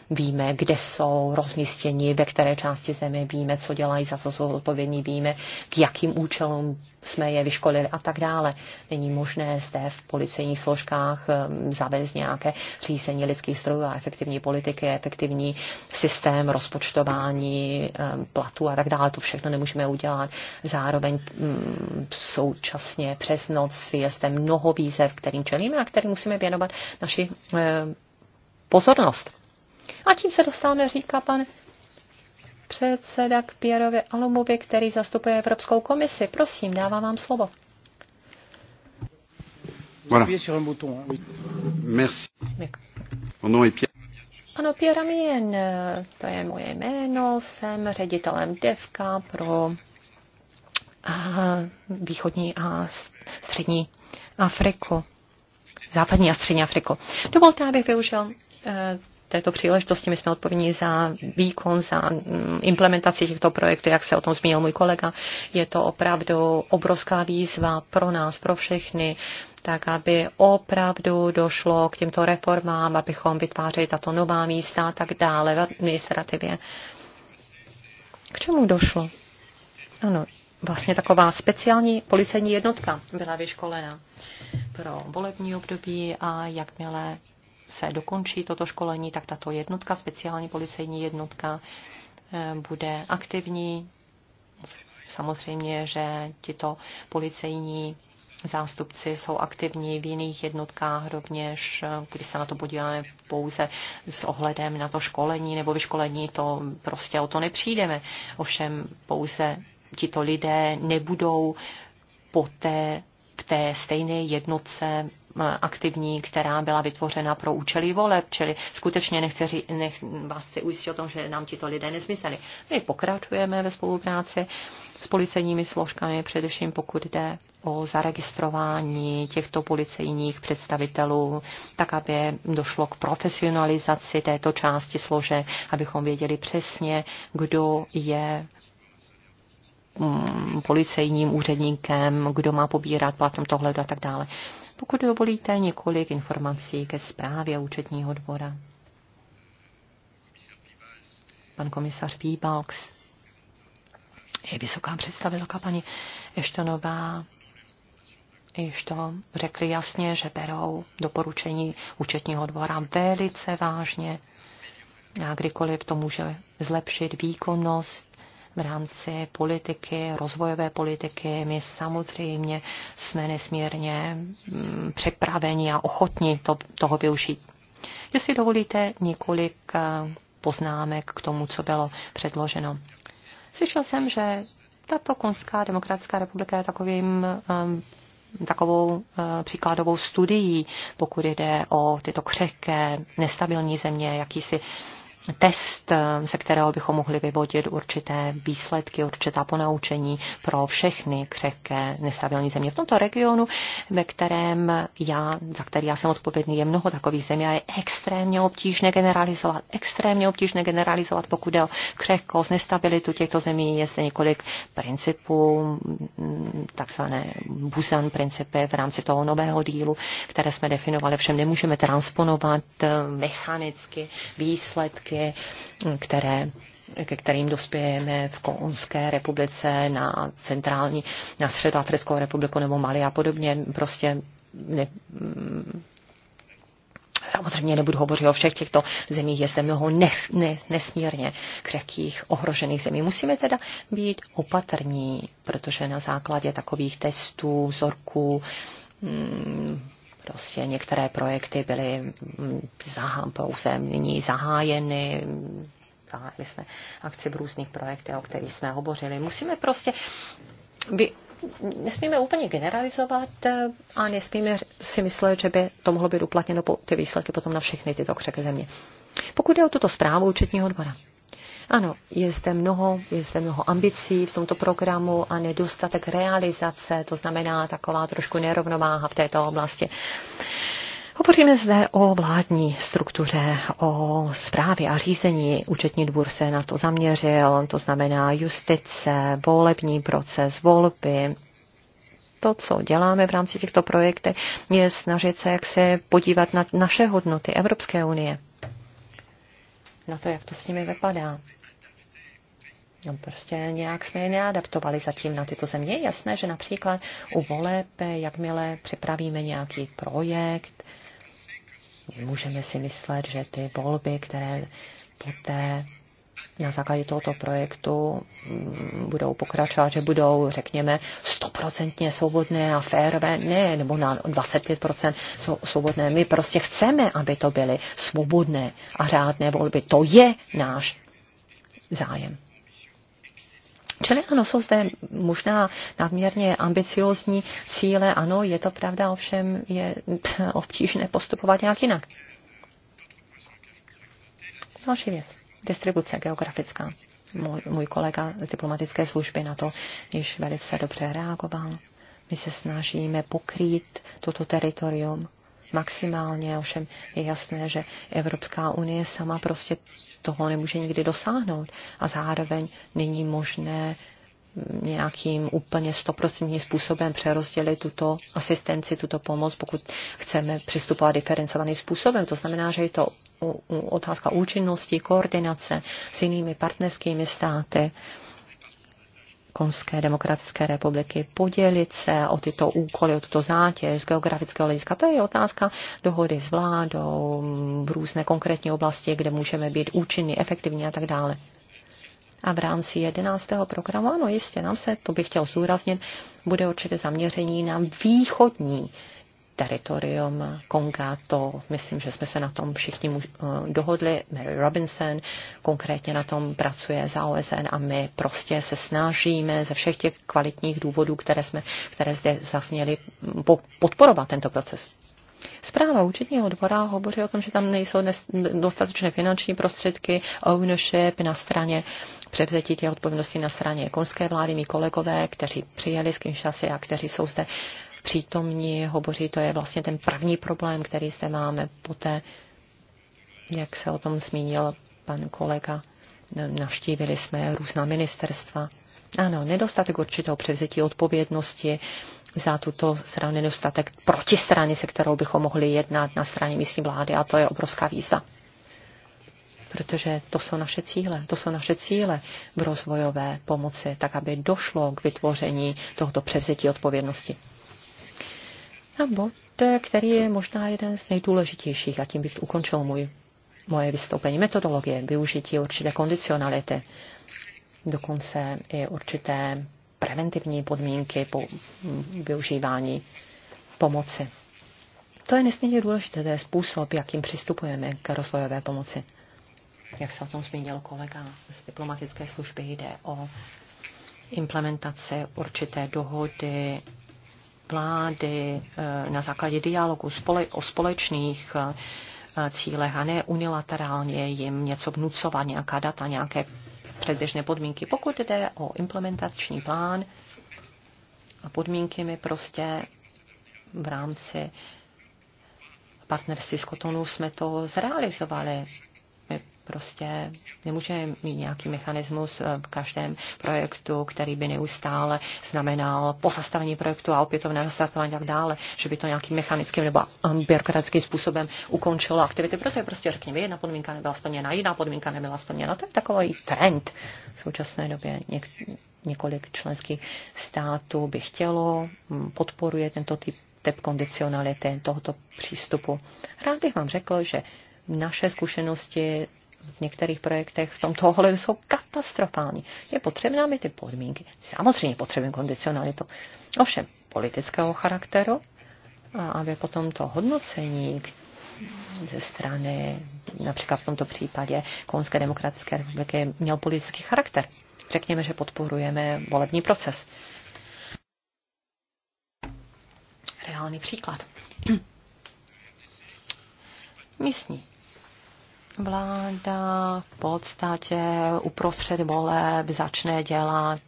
víme, kde jsou rozmístěni, ve které části země, víme, co dělají, za co jsou odpovědní, víme, k jakým účelům jsme je vyškolili a tak dále. Není možné zde v policejních složkách um, zavést nějaké řízení lidských strojů a efektivní politiky, efektivní systém rozpočtování um, platů a tak dále. To všechno nemůžeme udělat. Zároveň mm, současně přes noc je zde mnoho výzev, kterým čelíme a kterým musíme věnovat naši um, pozornost. A tím se dostáváme, říká pan předseda k Pierovi Alomovi, který zastupuje Evropskou komisi. Prosím, dávám vám slovo. Voilà. Merci. Ano, Pierre Mien, to je moje jméno, jsem ředitelem DEVKA pro východní a střední Afriku, západní a střední Afriku. Dovolte, abych využil eh, této příležitosti. My jsme odpovědní za výkon, za mm, implementaci těchto projektů, jak se o tom zmínil můj kolega. Je to opravdu obrovská výzva pro nás, pro všechny tak aby opravdu došlo k těmto reformám, abychom vytvářeli tato nová místa a tak dále v administrativě. K čemu došlo? Ano, vlastně taková speciální policejní jednotka byla vyškolena pro volební období a jakmile se dokončí toto školení, tak tato jednotka, speciální policejní jednotka, eh, bude aktivní. Samozřejmě, že tito policejní zástupci jsou aktivní v jiných jednotkách rovněž, eh, když se na to podíváme pouze s ohledem na to školení nebo vyškolení, to prostě o to nepřijdeme. Ovšem pouze tito lidé nebudou poté v té stejné jednotce Eh, aktivní, která byla vytvořena pro účely voleb, čili skutečně nechci ří, nech, vás si ujistit o tom, že nám tito lidé nezmysleli. My pokračujeme ve spolupráci s policejními složkami, především pokud jde o zaregistrování těchto policejních představitelů, tak aby došlo k profesionalizaci této části slože, abychom věděli přesně, kdo je mm, policejním úředníkem, kdo má pobírat platem tohle, a tak dále. Pokud dovolíte několik informací ke zprávě účetního dvora. Pan komisař Výbalks je vysoká představitelka paní Eštonová již to řekli jasně, že berou doporučení účetního dvora velice vážně a kdykoliv to může zlepšit výkonnost v rámci politiky, rozvojové politiky. My samozřejmě jsme nesmírně mm, připraveni a ochotní to, toho využít. Jestli dovolíte několik eh, poznámek k tomu, co bylo předloženo. Slyšel jsem, že tato Konská demokratická republika je takovým eh, takovou eh, příkladovou studií, pokud jde o tyto křehké, nestabilní země, jakýsi test, eh, ze kterého bychom mohli vyvodit určité výsledky, určitá ponaučení pro všechny křehké nestabilní země. V tomto regionu, ve kterém já, za který já jsem odpovědný, je mnoho takových zemí a je extrémně obtížné generalizovat. Extrémně obtížné generalizovat, pokud jde o křehkost, nestabilitu těchto zemí, je zde několik principů, mm, takzvané Busan principy v rámci toho nového dílu, které jsme definovali. Všem nemůžeme transponovat eh, mechanicky výsledky rozhodnutí, které ke kterým dospějeme v Kounské republice, na centrální, na Středoafrickou republiku nebo Mali a podobně. Prostě ne, Samozřejmě nebudu hovořit o všech těchto zemích, je zde mnoho nes, ne, nesmírně křehkých, ohrožených zemí. Musíme teda být opatrní, protože na základě takových testů, vzorků, mm, Prostě některé projekty byly mm, pouze nyní zahájeny, zahájili jsme akci v různých projektech, o kterých jsme hovořili. Musíme prostě by, nesmíme úplně generalizovat eh, a nesmíme si myslet, že by to mohlo být uplatněno po, ty výsledky potom na všechny tyto křeky země. Pokud jde o tuto zprávu účetního dvora, ano, je zde mnoho, je zde mnoho ambicí v tomto programu a nedostatek realizace, to znamená taková trošku nerovnováha v této oblasti. Hovoříme zde o vládní struktuře, o zprávě a řízení. Účetní dvůr se na to zaměřil, to znamená justice, volební proces, volby, to, co děláme v rámci těchto projektů, je snažit se, jak se podívat na naše hodnoty Evropské unie. Na to, jak to s nimi vypadá. No prostě nějak jsme je neadaptovali zatím na tyto země. Je jasné, že například u voleb, jakmile připravíme nějaký projekt, můžeme si myslet, že ty volby, které poté na základě tohoto projektu mm, budou pokračovat, že budou, řekněme, stoprocentně svobodné a férové, ne, nebo na 25% svobodné. My prostě chceme, aby to byly svobodné a řádné volby. To je náš zájem. Čili ano, jsou zde možná nadměrně ambiciozní cíle, ano, je to pravda, ovšem je obtížné postupovat nějak jinak. Další věc. Distribuce geografická. Můj, můj kolega z diplomatické služby na to již velice dobře reagoval. My se snažíme pokrýt toto teritorium maximálně, ovšem je jasné, že Evropská unie sama prostě toho nemůže nikdy dosáhnout a zároveň není možné nějakým úplně stoprocentním způsobem přerozdělit tuto asistenci, tuto pomoc, pokud chceme přistupovat diferencovaným způsobem. To znamená, že je to otázka účinnosti, koordinace s jinými partnerskými státy. Konské demokratické republiky, podělit se o tyto úkoly, o tuto zátěž z geografického hlediska. To je otázka dohody s vládou v různé konkrétní oblasti, kde můžeme být účinní, efektivní a tak dále. A v rámci jedenáctého programu, ano jistě, nám se, to bych chtěl zúraznit, bude určitě zaměření na východní teritorium Konga, to myslím, že jsme se na tom všichni eh, dohodli. Mary Robinson konkrétně na tom pracuje za OSN a my prostě se snažíme ze všech těch kvalitních důvodů, které, jsme, které zde zazněly, podporovat tento proces. Zpráva účetního dvora hovoří o tom, že tam nejsou dostatečné finanční prostředky, ownership na straně převzetí těch odpovědností na straně konské vlády, mý kolegové, kteří přijeli z Kinshasy a kteří jsou zde přítomní hovoří, to je vlastně ten první problém, který zde máme poté, jak se o tom zmínil pan kolega. Navštívili jsme různá ministerstva. Ano, nedostatek určitého převzetí odpovědnosti za tuto stranu, nedostatek protistrany, se kterou bychom mohli jednat na straně místní vlády a to je obrovská výzva protože to jsou naše cíle, to jsou naše cíle v rozvojové pomoci, tak aby došlo k vytvoření tohoto převzetí odpovědnosti na bod, který je možná jeden z nejdůležitějších a tím bych ukončil můj, moje vystoupení. Metodologie, využití určité kondicionality, dokonce i určité preventivní podmínky po využívání pomoci. To je nesmírně důležité, to je způsob, jakým přistupujeme k rozvojové pomoci. Jak se o tom zmínil kolega z diplomatické služby, jde o implementace určité dohody vlády eh, na základě dialogu o společných eh, cílech a ne unilaterálně jim něco vnucovat, nějaká data, nějaké předběžné podmínky. Pokud jde o implementační plán a podmínky my prostě v rámci partnerství s Kotonu jsme to zrealizovali prostě nemůžeme mít nějaký mechanismus eh, v každém projektu, který by neustále znamenal pozastavení projektu a opětovné nastartování a tak dále, že by to nějakým mechanickým nebo byrokratickým způsobem ukončilo aktivity. Proto je prostě řekněme, jedna podmínka nebyla splněna, jiná podmínka nebyla splněna. To je takový trend v současné době. Něk- několik členských států by chtělo, hm, podporuje tento typ, typ kondicionality, tohoto přístupu. Rád bych vám řekl, že naše zkušenosti v některých projektech v tomto ohledu jsou katastrofální. Je potřebná mi ty podmínky. Samozřejmě potřebujeme kondicionalitu. Ovšem, politického charakteru a aby potom to hodnocení ze strany, například v tomto případě Konské demokratické republiky, měl politický charakter. Řekněme, že podporujeme volební proces. Reálný příklad. Místní vláda v podstatě uprostřed voleb začne dělat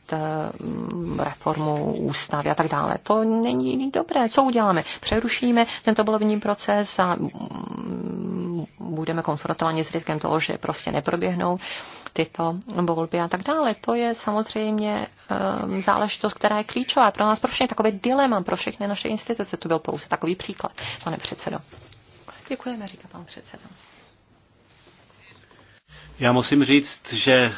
mm, reformu ústavy a tak dále. To není dobré. Co uděláme? Přerušíme tento volební proces a mm, budeme konfrontováni s riskem toho, že prostě neproběhnou tyto volby a tak dále. To je samozřejmě ehm, záležitost, která je klíčová pro nás, pro všechny takové dilema, pro všechny naše instituce. To byl pouze takový příklad, pane předsedo. Děkujeme, říká pan předseda. Já musím říct, že e,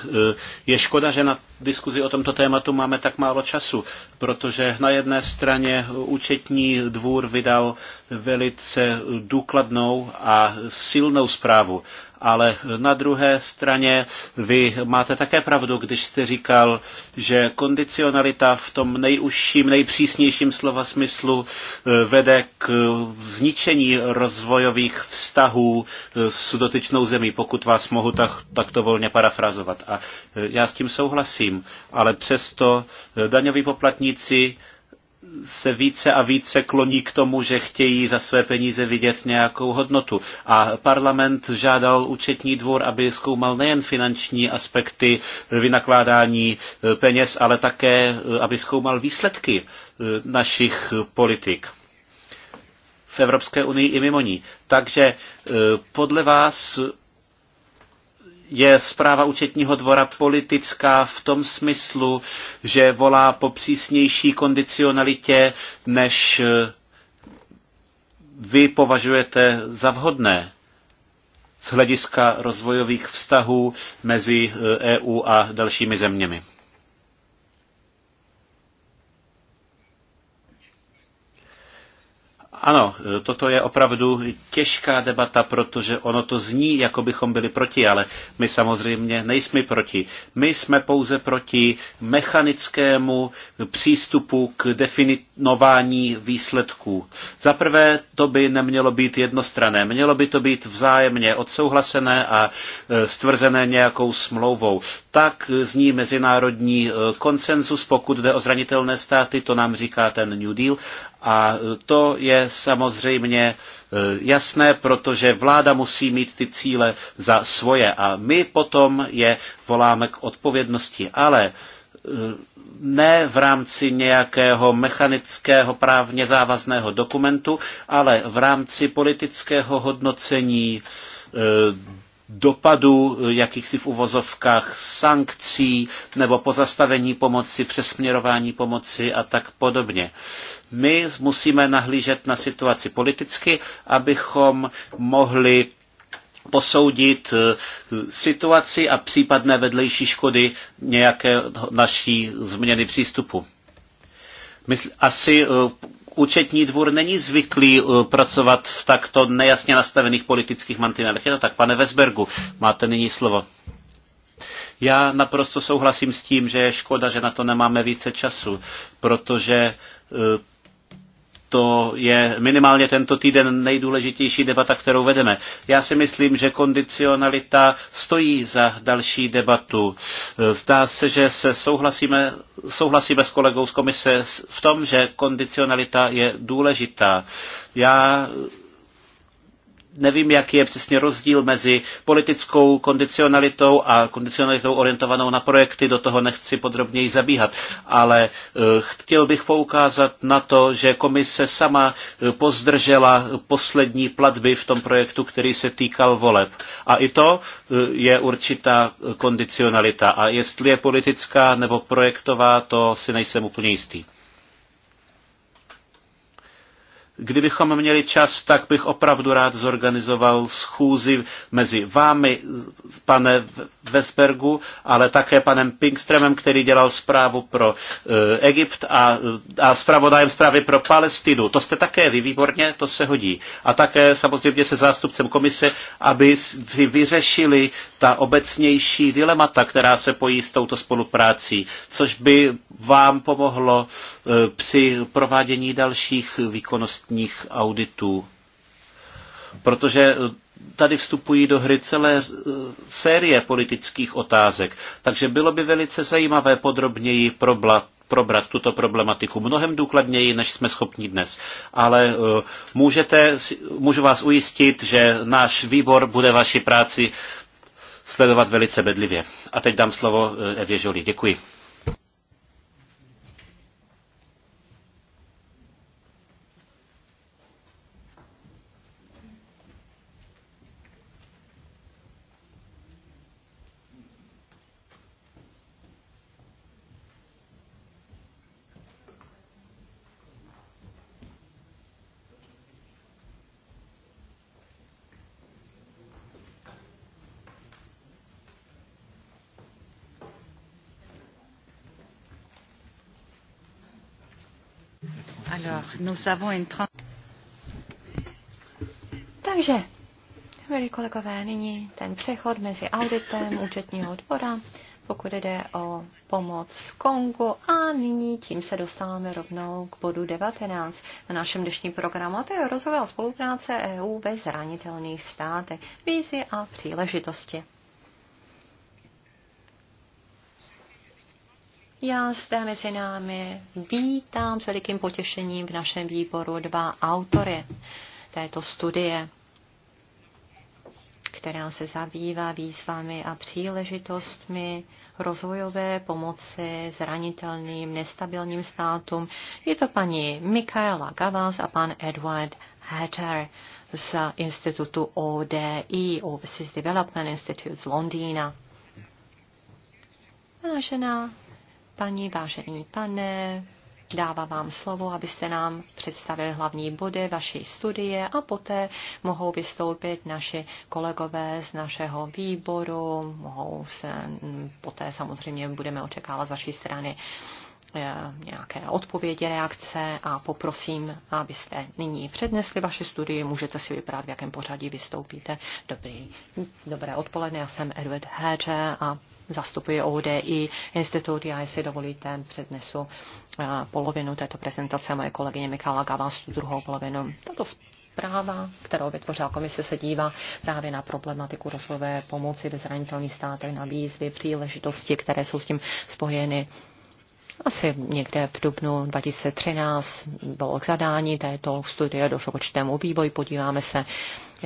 je škoda, že na diskuzi o tomto tématu máme tak málo času, protože na jedné straně účetní dvůr vydal velice důkladnou a silnou zprávu ale na druhé straně vy máte také pravdu, když jste říkal, že kondicionalita v tom nejužším, nejpřísnějším slova smyslu eh, vede k eh, zničení rozvojových vztahů eh, s dotyčnou zemí, pokud vás mohu tak, takto volně parafrazovat. A já s tím souhlasím, ale přesto daňoví poplatníci se více a více kloní k tomu, že chtějí za své peníze vidět nějakou hodnotu. A parlament žádal účetní dvůr, aby zkoumal nejen finanční aspekty vynakládání e, peněz, ale také, e, aby zkoumal výsledky e, našich politik v Evropské unii i mimo ní. Takže podle vás je zpráva účetního dvora politická v tom smyslu, že volá po přísnější kondicionalitě, než eh, vy považujete za vhodné z hlediska rozvojových vztahů mezi EU eh, e a dalšími zeměmi. Ano, toto je opravdu těžká debata, protože ono to zní, jako bychom byli proti, ale my samozřejmě nejsme proti. My jsme pouze proti mechanickému přístupu k definování výsledků. Za prvé, to by nemělo být jednostrané. Mělo by to být vzájemně odsouhlasené a e, stvrzené nějakou smlouvou tak zní mezinárodní e, konsenzus, pokud jde o zranitelné státy, to nám říká ten New Deal. A e, to je samozřejmě e, jasné, protože vláda musí mít ty cíle za svoje a my potom je voláme k odpovědnosti. Ale ne v rámci nějakého mechanického právně závazného dokumentu, ale v rámci politického hodnocení dopadu eh, jakýchsi v uvozovkách sankcí nebo pozastavení pomoci, přesměrování pomoci a tak podobně. My musíme nahlížet na situaci politicky, abychom mohli posoudit eh, situaci a případné vedlejší škody nějaké naší změny přístupu. Asi eh, účetní dvůr není zvyklý eh, pracovat v takto nejasně nastavených politických mantinelech. Je to tak, pane Vesbergu, máte nyní slovo. Já naprosto souhlasím s tím, že je škoda, že na to nemáme více času, protože eh, to je minimálně tento týden nejdůležitější debata, kterou vedeme. Já si myslím, že kondicionalita stojí za další debatu. Zdá se, že se souhlasíme, souhlasíme s kolegou z komise v tom, že kondicionalita je důležitá. Já nevím, jaký je přesně rozdíl mezi politickou kondicionalitou a kondicionalitou orientovanou na projekty, do toho nechci podrobněji zabíhat, ale eh, chtěl bych poukázat na to, že komise sama eh, pozdržela poslední platby v tom projektu, který se týkal voleb. A i to eh, je určitá kondicionalita. A jestli je politická nebo projektová, to si nejsem úplně jistý. Kdybychom měli čas, tak bych opravdu rád zorganizoval schůzi mezi vámi, pane Vesbergu, ale také panem Pinkstremem, který dělal zprávu pro e, Egypt a, a zpravodajem zprávy pro Palestinu. To jste také vy, výborně, to se hodí. A také samozřejmě se zástupcem komise, aby vy vyřešili ta obecnější dilemata, která se pojí s touto spoluprácí, což by vám pomohlo e, při provádění dalších výkonností vlastních auditů. Protože eh, tady vstupují do hry celé eh, série politických otázek. Takže bylo by velice zajímavé podrobněji problat probrat tuto problematiku mnohem důkladněji, než jsme schopni dnes. Ale eh, můžete, můžu vás ujistit, že náš výbor bude vaši práci sledovat velice bedlivě. A teď dám slovo Evě Žolí. Děkuji. nous avons une Takže, milí kolegové, nyní ten přechod mezi auditem účetního odbora, pokud jde o pomoc Kongu a nyní tím se dostáváme rovnou k bodu 19 na našem dnešním programu a to je a spolupráce EU ve zranitelných státech, vízi a příležitosti. Já zde mezi námi vítám s velikým potěšením v našem výboru dva autory této studie, která se zabývá výzvami a příležitostmi rozvojové pomoci zranitelným, nestabilním státům. Je to paní Mikaela Gavas a pan Edward Hatter z institutu ODI, Overseas Development Institute z Londýna. Vážená paní, vážený pane, dává vám slovo, abyste nám představili hlavní body vaší studie a poté mohou vystoupit naši kolegové z našeho výboru, mohou se, poté samozřejmě budeme očekávat z vaší strany Eh, nějaké odpovědi, reakce a poprosím, abyste nyní přednesli vaše studii. Můžete si vybrat, v jakém pořadí vystoupíte. Dobrý, dobré odpoledne, já jsem Edward Hedge a zastupuji ODI institut. Já, jestli dovolíte, přednesu eh, polovinu této prezentace moje kolegyně Michala Gavás, tu druhou polovinu. Tato zpráva, kterou vytvořila komise, se dívá právě na problematiku rozvojové pomoci ve zranitelných státech, na výzvy, příležitosti, které jsou s tím spojeny asi někde v dubnu 2013 bylo k zadání této studie, došlo k určitému vývoji, podíváme se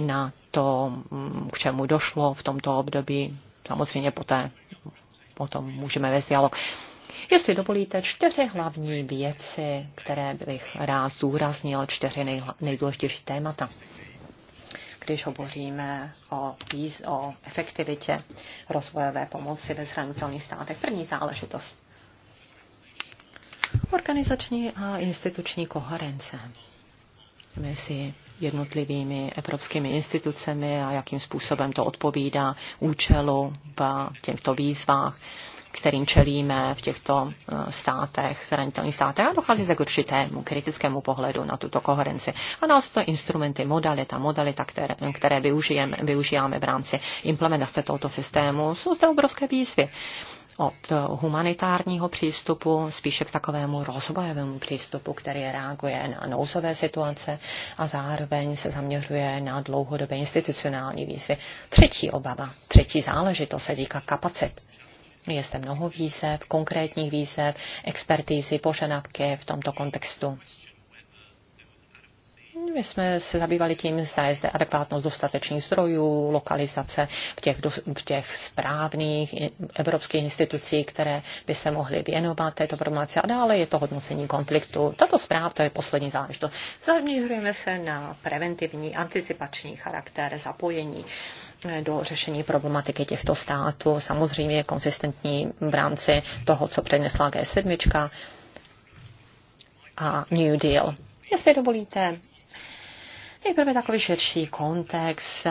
na to, mm, k čemu došlo v tomto období, samozřejmě poté potom můžeme vést dialog. Jestli dovolíte, čtyři hlavní věci, které bych rád zdůraznil, čtyři nejdůležitější témata. Když hovoříme o, o efektivitě rozvojové pomoci ve zranitelných státech, první záležitost organizační a instituční koherence mezi jednotlivými evropskými institucemi a jakým způsobem to odpovídá účelu v těchto výzvách, kterým čelíme v těchto eh, státech, zranitelných státech a dochází se k určitému kritickému pohledu na tuto koherenci. A nás to instrumenty, modalita, modalita, které, které využijeme, využíváme v rámci implementace tohoto systému, jsou zde obrovské výzvy od humanitárního přístupu spíše k takovému rozvojovému přístupu, který reaguje na nouzové situace a zároveň se zaměřuje na dlouhodobé institucionální výzvy. Třetí obava, třetí záležitost se týká kapacit. Je zde mnoho výzev, konkrétních výzev, expertízy, požadavky v tomto kontextu. My jsme se zabývali tím, zda je zde adekvátnost dostatečných zdrojů, lokalizace v těch, v těch správných evropských institucí, které by se mohly věnovat této problematice. A dále je to hodnocení konfliktu. Tato zpráv, to je poslední záležitost. Zaměřujeme se na preventivní, anticipační charakter zapojení eh, do řešení problematiky těchto států. Samozřejmě je konzistentní v rámci toho, co přednesla G7 a New Deal. Jestli dovolíte, Nejprve takový širší kontext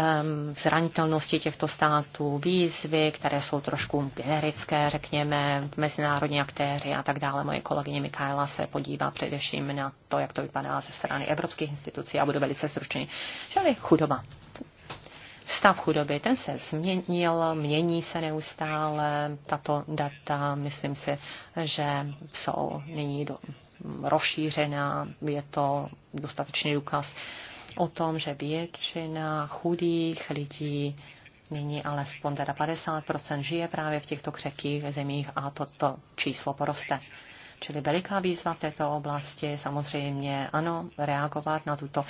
zranitelnosti těchto států, výzvy, které jsou trošku generické, řekněme, mezinárodní aktéři a tak dále. Moje kolegyně Mikaela se podívá především na to, jak to vypadá ze strany evropských institucí a budu velice stručný. Čili chudoba stav chudoby, ten se změnil, mění se neustále. Tato data, myslím si, že jsou nyní do, rozšířená, je to dostatečný důkaz o tom, že většina chudých lidí nyní alespoň teda 50% žije právě v těchto křekých zemích a toto číslo poroste. Čili veliká výzva v této oblasti samozřejmě ano, reagovat na tuto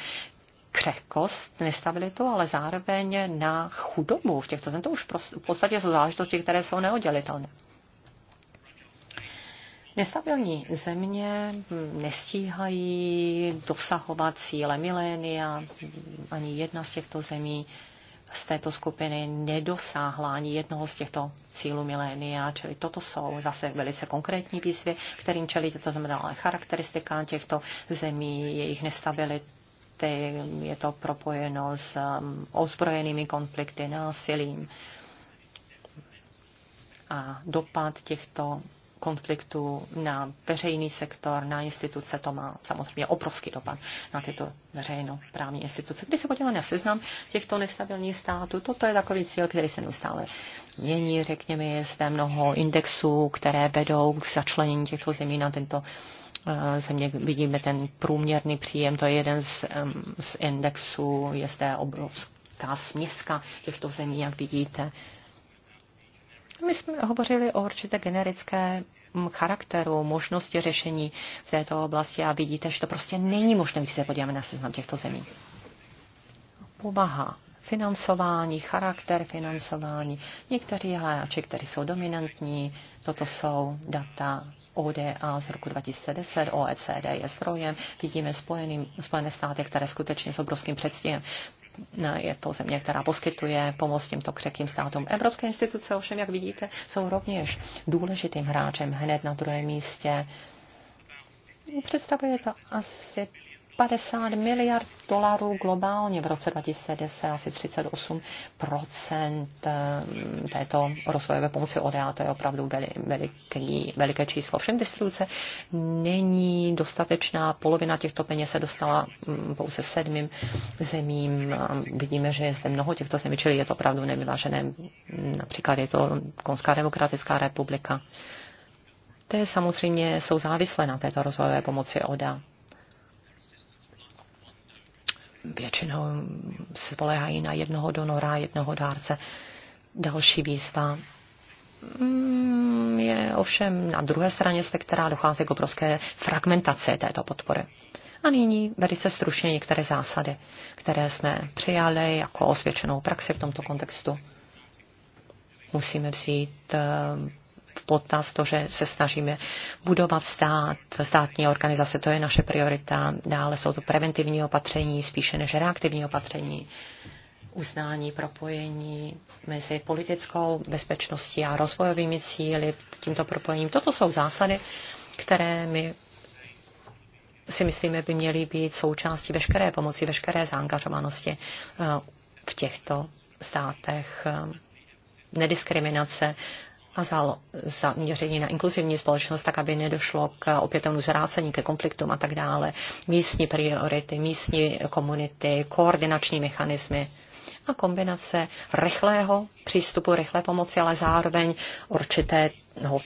křehkost, nestabilitu, ale zároveň na chudobu v těchto zemích. To už prostě v podstatě jsou záležitosti, které jsou neodělitelné. Nestabilní země nestíhají dosahovat cíle milénia. Ani jedna z těchto zemí z této skupiny nedosáhla ani jednoho z těchto cílů milénia. Čili toto jsou zase velice konkrétní výzvy, kterým čelíte. To znamená ale charakteristika těchto zemí, jejich nestability, je to propojeno s um, ozbrojenými konflikty, násilím. A dopad těchto konfliktu na veřejný sektor, na instituce, to má samozřejmě obrovský dopad na tyto veřejnoprávní instituce. Když se podíváme na seznam těchto nestabilních států, toto je takový cíl, který se neustále mění, řekněme, je zde mnoho indexů, které vedou k začlenění těchto zemí na tento eh, země vidíme ten průměrný příjem, to je jeden z, z indexů, je zde obrovská směska těchto zemí, jak vidíte. My jsme hovořili o určité generické mm, charakteru, možnosti řešení v této oblasti a vidíte, že to prostě není možné, když se podíváme na seznam těchto zemí. Povaha financování, charakter financování. Někteří hráči, kteří jsou dominantní, toto jsou data ODA z roku 2010, OECD je zdrojem, vidíme spojený, Spojené státy, které skutečně s obrovským předstihem No, je to země, která poskytuje pomoc těmto křekým státům. Evropské instituce ovšem, jak vidíte, jsou rovněž důležitým hráčem hned na druhém místě. Představuje to asi 50 miliard dolarů globálně v roce 2010, asi 38 ehm, této rozvojové pomoci ODA, to je opravdu veliký, veliké číslo. Všem distribuce není dostatečná, polovina těchto peněz se dostala ehm, pouze sedmým zemím. Ehm, vidíme, že je zde mnoho těchto zemí, čili je to opravdu nevyvážené. Například je to Konská demokratická republika. Ty samozřejmě jsou závislé na této rozvojové pomoci ODA většinou se spolehají na jednoho donora, jednoho dárce. Další výzva mm, je ovšem na druhé straně spektra dochází k obrovské fragmentaci této podpory. A nyní velice stručně některé zásady, které jsme přijali jako osvědčenou praxi v tomto kontextu. Musíme vzít eh, v potaz to, že se snažíme budovat stát, státní organizace, to je naše priorita. Dále jsou to preventivní opatření spíše než reaktivní opatření uznání propojení mezi politickou bezpečností a rozvojovými cíly, tímto propojením. Toto jsou zásady, které my si myslíme, by měly být součástí veškeré pomoci, veškeré zaangažovanosti eh, v těchto státech. Eh, nediskriminace a zaměření na inkluzivní společnost, tak aby nedošlo k opětovnému zrácení, ke konfliktům a tak dále. Místní priority, místní komunity, koordinační mechanismy a kombinace rychlého přístupu, rychlé pomoci, ale zároveň určitého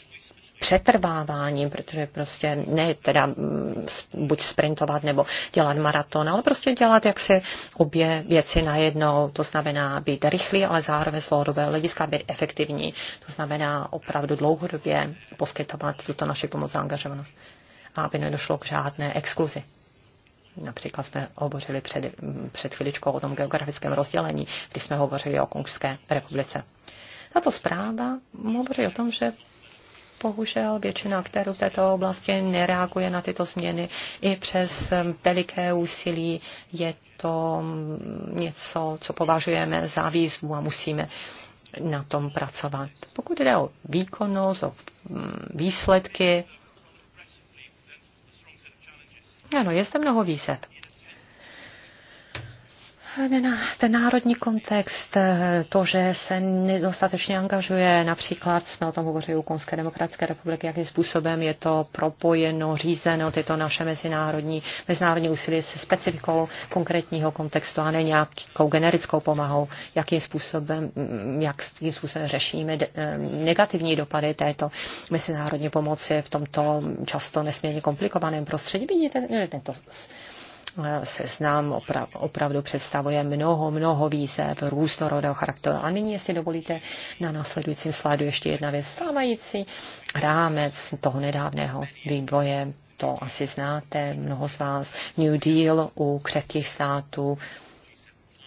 přetrváváním, protože prostě ne teda mm, buď sprintovat nebo dělat maraton, ale prostě dělat jaksi obě věci najednou, to znamená být rychlý, ale zároveň z dlouhodobého hlediska být efektivní, to znamená opravdu dlouhodobě poskytovat tuto naši pomoc a angažovanost. aby nedošlo k žádné exkluzi. Například jsme hovořili před, před chviličkou o tom geografickém rozdělení, když jsme hovořili o Kongské republice. Tato zpráva hovoří o tom, že Bohužel většina aktérů v této oblasti nereaguje na tyto změny. I přes um, veliké úsilí je to um, něco, co považujeme za výzvu a musíme na tom pracovat. Pokud jde o výkonnost, o mm, výsledky, ano, je zde mnoho výzev ten národní kontext, eh, to, že se nedostatečně angažuje, například jsme o tom hovořili u Konské demokratické republiky, jakým způsobem je to propojeno, řízeno, tyto naše mezinárodní, mezinárodní úsilí se specifikou konkrétního kontextu a ne nějakou generickou pomahou, jakým způsobem, mm, jak jakým způsobem řešíme eh, negativní dopady této mezinárodní pomoci v tomto často nesmírně komplikovaném prostředí. Vidíte, ne, to, seznam oprav, opravdu představuje mnoho, mnoho výzev různorodého charakteru. A nyní, jestli dovolíte, na následujícím slajdu ještě jedna věc. Stávající rámec toho nedávného vývoje, to asi znáte, mnoho z vás, New Deal u křehkých států,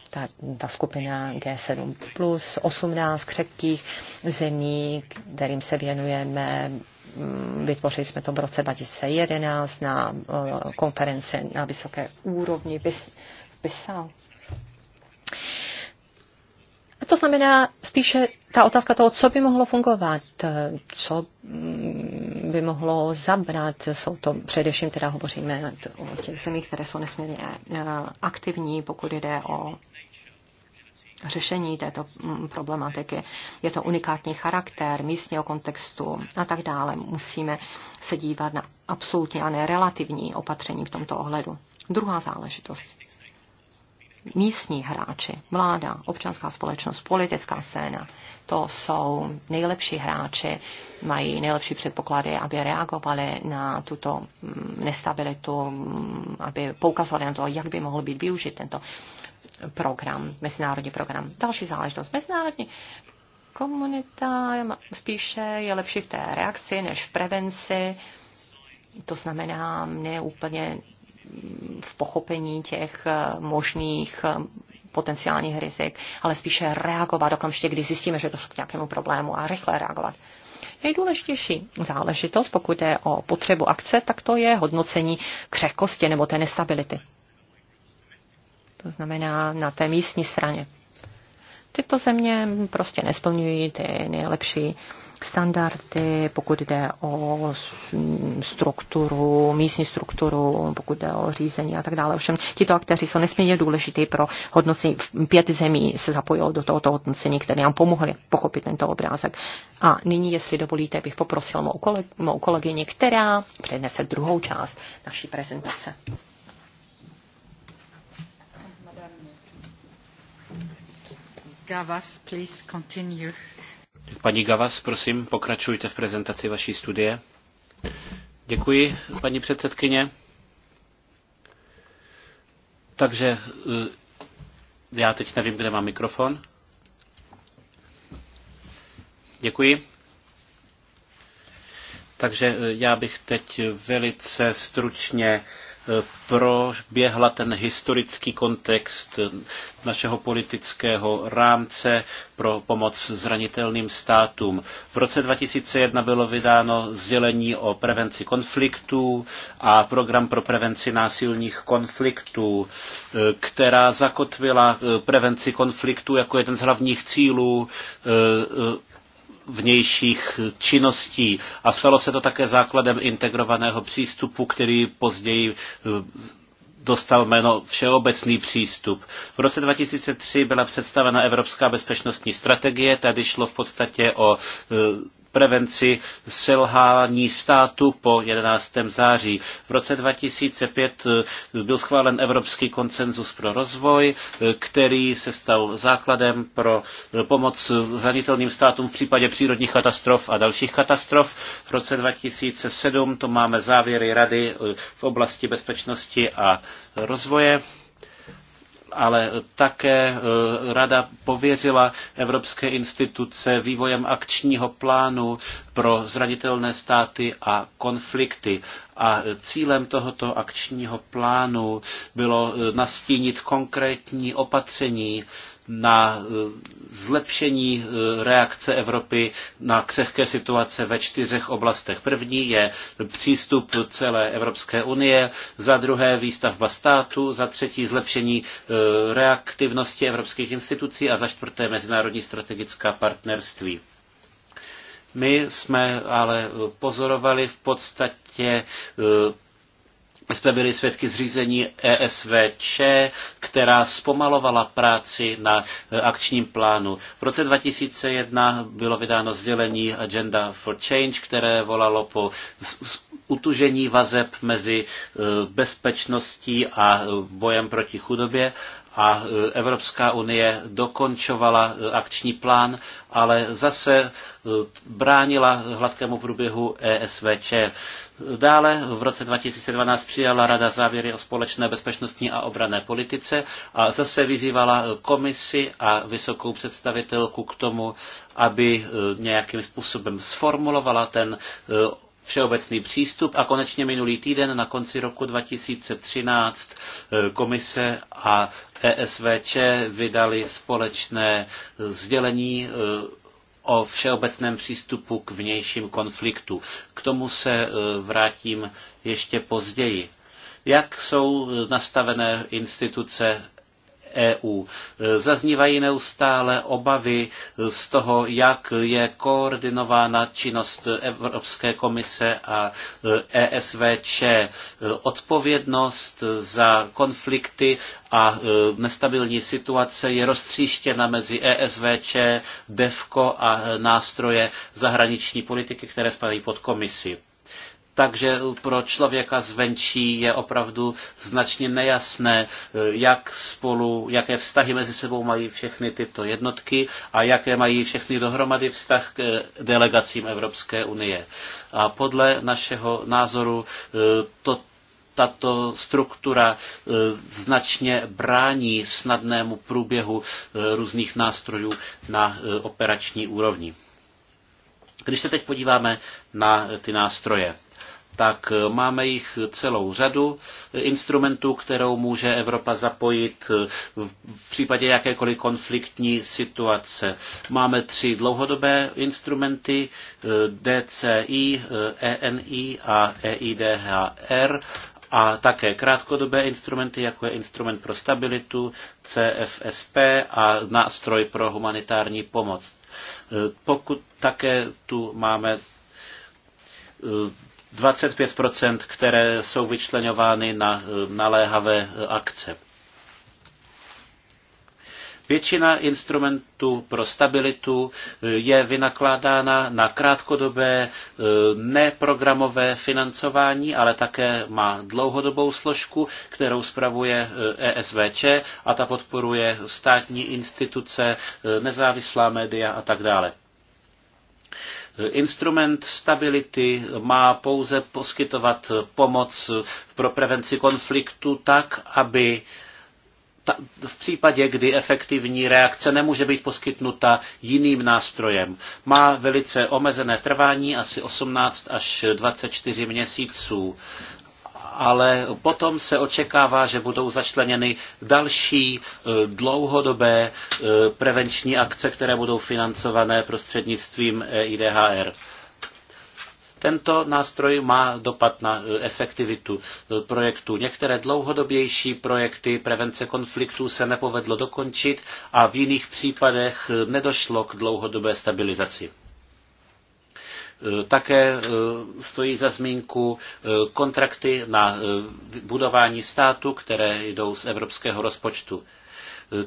ta, ta skupina G7 plus 18 křehkých zemí, kterým se věnujeme Mm, vytvořili jsme to v roce 2011 na konference na vysoké úrovni v Bissau. A to znamená spíše ta otázka toho, co by mohlo fungovat, eh, co mm, by mohlo zabrat, jsou to především, teda hovoříme o těch zemích, které jsou nesmírně eh, aktivní, pokud jde o řešení této mm, problematiky. Je to unikátní charakter místního kontextu a tak dále. Musíme se dívat na absolutně a ne relativní opatření v tomto ohledu. Druhá záležitost. Místní hráči, vláda, občanská společnost, politická scéna, to jsou nejlepší hráči, mají nejlepší předpoklady, aby reagovali na tuto mm, nestabilitu, mm, aby poukazovali na to, jak by mohl být využit tento program, mezinárodní program. Další záležitost. Mezinárodní komunita spíše je lepší v té reakci než v prevenci. To znamená, mě úplně v pochopení těch eh, možných eh, potenciálních rizik, ale spíše reagovat okamžitě, když zjistíme, že došlo k nějakému problému a rychle reagovat. Nejdůležitější záležitost, pokud je o potřebu akce, tak to je hodnocení křehkosti nebo té nestability to znamená na té místní straně. Tyto země prostě nesplňují ty nejlepší standardy, pokud jde o strukturu, místní strukturu, pokud jde o řízení a tak dále. Ovšem, tito aktéři jsou nesmírně důležitý pro hodnocení. Pět zemí se zapojilo do tohoto hodnocení, které nám pomohly pochopit tento obrázek. A nyní, jestli dovolíte, bych poprosil mou, koleg- mou kolegyni, která přednese druhou část naší prezentace. Gavas, please continue. Paní Gavas, prosím, pokračujte v prezentaci vaší studie. Děkuji, paní předsedkyně. Takže eh, já teď nevím, kde mám mikrofon. Děkuji. Takže eh, já bych teď velice stručně proběhla ten historický kontext našeho politického rámce pro pomoc zranitelným státům. V roce 2001 bylo vydáno sdělení o prevenci konfliktů a program pro prevenci násilních konfliktů, která zakotvila prevenci konfliktů jako jeden z hlavních cílů vnějších činností a stalo se to také základem integrovaného přístupu, který později eh, dostal jméno Všeobecný přístup. V roce 2003 byla představena Evropská bezpečnostní strategie, tady šlo v podstatě o eh, prevenci selhání státu po 11. září. V roce 2005 eh, byl schválen Evropský konsenzus pro rozvoj, eh, který se stal základem pro eh, pomoc zranitelným státům v případě přírodních katastrof a dalších katastrof. V roce 2007 to máme závěry Rady v oblasti bezpečnosti a rozvoje ale také e, rada pověřila evropské instituce vývojem akčního plánu pro zranitelné státy a konflikty. A cílem tohoto akčního plánu bylo nastínit konkrétní opatření, na eh, zlepšení eh, reakce Evropy na křehké situace ve čtyřech oblastech. První je přístup celé Evropské unie, za druhé výstavba státu, za třetí zlepšení eh, reaktivnosti evropských institucí a za čtvrté mezinárodní strategická partnerství. My jsme ale pozorovali v podstatě jsme byli svědky zřízení ESVČ, která zpomalovala práci na eh, akčním plánu. V roce 2001 bylo vydáno sdělení Agenda for Change, které volalo po utužení vazeb mezi eh, bezpečností a eh, bojem proti chudobě a e, Evropská unie dokončovala e, akční plán, ale zase e, bránila hladkému průběhu ESVČ. Dále v roce 2012 přijala Rada závěry o společné bezpečnostní a obrané politice a zase vyzývala komisi a vysokou představitelku k tomu, aby nějakým způsobem sformulovala ten všeobecný přístup a konečně minulý týden na konci roku 2013 eh, komise a ESVČ vydali společné eh, sdělení eh, o všeobecném přístupu k vnějším konfliktu. K tomu se vrátím ještě později. Jak jsou nastavené instituce EU. Zaznívají neustále obavy z toho, jak je koordinována činnost Evropské komise a ESVČ. E Odpovědnost za konflikty a e, nestabilní situace je roztříštěna mezi ESVČ, DEFCO a e, nástroje zahraniční politiky, které spadají pod komisi takže pro člověka zvenčí je opravdu značně nejasné, jak spolu, jaké vztahy mezi sebou mají všechny tyto jednotky a jaké mají všechny dohromady vztah k delegacím Evropské unie. A podle našeho názoru e, to tato struktura e, značně brání snadnému průběhu e, různých nástrojů na operační úrovni. Když se teď podíváme na ty nástroje tak eh, máme jich celou řadu instrumentů, kterou může Evropa zapojit eh, v případě jakékoliv konfliktní situace. Máme tři dlouhodobé instrumenty eh, DCI, ENI e a EIDHR a také krátkodobé instrumenty, jako je instrument pro stabilitu, CFSP a nástroj pro humanitární pomoc. Pokud také tu máme 25%, které jsou vyčlenovány na eh, naléhavé eh, akce. Většina instrumentů pro stabilitu eh, je vynakládána na krátkodobé neprogramové financování, ale také má dlouhodobou složku, kterou spravuje ESVČ e a ta podporuje státní instituce, nezávislá média a tak dále. Instrument stability má pouze poskytovat pomoc pro prevenci konfliktu tak, aby v případě, kdy efektivní reakce nemůže být poskytnuta jiným nástrojem. Má velice omezené trvání, asi 18 až 24 měsíců ale potom se očekává, že budou začleněny další e, dlouhodobé e, prevenční akce, které budou financované prostřednictvím e IDHR. Tento nástroj má dopad na efektivitu projektu. Některé dlouhodobější projekty prevence konfliktů se nepovedlo dokončit a v jiných případech nedošlo k dlouhodobé stabilizaci. Eh, také eh, stojí za zmínku eh, kontrakty na budování státu, které jdou z evropského rozpočtu.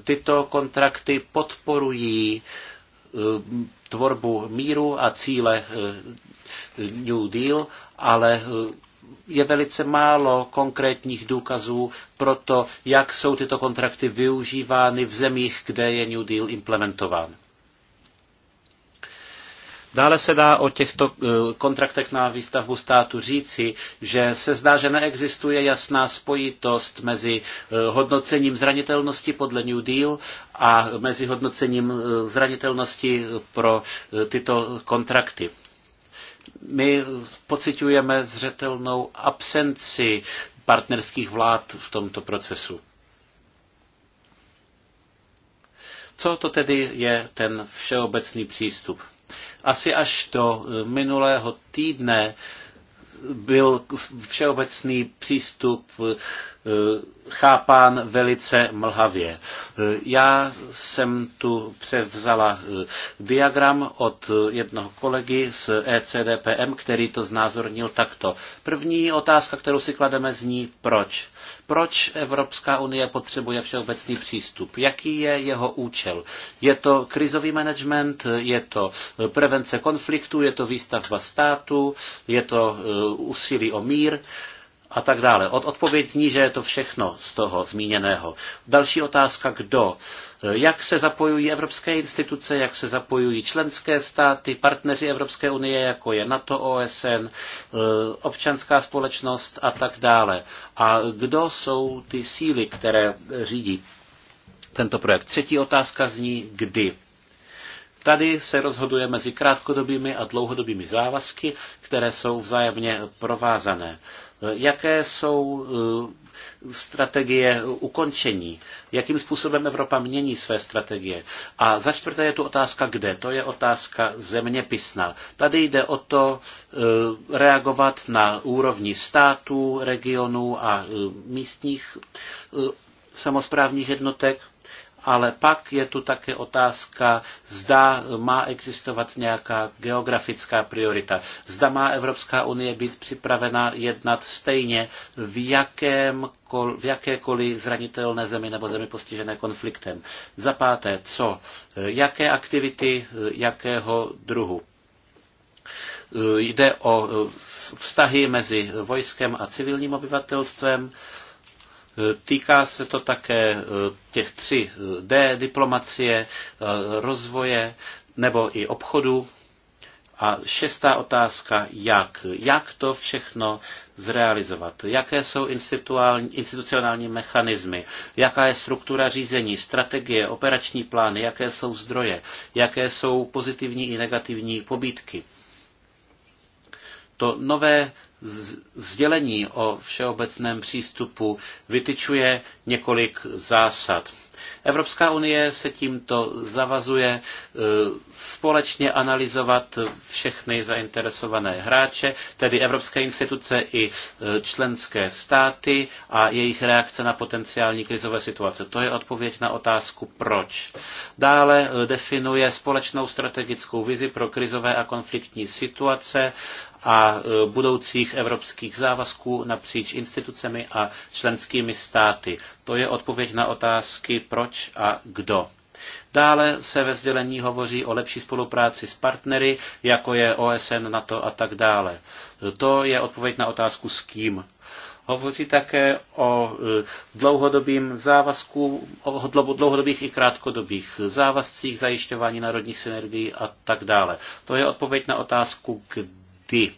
Tyto kontrakty podporují tvorbu míru a cíle New Deal, ale je velice málo konkrétních důkazů pro to, jak jsou tyto kontrakty využívány v zemích, kde je New Deal implementován. Dále se dá o těchto eh, kontraktech na výstavbu státu říci, že se zdá, že neexistuje jasná spojitost mezi eh, hodnocením zranitelnosti podle New Deal a mezi hodnocením eh, zranitelnosti pro tyto kontrakty my pociťujeme zřetelnou absenci partnerských vlád v tomto procesu. Co to tedy je ten všeobecný přístup? Asi až do eh, minulého týdne byl všeobecný přístup eh, Eh, chápán velice mlhavě. Eh, já jsem tu převzala eh, diagram od jednoho kolegy z ECDPM, který to znázornil takto. První otázka, kterou si klademe, zní proč. Proč Evropská unie potřebuje všeobecný přístup? Jaký je jeho účel? Je to krizový management, je to prevence konfliktu, je to výstavba státu, je to úsilí o mír? a tak dále. Od odpověď zní, že je to všechno z toho zmíněného. Další otázka, kdo? Jak se zapojují evropské instituce, jak se zapojují členské státy, partneři Evropské unie, jako je NATO, OSN, eh, občanská společnost a tak dále. A kdo jsou ty síly, které řídí tento projekt? Třetí otázka zní, kdy? Tady se rozhoduje mezi krátkodobými a dlouhodobými závazky, které jsou vzájemně provázané. Jaké jsou eh, strategie ukončení? Jakým způsobem Evropa mění své strategie? A za čtvrté je tu otázka kde? To je otázka zeměpisná. Tady jde o to eh, reagovat na úrovni států, regionů a eh, místních samozprávních jednotek ale pak je tu také otázka, zda má existovat nějaká geografická priorita. Zda má Evropská unie být připravena jednat stejně v, jakém, v jakékoliv zranitelné zemi nebo zemi postižené konfliktem. Za páté, co? Jaké aktivity, jakého druhu? Jde o vztahy mezi vojskem a civilním obyvatelstvem, Týká se to také e, těch 3D e, diplomacie, e, rozvoje nebo i obchodu. A šestá otázka, jak, jak to všechno zrealizovat. Jaké jsou institucionální mechanismy, jaká je struktura řízení, strategie, operační plány, jaké jsou zdroje, jaké jsou pozitivní i negativní pobídky to nové sdělení o všeobecném přístupu vytyčuje několik zásad. Evropská unie se tímto zavazuje e, společně analyzovat všechny zainteresované hráče, tedy evropské instituce i e, členské státy a jejich reakce na potenciální krizové situace. To je odpověď na otázku proč. Dále e, definuje společnou strategickou vizi pro krizové a konfliktní situace a e, budoucích evropských závazků napříč institucemi a členskými státy. To je odpověď na otázky proč a kdo. Dále se ve sdělení hovoří o lepší spolupráci s partnery, jako je OSN, NATO a tak dále. To je odpověď na otázku s kým. Hovoří také o e, dlouhodobým závazku, o dlouhodobých i krátkodobých závazcích, zajišťování národních synergií a tak dále. To je odpověď na otázku, kde ty.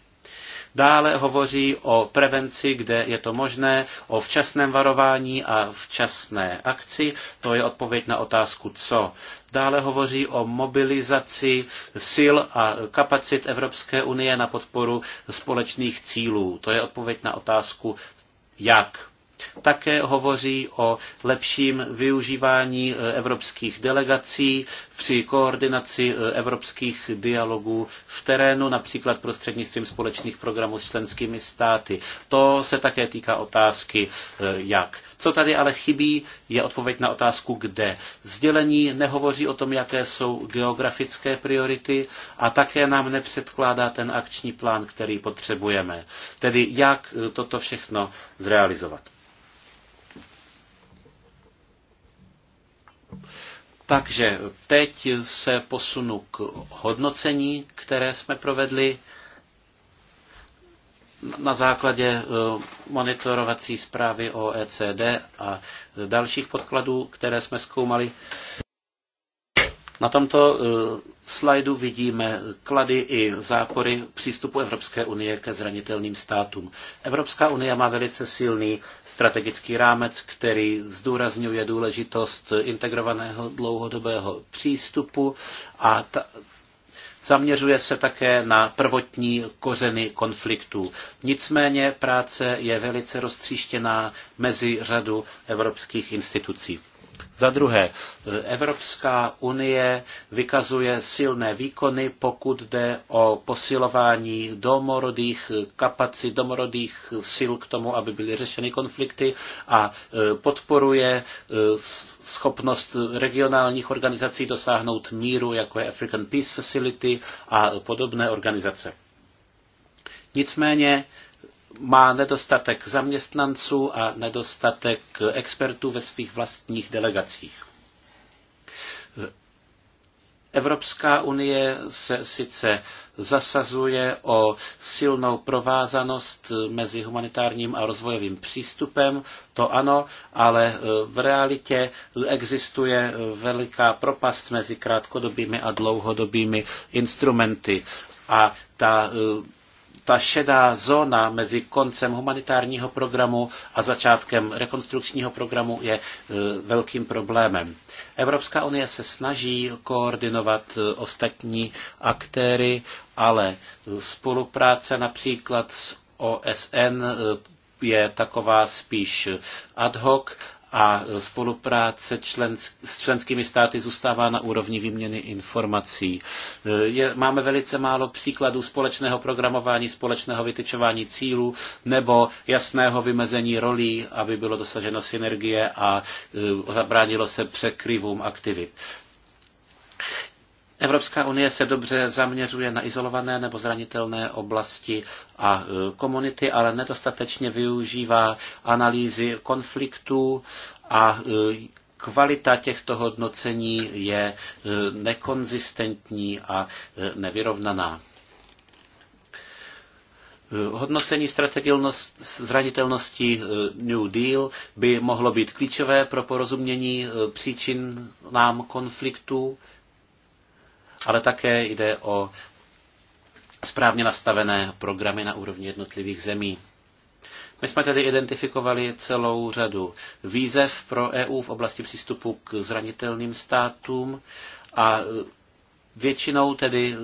Dále hovoří o prevenci, kde je to možné, o včasném varování a včasné akci. To je odpověď na otázku co. Dále hovoří o mobilizaci sil a kapacit Evropské unie na podporu společných cílů. To je odpověď na otázku jak. Také hovoří o lepším využívání eh, evropských delegací při koordinaci eh, evropských dialogů v terénu, například prostřednictvím společných programů s členskými státy. To se také týká otázky, eh, jak. Co tady ale chybí, je odpověď na otázku, kde. Sdělení nehovoří o tom, jaké jsou geografické priority a také nám nepředkládá ten akční plán, který potřebujeme. Tedy jak toto všechno zrealizovat. Takže teď se posunu k hodnocení, které jsme provedli na základě eh, monitorovací zprávy OECD a dalších podkladů, které jsme zkoumali. Na tomto eh, slajdu vidíme klady i zápory přístupu Evropské unie ke zranitelným státům. Evropská unie má velice silný strategický rámec, který zdůrazňuje důležitost integrovaného dlouhodobého přístupu a ta, Zaměřuje se také na prvotní kořeny konfliktů. Nicméně práce je velice roztříštěná mezi řadu evropských institucí. Za druhé, Evropská unie vykazuje silné výkony, pokud jde o posilování domorodých kapacit, domorodých sil k tomu, aby byly řešeny konflikty a e, podporuje e, schopnost regionálních organizací dosáhnout míru, jako je African Peace Facility a podobné organizace. Nicméně má nedostatek zaměstnanců a nedostatek expertů ve svých vlastních delegacích. Evropská unie se sice zasazuje o silnou provázanost mezi humanitárním a rozvojovým přístupem, to ano, ale e, v realitě existuje e, veliká propast mezi krátkodobými a dlouhodobými instrumenty. A ta e, ta šedá zóna mezi koncem humanitárního programu a začátkem rekonstrukčního programu je e, velkým problémem. Evropská unie se snaží koordinovat e, ostatní aktéry, ale spolupráce například s OSN e, je taková spíš ad hoc a spolupráce člensk- s členskými státy zůstává na úrovni výměny informací. Je, máme velice málo příkladů společného programování, společného vytyčování cílů nebo jasného vymezení rolí, aby bylo dosaženo synergie a e, zabránilo se překryvům aktivit. Evropská unie se dobře zaměřuje na izolované nebo zranitelné oblasti a e, komunity, ale nedostatečně využívá analýzy konfliktů a e, kvalita těchto hodnocení je e, nekonzistentní a nevyrovnaná. Hodnocení zranitelnosti New Deal by mohlo být klíčové pro porozumění příčin nám konfliktů ale také jde o správně nastavené programy na úrovni jednotlivých zemí. My jsme tedy identifikovali celou řadu výzev pro EU v oblasti přístupu k zranitelným státům a většinou tedy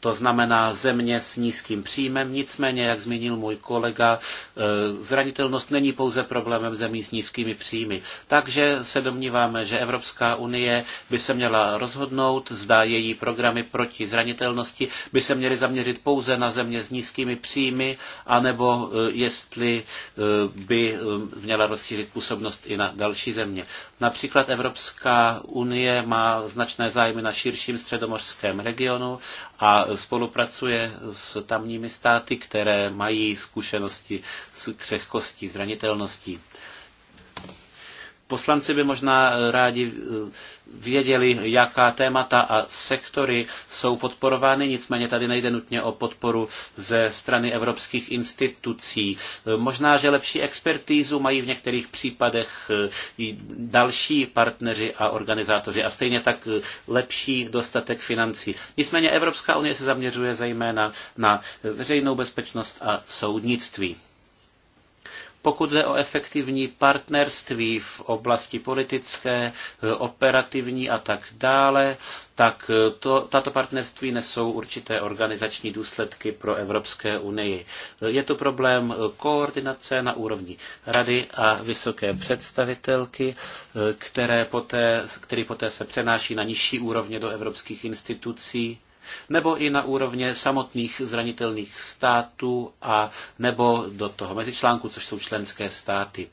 to znamená země s nízkým příjmem. Nicméně, jak zmínil můj kolega, e, zranitelnost není pouze problémem zemí s nízkými příjmy. Takže se domníváme, že Evropská unie by se měla rozhodnout, zda její programy proti zranitelnosti by se měly zaměřit pouze na země s nízkými příjmy, anebo e, jestli e, by měla rozšířit působnost i na další země. Například Evropská unie má značné zájmy na širším středomořském regionu a spolupracuje s tamními státy, které mají zkušenosti s křehkostí, zranitelností. Poslanci by možná eh, rádi eh, věděli, jaká témata a sektory jsou podporovány, nicméně tady nejde nutně o podporu ze strany evropských institucí. Eh, možná, že lepší expertízu mají v některých případech i další partneři a organizátoři a stejně tak lepší dostatek financí. Nicméně Evropská unie se zaměřuje zejména na veřejnou bezpečnost a soudnictví. Pokud jde o efektivní partnerství v oblasti politické, operativní a tak dále, tak to, tato partnerství nesou určité organizační důsledky pro Evropské unii. Je to problém koordinace na úrovni rady a vysoké představitelky, které poté, který poté se přenáší na nižší úrovně do evropských institucí nebo i na úrovně samotných zranitelných států a nebo do toho mezičlánku, což jsou členské státy.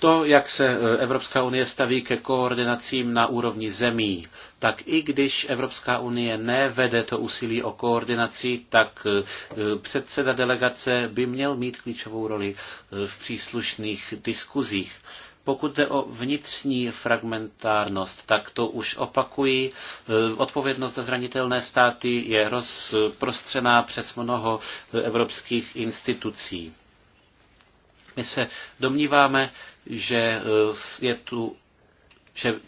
To, jak se e, Evropská unie staví ke koordinacím na úrovni zemí, tak i když Evropská unie nevede to úsilí o koordinaci, tak e, předseda delegace by měl mít klíčovou roli e, v příslušných diskuzích. Pokud jde o vnitřní fragmentárnost, tak to už opakuji. Eh, odpovědnost za zranitelné státy je rozprostřená přes mnoho eh, evropských institucí. My se domníváme, že eh, je tu že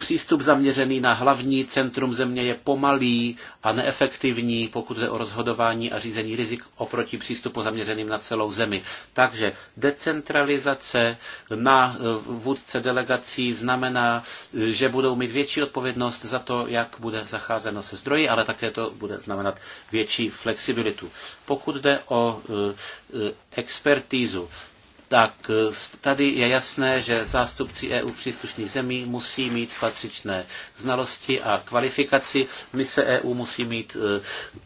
Přístup zaměřený na hlavní centrum země je pomalý a neefektivní, pokud jde o rozhodování a řízení rizik oproti přístupu zaměřeným na celou zemi. Takže decentralizace na eh, vůdce delegací znamená, eh, že budou mít větší odpovědnost za to, jak bude zacházeno se zdroji, ale také to bude znamenat větší flexibilitu. Pokud jde o eh, expertízu, tak eh, tady je jasné, že zástupci EU příslušných zemí musí mít patřičné znalosti a kvalifikaci. Mise EU musí mít eh,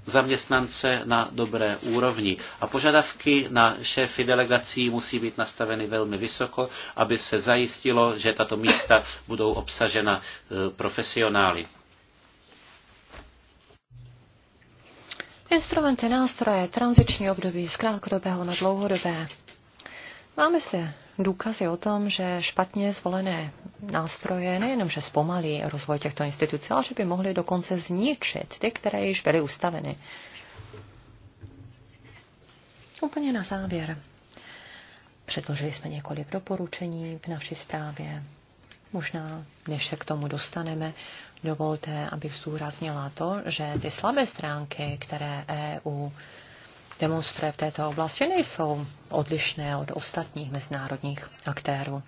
zaměstnance na dobré úrovni. A požadavky na šéfy delegací musí být nastaveny velmi vysoko, aby se zajistilo, že tato místa budou obsažena eh, profesionály. Instrumenty, nástroje, tranziční období z krátkodobého na dlouhodobé. Máme zde důkazy o tom, že špatně zvolené nástroje nejenom, že zpomalí rozvoj těchto institucí, ale že by mohly dokonce zničit ty, které již byly ustaveny. Úplně na závěr. Předložili jsme několik doporučení v naší zprávě. Možná, než se k tomu dostaneme, dovolte, abych zdůraznila to, že ty slabé stránky, které EU demonstruje v této oblasti, nejsou odlišné od ostatních mezinárodních aktérů.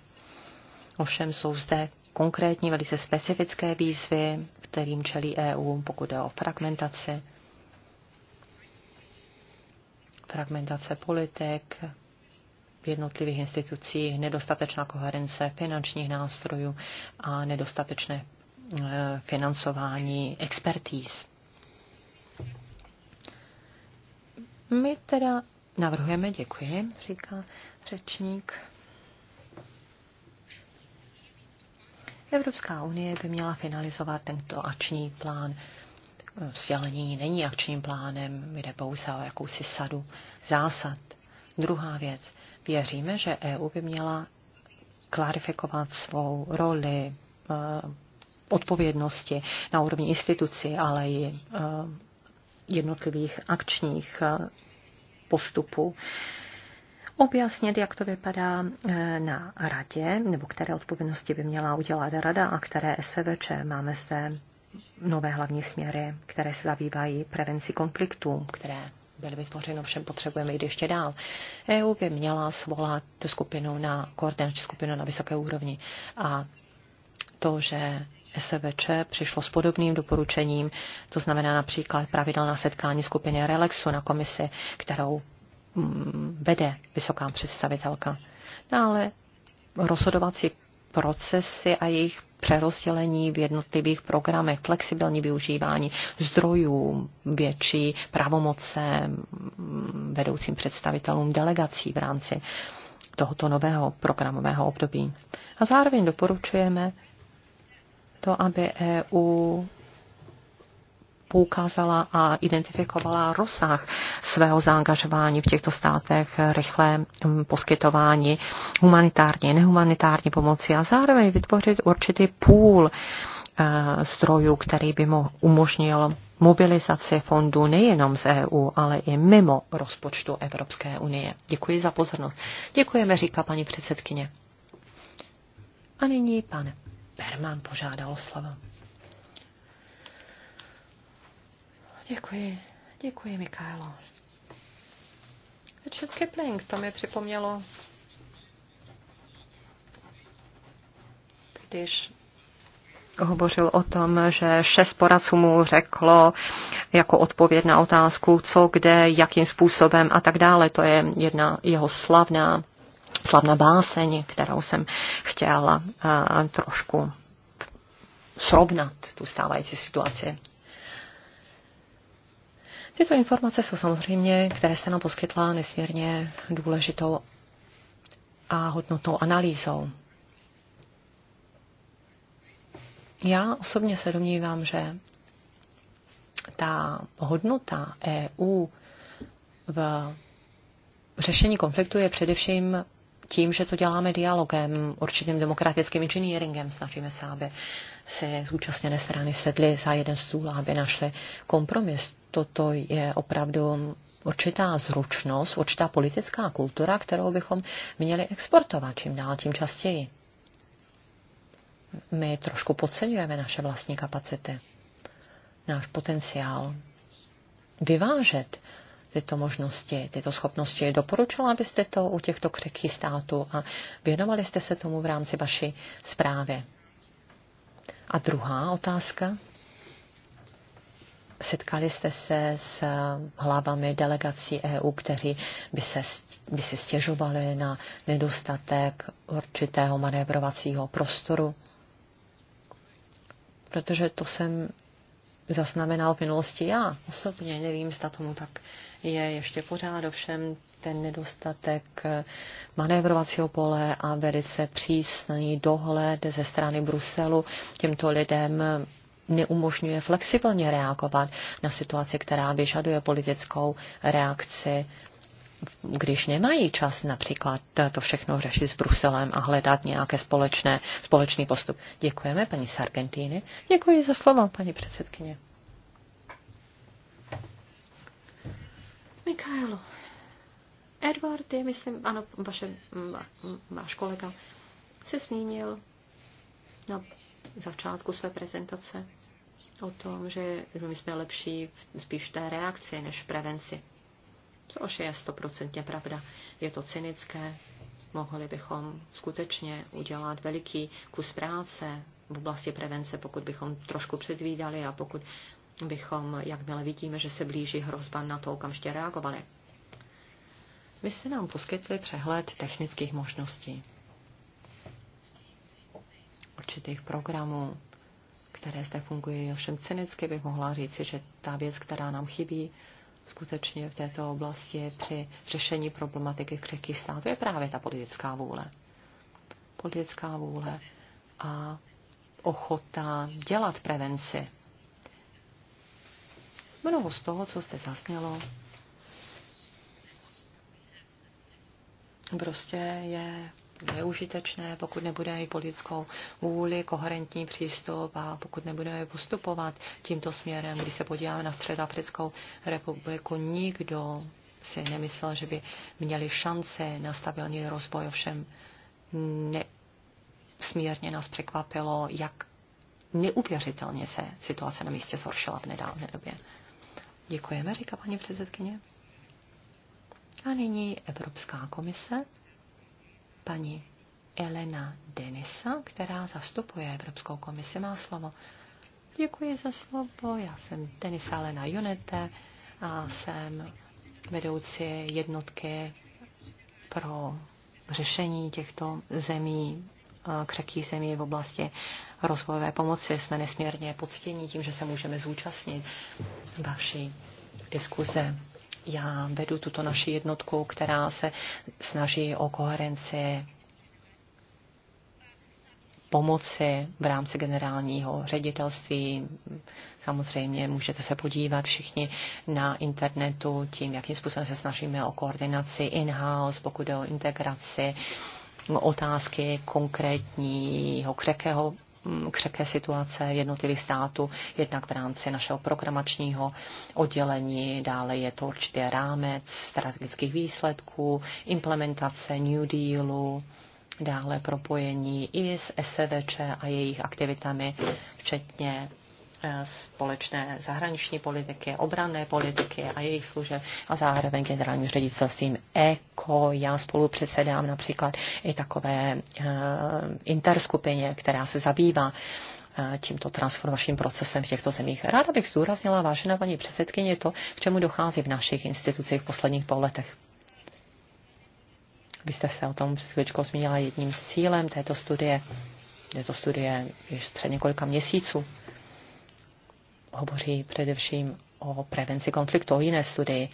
Ovšem jsou zde konkrétní, velice specifické výzvy, kterým čelí EU, pokud jde o fragmentaci, fragmentace politik, jednotlivých institucí, nedostatečná koherence finančních nástrojů a nedostatečné eh, financování expertíz. My teda navrhujeme, děkuji, říká řečník. Evropská unie by měla finalizovat tento akční plán. Vzdělení není akčním plánem, jde pouze o jakousi sadu zásad. Druhá věc. Věříme, že EU by měla klarifikovat svou roli, eh, odpovědnosti na úrovni instituci, ale i eh, jednotlivých akčních eh, postupů objasnit, jak to vypadá eh, na radě, nebo které odpovědnosti by měla udělat rada a které SVČ. Máme zde nové hlavní směry, které se zabývají prevenci konfliktů, které byly vytvořeny, ovšem potřebujeme jít ještě dál. EU by měla svolat skupinu na koordinační skupinu na vysoké úrovni a to, že SVČ přišlo s podobným doporučením, to znamená například pravidelná setkání skupiny Relaxu na komisi, kterou mm, vede vysoká představitelka. No, ale rozhodovací procesy a jejich přerozdělení v jednotlivých programech, flexibilní využívání zdrojů, větší pravomoce mm, vedoucím představitelům delegací v rámci tohoto nového programového období. A zároveň doporučujeme to, aby EU poukázala a identifikovala rozsah svého zaangažování v těchto státech, rychlé mm, poskytování humanitární, nehumanitární pomoci a zároveň vytvořit určitý půl e, zdrojů, který by mu umožnil mobilizaci fondů nejenom z EU, ale i mimo rozpočtu Evropské unie. Děkuji za pozornost. Děkujeme, říká paní předsedkyně. A nyní pane. Berman požádal o slovo. Děkuji, děkuji, Mikálo. Richard Kipling, to mi připomnělo, když hovořil o tom, že šest poradců mu řeklo jako odpověď na otázku, co, kde, jakým způsobem a tak dále. To je jedna jeho slavná slavná báseň, kterou jsem chtěla eh, trošku srovnat tu stávající situaci. Tyto informace jsou samozřejmě, které jste nám poskytla, nesmírně důležitou a hodnotnou analýzou. Já osobně se domnívám, že ta hodnota EU v řešení konfliktu je především tím, že to děláme dialogem, určitým demokratickým inženýringem. Snažíme se, aby se zúčastněné strany sedly za jeden stůl, aby našly kompromis. Toto je opravdu určitá zručnost, určitá politická kultura, kterou bychom měli exportovat čím dál tím častěji. My trošku podceňujeme naše vlastní kapacity, náš potenciál vyvážet tyto možnosti, tyto schopnosti. Doporučila byste to u těchto křeky států a věnovali jste se tomu v rámci vaší zprávy. A druhá otázka. Setkali jste se s hlavami delegací EU, kteří by, se, by si stěžovali na nedostatek určitého manévrovacího prostoru? Protože to jsem zaznamenal v minulosti já osobně, nevím, zda tomu tak je ještě pořád ovšem ten nedostatek manévrovacího pole a velice přísný dohled ze strany Bruselu těmto lidem neumožňuje flexibilně reagovat na situaci, která vyžaduje politickou reakci když nemají čas například to všechno řešit s Bruselem a hledat nějaké společné, společný postup. Děkujeme paní Sargentini. Děkuji za slovo, paní předsedkyně. Mikaelo, Edward, je, myslím, ano, vaše, váš kolega, se zmínil na začátku své prezentace o tom, že my jsme lepší spíš v té reakci než v prevenci. Což je stoprocentně pravda. Je to cynické. Mohli bychom skutečně udělat veliký kus práce v oblasti prevence, pokud bychom trošku předvídali a pokud bychom, jakmile vidíme, že se blíží hrozba, na to okamžitě reagovali. Vy jste nám poskytli přehled technických možností, určitých programů, které zde fungují. Ovšem cynicky bych mohla říci, že ta věc, která nám chybí skutečně v této oblasti při řešení problematiky křehkých států, je právě ta politická vůle. Politická vůle a ochota dělat prevenci Mnoho z toho, co jste zasnělo, prostě je neužitečné, pokud nebudeme i politickou vůli, koherentní přístup a pokud nebudeme postupovat tímto směrem. Když se podíváme na Středoafrickou republiku, nikdo si nemyslel, že by měli šance na stabilní rozvoj. Ovšem ne, smírně nás překvapilo, jak neuvěřitelně se situace na místě zhoršila v nedávné době. Děkujeme, říká paní předsedkyně. A nyní Evropská komise, paní Elena Denisa, která zastupuje Evropskou komisi, má slovo. Děkuji za slovo, já jsem Denisa Elena Junete a jsem vedoucí jednotky pro řešení těchto zemí, křekých zemí v oblasti rozvojové pomoci. Jsme nesmírně poctění tím, že se můžeme zúčastnit vaší diskuze. Já vedu tuto naši jednotku, která se snaží o koherenci pomoci v rámci generálního ředitelství. Samozřejmě můžete se podívat všichni na internetu tím, jakým způsobem se snažíme o koordinaci in-house, pokud jde o integraci, otázky konkrétního křekého Mm, křehké situace jednotlivých států, jednak v rámci našeho programačního oddělení, dále je to určitě rámec strategických výsledků, implementace New Dealu, dále propojení i s SVČ a jejich aktivitami, včetně Eh, společné zahraniční politiky, obranné politiky a jejich služeb a zároveň generálním ředitelstvím ECO. Já spolu předsedám například i takové eh, interskupině, která se zabývá eh, tímto transformačním procesem v těchto zemích. Ráda bych zdůraznila, vážená paní předsedkyně, to, k čemu dochází v našich institucích v posledních pol letech. Vy jste se o tom před chvíličkou zmínila jedním z cílem této studie, této studie již před několika měsíců hovoří především o prevenci konfliktu, o jiné studii,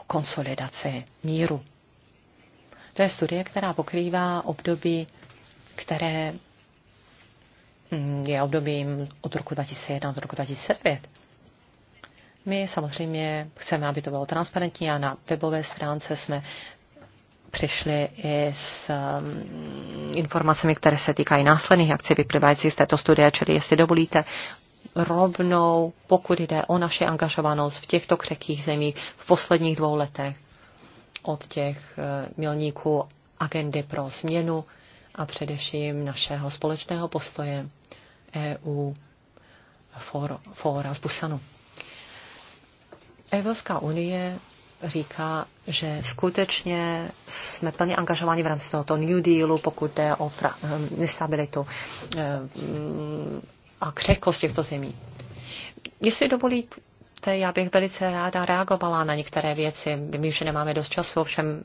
o konsolidaci míru. To je studie, která pokrývá období, které mm, je obdobím od roku 2001 do roku 2009. My samozřejmě chceme, aby to bylo transparentní a na webové stránce jsme přišli i s um, informacemi, které se týkají následných akcí vyplývajících z této studie, čili jestli dovolíte, rovnou, pokud jde o naše angažovanost v těchto křehkých zemích v posledních dvou letech od těch eh, milníků agendy pro změnu a především našeho společného postoje EU fóra z Busanu. Evropská unie říká, že skutečně jsme plně angažováni v rámci tohoto New Dealu, pokud jde o eh, nestabilitu eh, a křehkost těchto zemí. Jestli dovolíte, já bych velice ráda reagovala na některé věci. Vím, že nemáme dost času, ovšem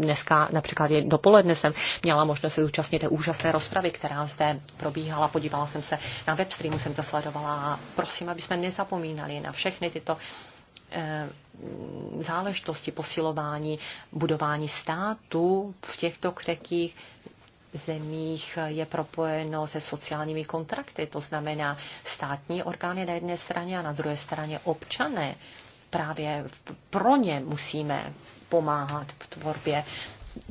dneska například je dopoledne jsem měla možnost se zúčastnit té úžasné rozpravy, která zde probíhala. Podívala jsem se na webstreamu, jsem to sledovala a prosím, aby jsme nezapomínali na všechny tyto eh, záležitosti posilování, budování státu v těchto křehkých zemích je propojeno se sociálními kontrakty, to znamená státní orgány na jedné straně a na druhé straně občané. Právě pro ně musíme pomáhat v tvorbě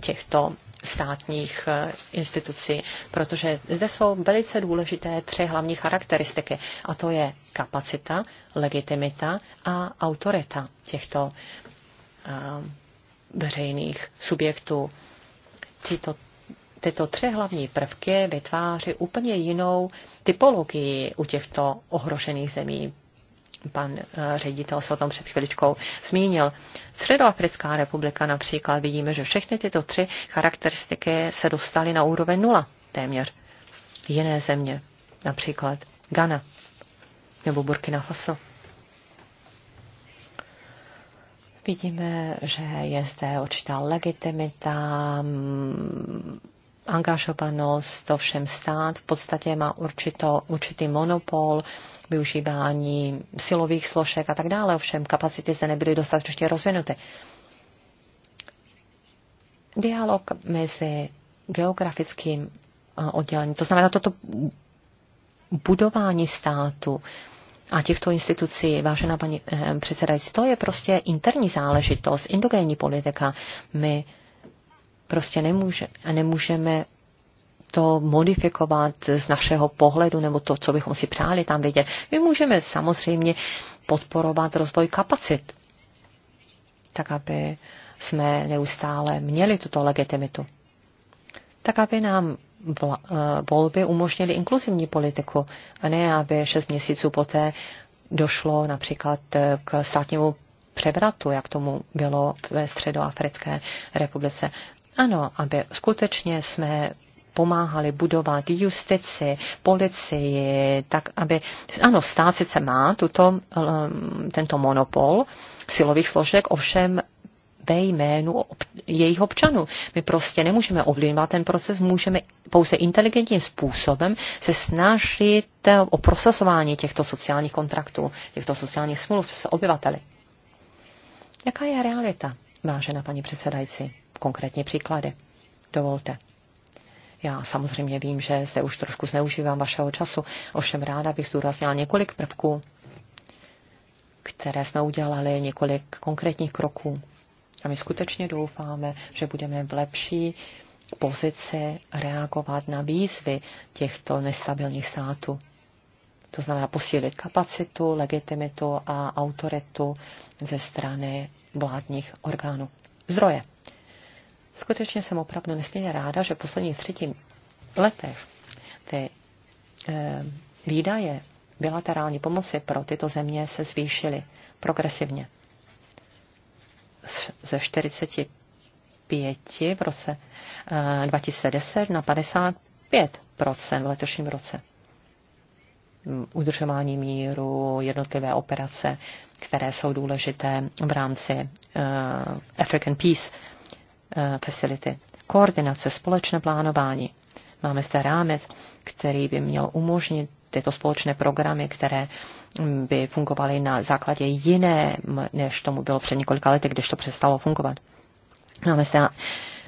těchto státních eh, institucí, protože zde jsou velice důležité tři hlavní charakteristiky, a to je kapacita, legitimita a autorita těchto eh, veřejných subjektů. Tyto tyto tři hlavní prvky vytváří úplně jinou typologii u těchto ohrožených zemí. Pan eh, ředitel se o tom před chviličkou zmínil. Středoafrická republika například vidíme, že všechny tyto tři charakteristiky se dostaly na úroveň nula téměř. Jiné země, například Ghana nebo Burkina Faso. Vidíme, že je zde určitá legitimita, angažovanost, ovšem stát v podstatě má určito, určitý monopol, využívání silových složek a tak dále, ovšem kapacity zde nebyly dostatečně rozvinuty. Dialog mezi geografickým eh, oddělením, to znamená toto budování státu a těchto institucí, vážená paní eh, předsedající, to je prostě interní záležitost, indogénní politika. My prostě nemůže. A nemůžeme to modifikovat z našeho pohledu nebo to, co bychom si přáli tam vidět. My můžeme samozřejmě podporovat rozvoj kapacit, tak aby jsme neustále měli tuto legitimitu. Tak aby nám eh, volby umožnily inkluzivní politiku a ne, aby šest měsíců poté došlo například eh, k státnímu převratu, jak tomu bylo ve Středoafrické republice. Ano, aby skutečně jsme pomáhali budovat justici, policii, tak aby, ano, stát sice má tuto, um, tento monopol silových složek, ovšem ve jménu ob, jejich občanů. My prostě nemůžeme ovlivňovat ten proces, můžeme pouze inteligentním způsobem se snažit eh, o prosazování těchto sociálních kontraktů, těchto sociálních smluv s obyvateli. Jaká je realita, vážená paní předsedající? konkrétní příklady. Dovolte. Já samozřejmě vím, že zde už trošku zneužívám vašeho času, ovšem ráda bych zdůraznila několik prvků, které jsme udělali, několik konkrétních kroků. A my skutečně doufáme, že budeme v lepší pozici reagovat na výzvy těchto nestabilních států. To znamená posílit kapacitu, legitimitu a autoritu ze strany vládních orgánů. Zdroje skutečně jsem opravdu nesmírně ráda, že v posledních třetím letech ty e, výdaje bilaterální pomoci pro tyto země se zvýšily progresivně. Ze 45 v roce 2010 eh, na 55 v letošním roce. Udržování míru, jednotlivé operace, které jsou důležité v rámci eh, African Peace Eh, facility. Koordinace, společné plánování. Máme zde rámec, který by měl umožnit tyto společné programy, které mm, by fungovaly na základě jiné, než tomu bylo před několika lety, když to přestalo fungovat. Máme zde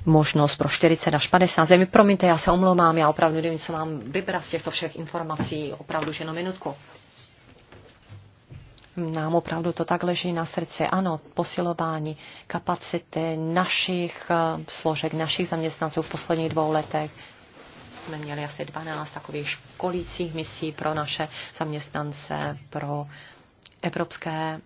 možnost pro 40 až 50 zemí. Promiňte, já se omlouvám, já opravdu nevím, co mám vybrat z těchto všech informací, opravdu už jenom minutku. Nám opravdu to tak leží na srdci. Ano, posilování kapacity našich eh, složek, našich zaměstnanců v posledních dvou letech. Jsme měli asi 12 takových školících misí pro naše zaměstnance, pro evropské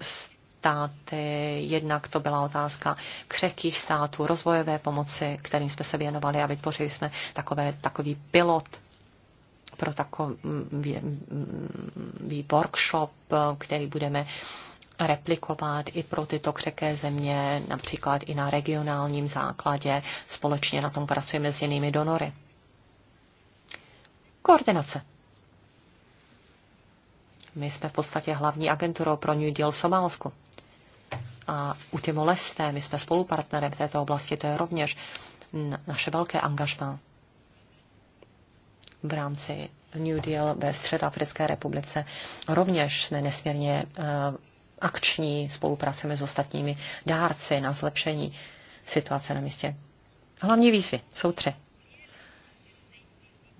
státy, jednak to byla otázka křehkých států, rozvojové pomoci, kterým jsme se věnovali a vytvořili jsme takové, takový pilot pro takový mm, mm, mm, workshop, který budeme replikovat i pro tyto křeké země, například i na regionálním základě. Společně na tom pracujeme s jinými donory. Koordinace. My jsme v podstatě hlavní agenturou pro New Deal v Somálsku. A u Timor-Leste my jsme spolupartnerem v této oblasti, to je rovněž naše velké angažmá v rámci New Deal ve Středoafrické republice. Rovněž jsme nesmírně eh, akční, spolupracujeme s ostatními dárci na zlepšení situace na místě. Hlavní výzvy jsou tři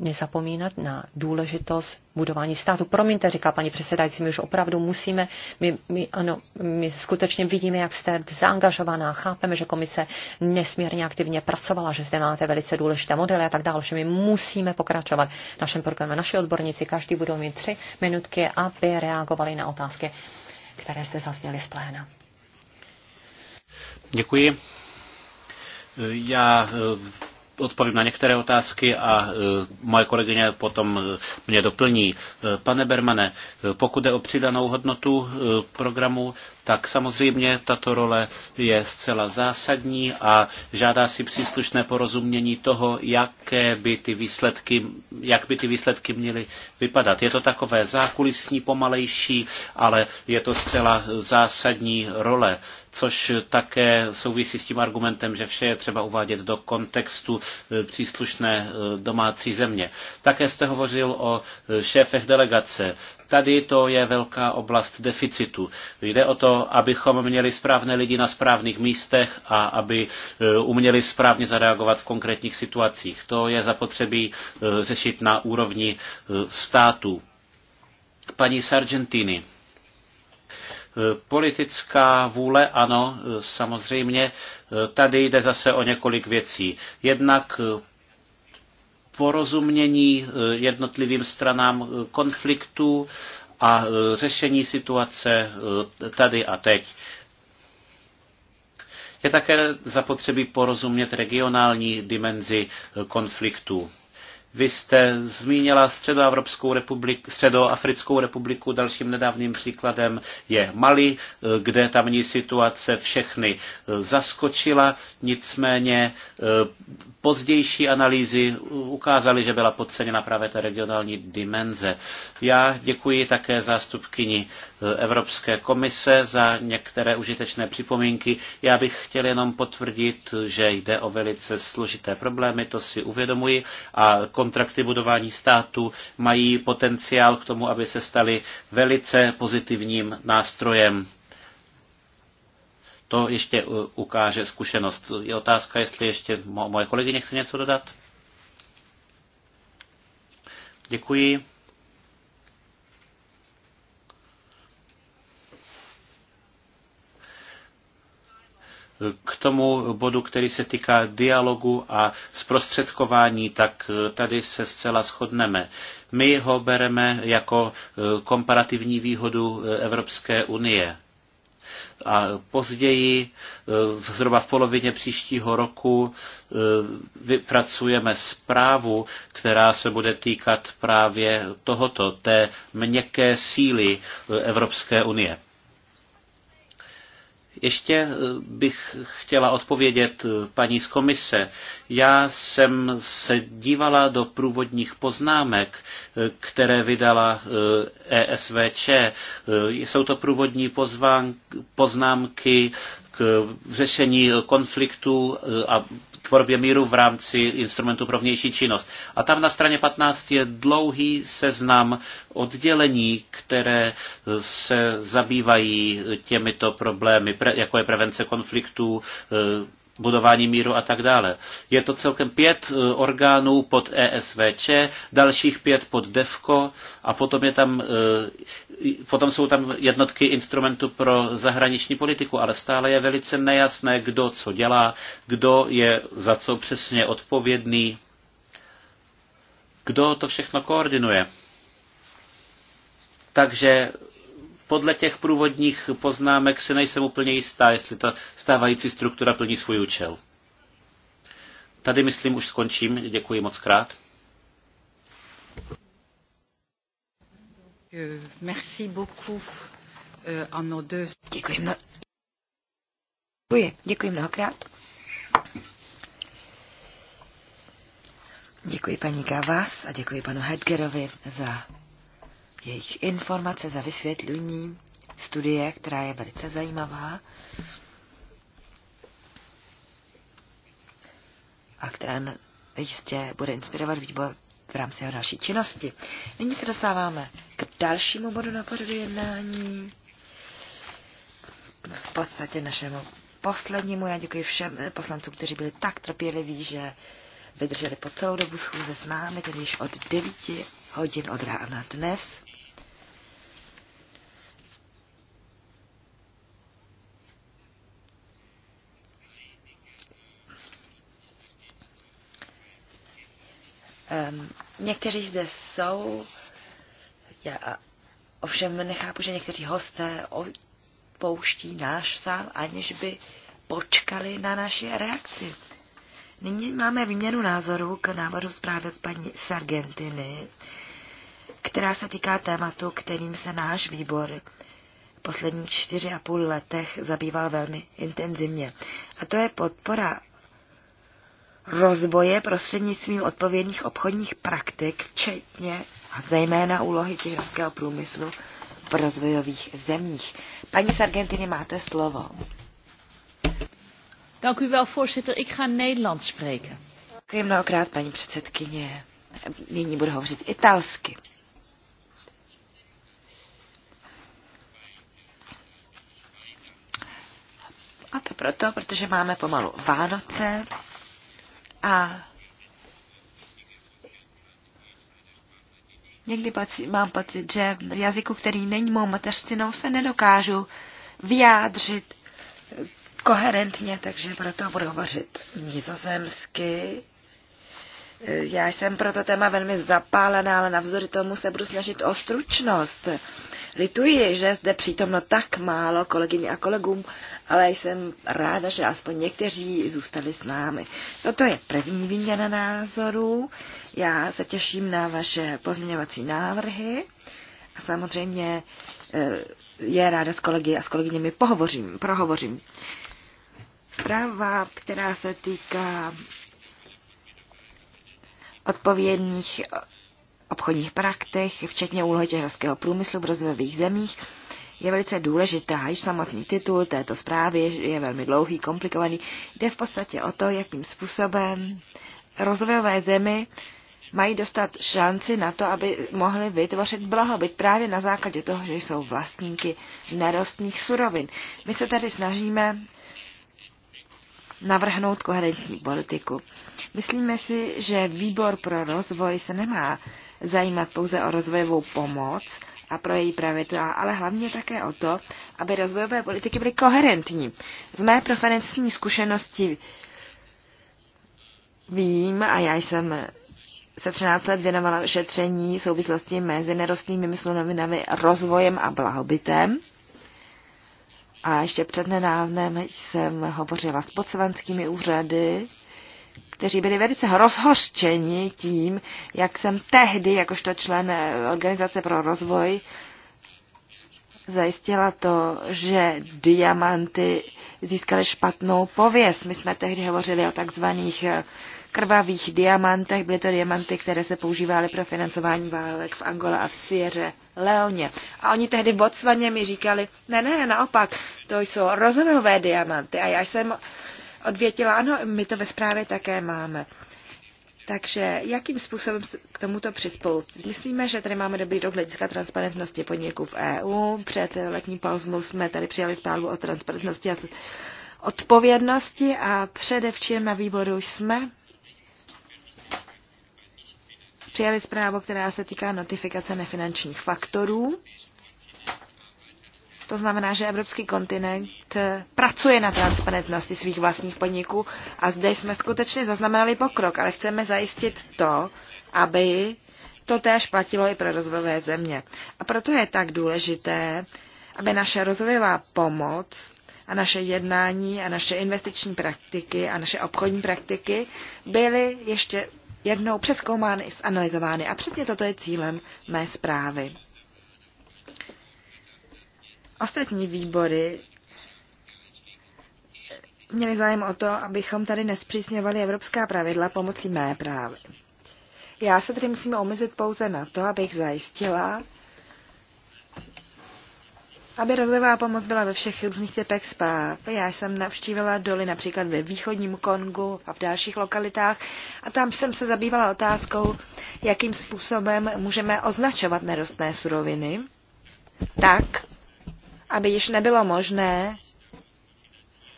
nezapomínat na důležitost budování státu. Promiňte, říká paní předsedající, my už opravdu musíme, my, my, ano, my skutečně vidíme, jak jste zaangažovaná, chápeme, že komise nesmírně aktivně pracovala, že zde máte velice důležité modely a tak dále, že my musíme pokračovat v našem programu. Naši odborníci každý budou mít tři minutky, aby reagovali na otázky, které jste zazněli z pléna. Děkuji. Já odpovím na některé otázky a e, moje kolegyně potom e, mě doplní. E, pane Bermane, pokud je o přidanou hodnotu programu, tak samozřejmě tato role je zcela zásadní a žádá si příslušné porozumění toho, jaké by ty výsledky, jak by ty výsledky měly vypadat. Je to takové zákulisní, pomalejší, ale je to zcela zásadní role což také souvisí s tím argumentem, že vše je třeba uvádět do kontextu e, příslušné e, domácí země. Také jste hovořil o e, šéfech delegace. Tady to je velká oblast deficitu. Jde o to, abychom měli správné lidi na správných místech a aby e, uměli správně zareagovat v konkrétních situacích. To je zapotřebí e, řešit na úrovni e, států. Paní Sargentini. Politická vůle, ano, samozřejmě. Tady jde zase o několik věcí. Jednak porozumění eh, jednotlivým stranám eh, konfliktu a eh, řešení situace tady a teď. Je také zapotřebí porozumět regionální dimenzi konfliktu. Vy jste zmínila Středoafrickou republiku, Středoafrickou republiku, dalším nedávným příkladem je Mali, eh, kde tamní situace všechny eh, zaskočila, nicméně eh, pozdější analýzy ukázaly, že byla podceněna právě ta regionální dimenze. Já děkuji také zástupkyni Evropské komise za některé užitečné připomínky. Já bych chtěl jenom potvrdit, že jde o velice složité problémy, to si uvědomuji a kontrakty budování státu mají potenciál k tomu, aby se staly velice pozitivním nástrojem. To ještě ukáže zkušenost. Je otázka, jestli ještě moje kolegyně chce něco dodat? Děkuji. K tomu bodu, který se týká dialogu a zprostředkování, tak eh, tady se zcela shodneme. My ho bereme jako eh, komparativní výhodu eh, Evropské unie a později, zhruba v polovině příštího roku, vypracujeme zprávu, která se bude týkat právě tohoto, té měkké síly Evropské unie. Ještě eh, bych chtěla odpovědět eh, paní z komise. Já jsem se dívala do průvodních poznámek, eh, které vydala ESVČ. E jsou to průvodní pozvánk, poznámky Eh, řešení konfliktu eh, a tvorbě míru v rámci instrumentu pro vnější činnost. A tam na straně 15 je dlouhý seznam oddělení, které eh, se zabývají těmito problémy, jako je prevence konfliktů, budování míru a tak dále. Je to celkem pět eh, orgánů pod ESVČ, dalších pět pod DEVKO a potom, je tam, eh, potom jsou tam jednotky instrumentu pro zahraniční politiku, ale stále je velice nejasné, kdo co dělá, kdo je za co přesně odpovědný, kdo to všechno koordinuje. Takže podle těch průvodních poznámek si nejsem úplně jistá, jestli ta stávající struktura plní svůj účel. Tady, myslím, už skončím. Děkuji moc krát. Euh, merci beaucoup euh, Děkuji, mno... Děkuji. Děkuji mnohokrát. Děkuji paní Gavas a děkuji panu Hedgerovi za jejich informace, za vysvětlení studie, která je velice zajímavá a která jistě bude inspirovat výbor v rámci jeho další činnosti. Nyní se dostáváme k dalšímu bodu na pořadu jednání. V podstatě našemu poslednímu. Já děkuji všem poslancům, kteří byli tak trpěliví, že vydrželi po celou dobu schůze s námi, tedy již od 9 hodin od rána dnes. Um, někteří zde jsou, já ovšem nechápu, že někteří hosté pouští náš sál, aniž by počkali na naši reakci. Nyní máme výměnu názorů k návodu zprávy od paní Sargentiny, která se týká tématu, kterým se náš výbor posledních čtyři a půl letech zabýval velmi intenzivně. A to je podpora rozvoje prostřednictvím odpovědných obchodních praktik, včetně a zejména úlohy těžkého průmyslu v rozvojových zemích. Paní z Argentiny, máte slovo. Dank u wel, voorzitter. Ik ga Nederlands spreken. Děkuji mnohokrát, paní předsedkyně. Nyní budu hovořit italsky. A to proto, protože máme pomalu Vánoce a někdy mám pocit, že v jazyku, který není mou mateřštinou, se nedokážu vyjádřit koherentně, takže proto budu hovořit nizozemsky. Já jsem pro to téma velmi zapálená, ale navzdory tomu se budu snažit o stručnost. Lituji, že zde přítomno tak málo kolegyně a kolegům, ale jsem ráda, že aspoň někteří zůstali s námi. Toto je první výměna názorů. Já se těším na vaše pozměňovací návrhy a samozřejmě eh, je ráda s kolegy a s kolegyněmi pohovořím, prohovořím. Zpráva, která se týká odpovědných obchodních praktech, včetně úlohy těžarského průmyslu v rozvojových zemích, je velice důležitá. Již samotný titul této zprávy je velmi dlouhý, komplikovaný. Jde v podstatě o to, jakým způsobem rozvojové zemi mají dostat šanci na to, aby mohly vytvořit blahobyt právě na základě toho, že jsou vlastníky nerostných surovin. My se tady snažíme navrhnout koherentní politiku. Myslíme si, že výbor pro rozvoj se nemá zajímat pouze o rozvojovou pomoc a pro její pravidla, ale hlavně také o to, aby rozvojové politiky byly koherentní. Z mé preferenční zkušenosti vím, a já jsem se 13 let věnovala šetření souvislosti mezi nerostnými slunovinami, rozvojem a blahobytem. A ještě před nedávnem jsem hovořila s podsvanskými úřady, kteří byli velice rozhořčeni tím, jak jsem tehdy, jakožto člen Organizace pro rozvoj, zajistila to, že diamanty získaly špatnou pověst. My jsme tehdy hovořili o takzvaných krvavých diamantech. Byly to diamanty, které se používaly pro financování válek v Angola a v Sierře Leoně. A oni tehdy v Botswaně mi říkali, ne, ne, naopak, to jsou rozvojové diamanty. A já jsem odvětila, ano, my to ve zprávě také máme. Takže jakým způsobem k tomuto přispout? Myslíme, že tady máme dobrý rok hlediska transparentnosti podniků v EU. Před letní pauzou jsme tady přijali zprávu o transparentnosti a odpovědnosti a předevčím na výboru jsme přijali zprávu, která se týká notifikace nefinančních faktorů. To znamená, že evropský kontinent eh, pracuje na transparentnosti svých vlastních podniků a zde jsme skutečně zaznamenali pokrok, ale chceme zajistit to, aby to též platilo i pro rozvojové země. A proto je tak důležité, aby naše rozvojová pomoc a naše jednání a naše investiční praktiky a naše obchodní praktiky byly ještě jednou přeskoumány, zanalizovány. A přesně toto je cílem mé zprávy. Ostatní výbory měli zájem o to, abychom tady nespřísňovali evropská pravidla pomocí mé právy. Já se tedy musím omezit pouze na to, abych zajistila, aby rozvojová pomoc byla ve všech různých typech spa, Já jsem navštívila doly například ve východním Kongu a v dalších lokalitách a tam jsem se zabývala otázkou, jakým způsobem můžeme označovat nerostné suroviny tak, aby již nebylo možné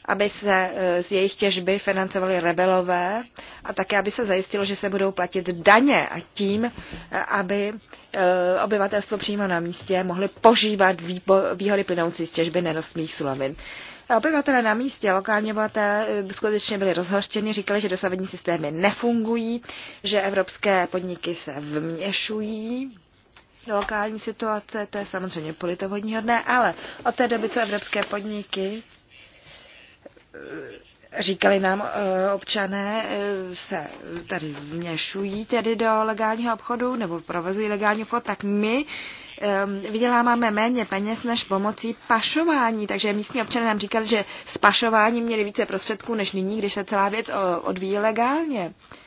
aby se eh, z jejich těžby financovali rebelové a také, aby se zajistilo, že se budou platit daně a tím, eh, aby eh, obyvatelstvo přímo na místě mohli požívat výhody plynoucí z těžby nerostných surovin. Obyvatele na místě, lokální obyvatele skutečně byli rozhořčeni, říkali, že dosavadní systémy nefungují, že evropské podniky se vměšují do lokální situace, to je samozřejmě politovodní hodné, ale od té doby, co evropské podniky říkali nám eh, občané, eh, se tady vměšují tedy do legálního obchodu nebo provozují legální obchod, tak my eh, vyděláváme méně peněz než pomocí pašování. Takže místní občané nám říkali, že s pašováním měli více prostředků než nyní, když se celá věc odvíjí legálně. Uh,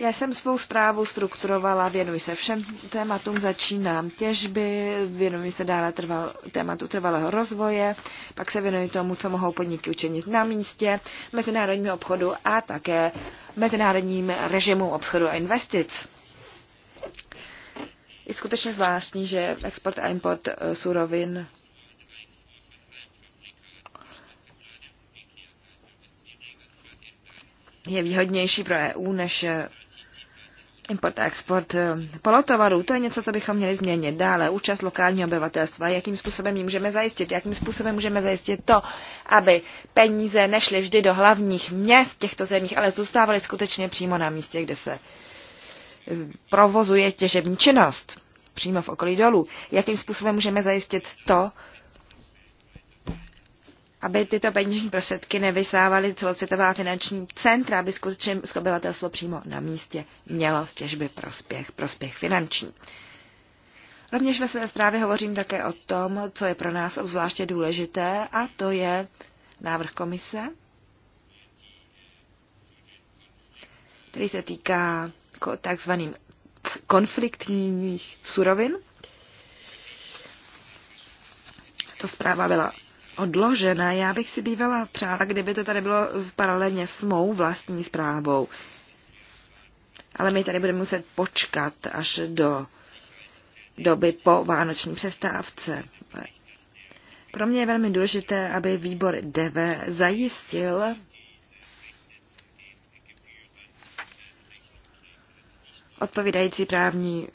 já jsem svou zprávu strukturovala, věnuji se všem tématům, začínám těžby, věnuji se dále trval, tématu trvalého rozvoje, pak se věnuji tomu, co mohou podniky učinit na místě, mezinárodního obchodu a také mezinárodním režimu obchodu a investic. Je skutečně zvláštní, že export a import e, surovin je výhodnější pro EU než import a export eh, polotovarů, to je něco, co bychom měli změnit. Dále účast lokálního obyvatelstva, jakým způsobem ji můžeme zajistit, jakým způsobem můžeme zajistit to, aby peníze nešly vždy do hlavních měst těchto zemích, ale zůstávaly skutečně přímo na místě, kde se eh, provozuje těžební činnost, přímo v okolí dolů. Jakým způsobem můžeme zajistit to, aby tyto peněžní prostředky nevysávaly celosvětová finanční centra, aby skutečně obyvatelstvo přímo na místě mělo z těžby prospěch, prospěch finanční. Rovněž ve své zprávě hovořím také o tom, co je pro nás obzvláště důležité, a to je návrh komise, který se týká takzvaným konfliktních surovin. To zpráva byla odložené. Já bych si bývala přála, kdyby to tady bylo paralelně s mou vlastní zprávou. Ale my tady budeme muset počkat až do doby po vánoční přestávce. Pro mě je velmi důležité, aby výbor DV zajistil odpovídající právní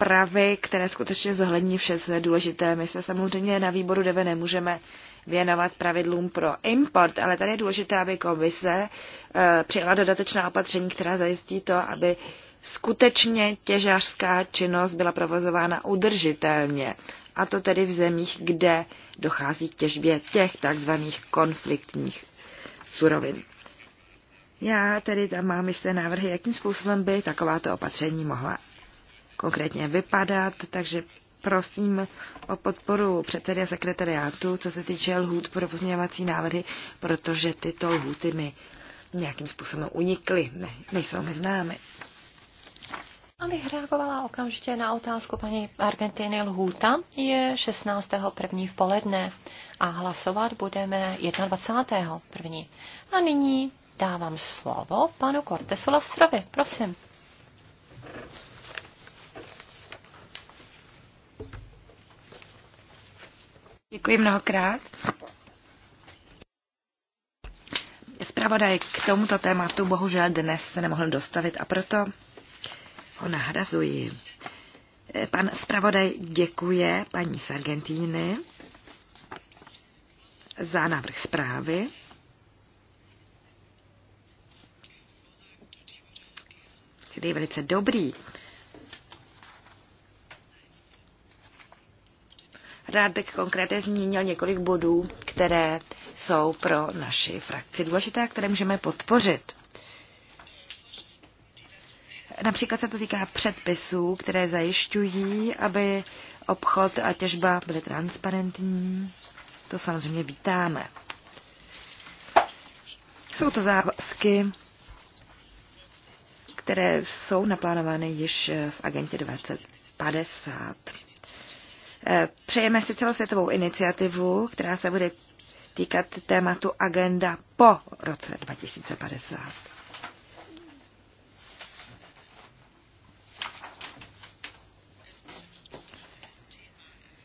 úpravy, které skutečně zohlední vše, co je důležité. My se samozřejmě na výboru DEVE nemůžeme věnovat pravidlům pro import, ale tady je důležité, aby komise eh, přijala dodatečná opatření, která zajistí to, aby skutečně těžářská činnost byla provozována udržitelně. A to tedy v zemích, kde dochází k těžbě těch takzvaných konfliktních surovin. Já tedy tam mám jisté návrhy, jakým způsobem by takováto opatření mohla konkrétně vypadat, takže prosím o podporu předsedy a sekretariátu, co se týče lhůt pro pozměňovací návrhy, protože tyto lhůty mi nějakým způsobem unikly, ne, nejsou mi známy. Abych reagovala okamžitě na otázku paní Argentiny Lhůta je 16.1. v poledne a hlasovat budeme 21.1. A nyní dávám slovo panu Cortesu Lastrovi. Prosím. Děkuji mnohokrát. Zpravodaj k tomuto tématu bohužel dnes se nemohl dostavit a proto ho nahrazuji. Pan zpravodaj děkuje paní z Argentíny za návrh zprávy. který je velice dobrý. Rád bych konkrétně zmínil několik bodů, které jsou pro naši frakci důležité a které můžeme podpořit. Například se to týká předpisů, které zajišťují, aby obchod a těžba byly transparentní. To samozřejmě vítáme. Jsou to závazky, které jsou naplánovány již v agentě 2050. Eh, přejeme si celosvětovou iniciativu, která se bude týkat tématu agenda po roce 2050.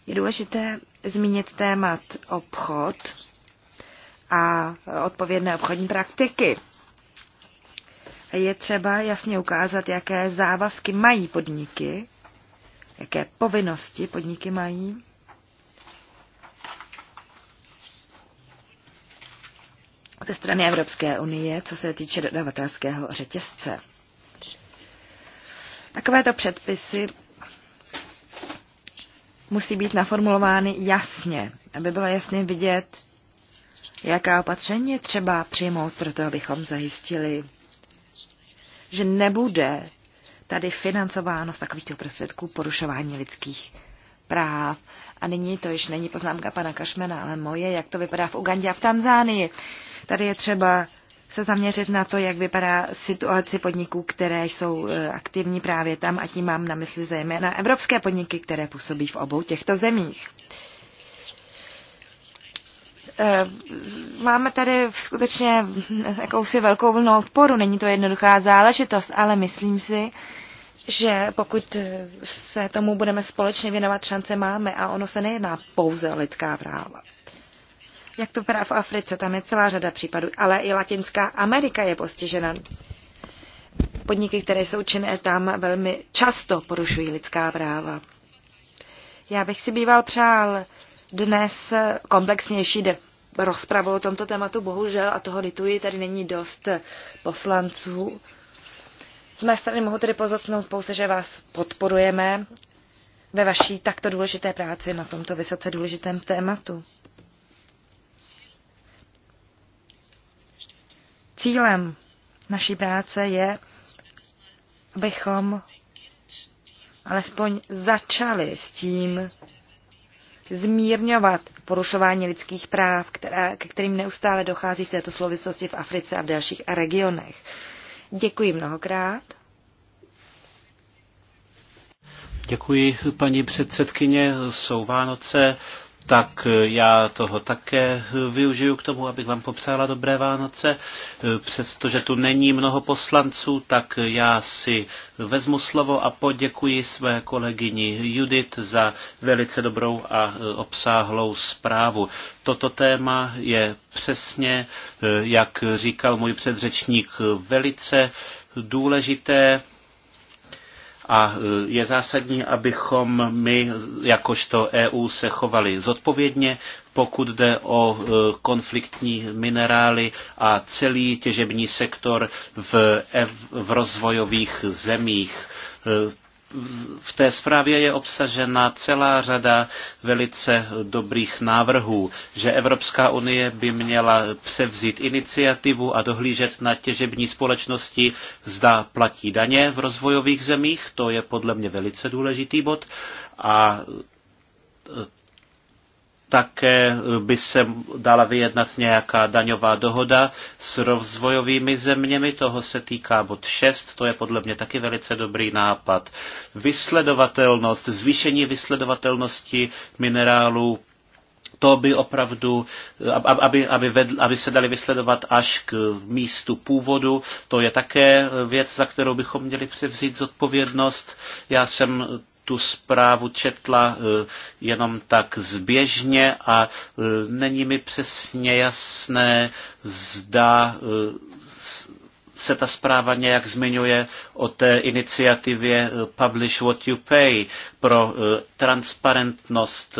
Je důležité zmínit témat obchod a odpovědné obchodní praktiky. Je třeba jasně ukázat, jaké závazky mají podniky jaké povinnosti podniky mají. ze strany Evropské unie, co se týče dodavatelského řetězce. Takovéto předpisy musí být naformulovány jasně, aby bylo jasně vidět, jaká opatření třeba přijmout, proto abychom zajistili, že nebude tady financováno z takovýchto prostředků porušování lidských práv. A nyní to již není poznámka pana Kašmena, ale moje, jak to vypadá v Ugandě a v Tanzánii. Tady je třeba se zaměřit na to, jak vypadá situace podniků, které jsou e, aktivní právě tam a tím mám na mysli zejména evropské podniky, které působí v obou těchto zemích. Eh, máme tady skutečně jakousi velkou vlnu odporu, není to jednoduchá záležitost, ale myslím si, že pokud se tomu budeme společně věnovat, šance máme a ono se nejedná pouze o lidská práva. Jak to právě v Africe, tam je celá řada případů, ale i Latinská Amerika je postižena. Podniky, které jsou činné tam, velmi často porušují lidská práva. Já bych si býval přál dnes komplexnější de rozpravu o tomto tématu, bohužel, a toho lituji, tady není dost poslanců. Z mé strany mohu tedy pozotknout pouze, že vás podporujeme ve vaší takto důležité práci na tomto vysoce důležitém tématu. Cílem naší práce je, abychom alespoň začali s tím, zmírňovat porušování lidských práv, která, ke kterým neustále dochází v této souvislosti v Africe a v dalších regionech. Děkuji mnohokrát. Děkuji, paní předsedkyně. Jsou Vánoce, tak já toho také využiju k tomu, abych vám popřála dobré Vánoce. Přestože tu není mnoho poslanců, tak já si vezmu slovo a poděkuji své kolegyni Judit za velice dobrou a obsáhlou zprávu. Toto téma je přesně, eh, jak říkal můj předřečník, velice důležité a e, je zásadní, abychom my, jakožto EU, se chovali zodpovědně, pokud jde o e, konfliktní minerály a celý těžební sektor v, v rozvojových zemích e, v té zprávě je obsažena celá řada velice dobrých návrhů, že Evropská unie by měla převzít iniciativu a dohlížet na těžební společnosti, zda platí daně v rozvojových zemích, to je podle mě velice důležitý bod, a také by se dala vyjednat nějaká daňová dohoda s rozvojovými zeměmi, toho se týká bod 6, to je podle mě taky velice dobrý nápad. Vysledovatelnost, zvýšení vysledovatelnosti minerálů, to by opravdu, aby, aby, vedl, aby se dali vysledovat až k místu původu, to je také věc, za kterou bychom měli převzít zodpovědnost. Já jsem tu zprávu četla eh, jenom tak zběžně a eh, není mi přesně jasné, zda eh, se ta zpráva nějak zmiňuje o té iniciativě Publish What You Pay pro transparentnost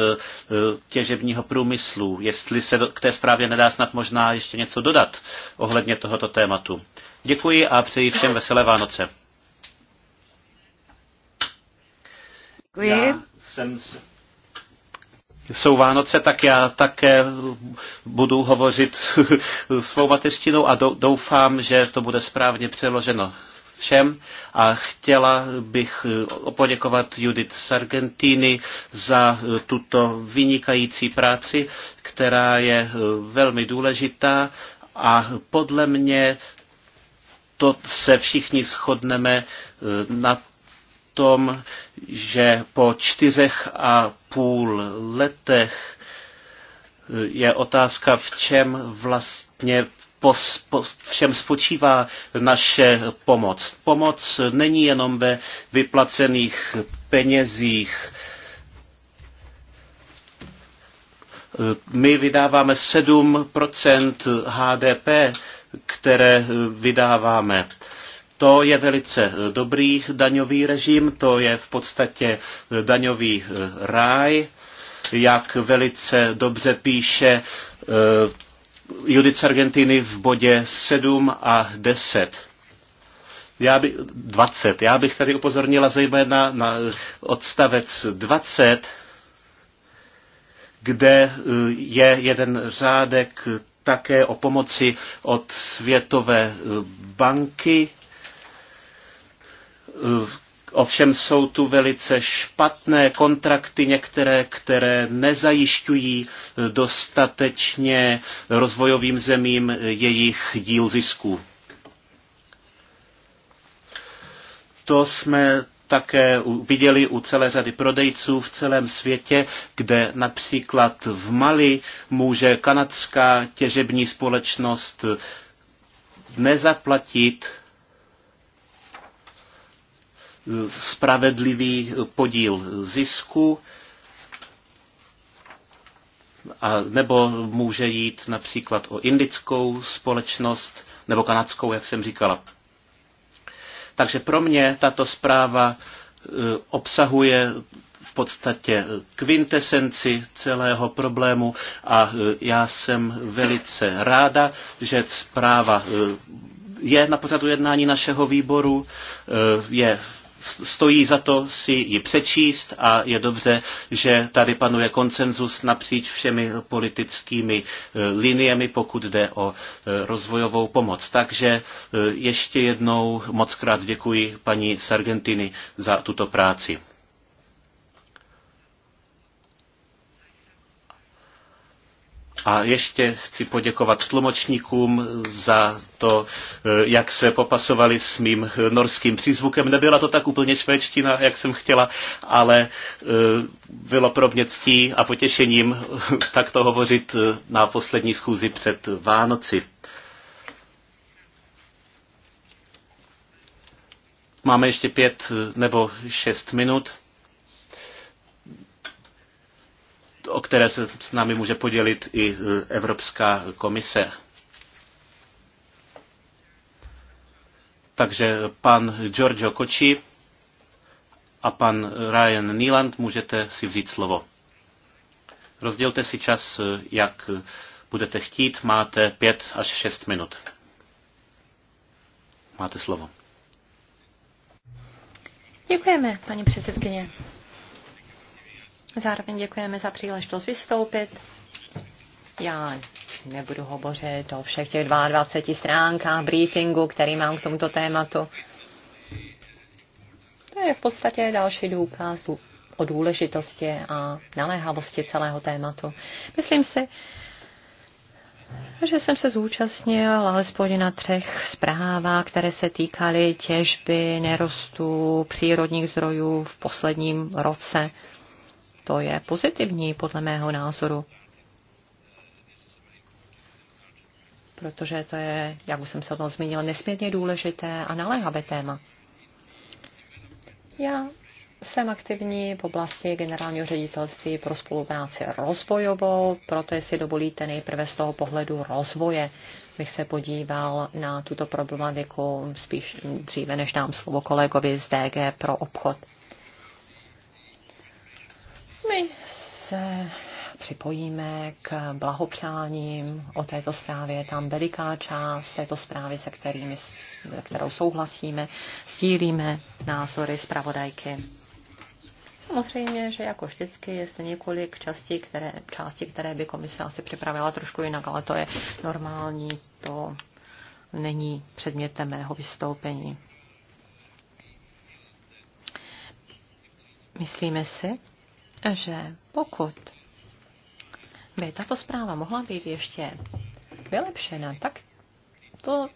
těžebního průmyslu, jestli se k té zprávě nedá snad možná ještě něco dodat ohledně tohoto tématu. Děkuji a přeji všem veselé Vánoce. Děkuji. Já jsem s... Jsou Vánoce, tak já také budu hovořit svou mateřštinou a doufám, že to bude správně přeloženo všem a chtěla bych eh, poděkovat Judith Sargentini za eh, tuto vynikající práci, která je eh, velmi důležitá a podle mě to se všichni shodneme na tom, že po čtyřech a půl letech eh, je otázka, v čem vlastně po, v čem spočívá naše pomoc. Pomoc není jenom ve vyplacených penězích. Eh, my vydáváme 7% HDP, které eh, vydáváme to je velice eh, dobrý daňový režim, to je v podstatě eh, daňový eh, ráj, jak velice dobře píše Judice Argentiny v bodě 7 a 10. Já by, 20. Já bych tady upozornila zejména na odstavec 20, kde je jeden řádek také o pomoci od Světové banky Eh, ovšem jsou tu velice špatné kontrakty, některé, které nezajišťují eh, dostatečně rozvojovým zemím eh, jejich díl zisků. To jsme také viděli u celé řady prodejců v celém světě, kde například v Mali může kanadská těžební společnost nezaplatit spravedlivý podíl zisku, a nebo může jít například o indickou společnost nebo kanadskou, jak jsem říkala. Takže pro mě tato zpráva e, obsahuje v podstatě kvintesenci celého problému a e, já jsem velice ráda, že zpráva e, je na pořadu jednání našeho výboru, je stojí za to si ji přečíst a je dobře, že tady panuje konsenzus napříč všemi politickými eh, liniemi, pokud jde o eh, rozvojovou pomoc. Takže eh, ještě jednou moc krát děkuji paní Sargentini za tuto práci. A ještě chci poděkovat tlumočníkům za to, eh, jak se popasovali s mým norským přízvukem. Nebyla to tak úplně švédština, jak jsem chtěla, ale eh, bylo pro mě ctí a potěšením eh, takto hovořit na poslední schůzi před Vánoci. Máme ještě pět nebo šest minut. o které se s námi může podělit i e, Evropská komise. Takže pan Giorgio Koči a pan Ryan Nieland, můžete si vzít slovo. Rozdělte si čas, e, jak budete chtít. Máte pět až šest minut. Máte slovo. Děkujeme, paní předsedkyně. Zároveň děkujeme za příležitost vystoupit. Já nebudu hovořit o všech těch 22 stránkách briefingu, který mám k tomuto tématu. To je v podstatě další důkaz o důležitosti a naléhavosti celého tématu. Myslím si, že jsem se zúčastnil alespoň na třech zprávách, které se týkaly těžby nerostů přírodních zdrojů v posledním roce. To je pozitivní podle mého názoru. Protože to je, jak už jsem se o tom zmínil, nesmírně důležité a naléhavé téma. Já jsem aktivní v oblasti generálního ředitelství pro spolupráci rozvojovou, proto jestli dovolíte nejprve z toho pohledu rozvoje bych se podíval na tuto problematiku spíš dříve, než dám slovo kolegovi z DG pro obchod. My se připojíme k blahopřáním o této zprávě. tam veliká část této zprávy, se, kterými, se kterou souhlasíme, sdílíme názory zpravodajky. Samozřejmě, že jako vždycky je zde několik částí které, části, které by komise asi připravila trošku jinak, ale to je normální, to není předmětem mého vystoupení. Myslíme si, že pokud by tato zpráva mohla být ještě vylepšena, tak to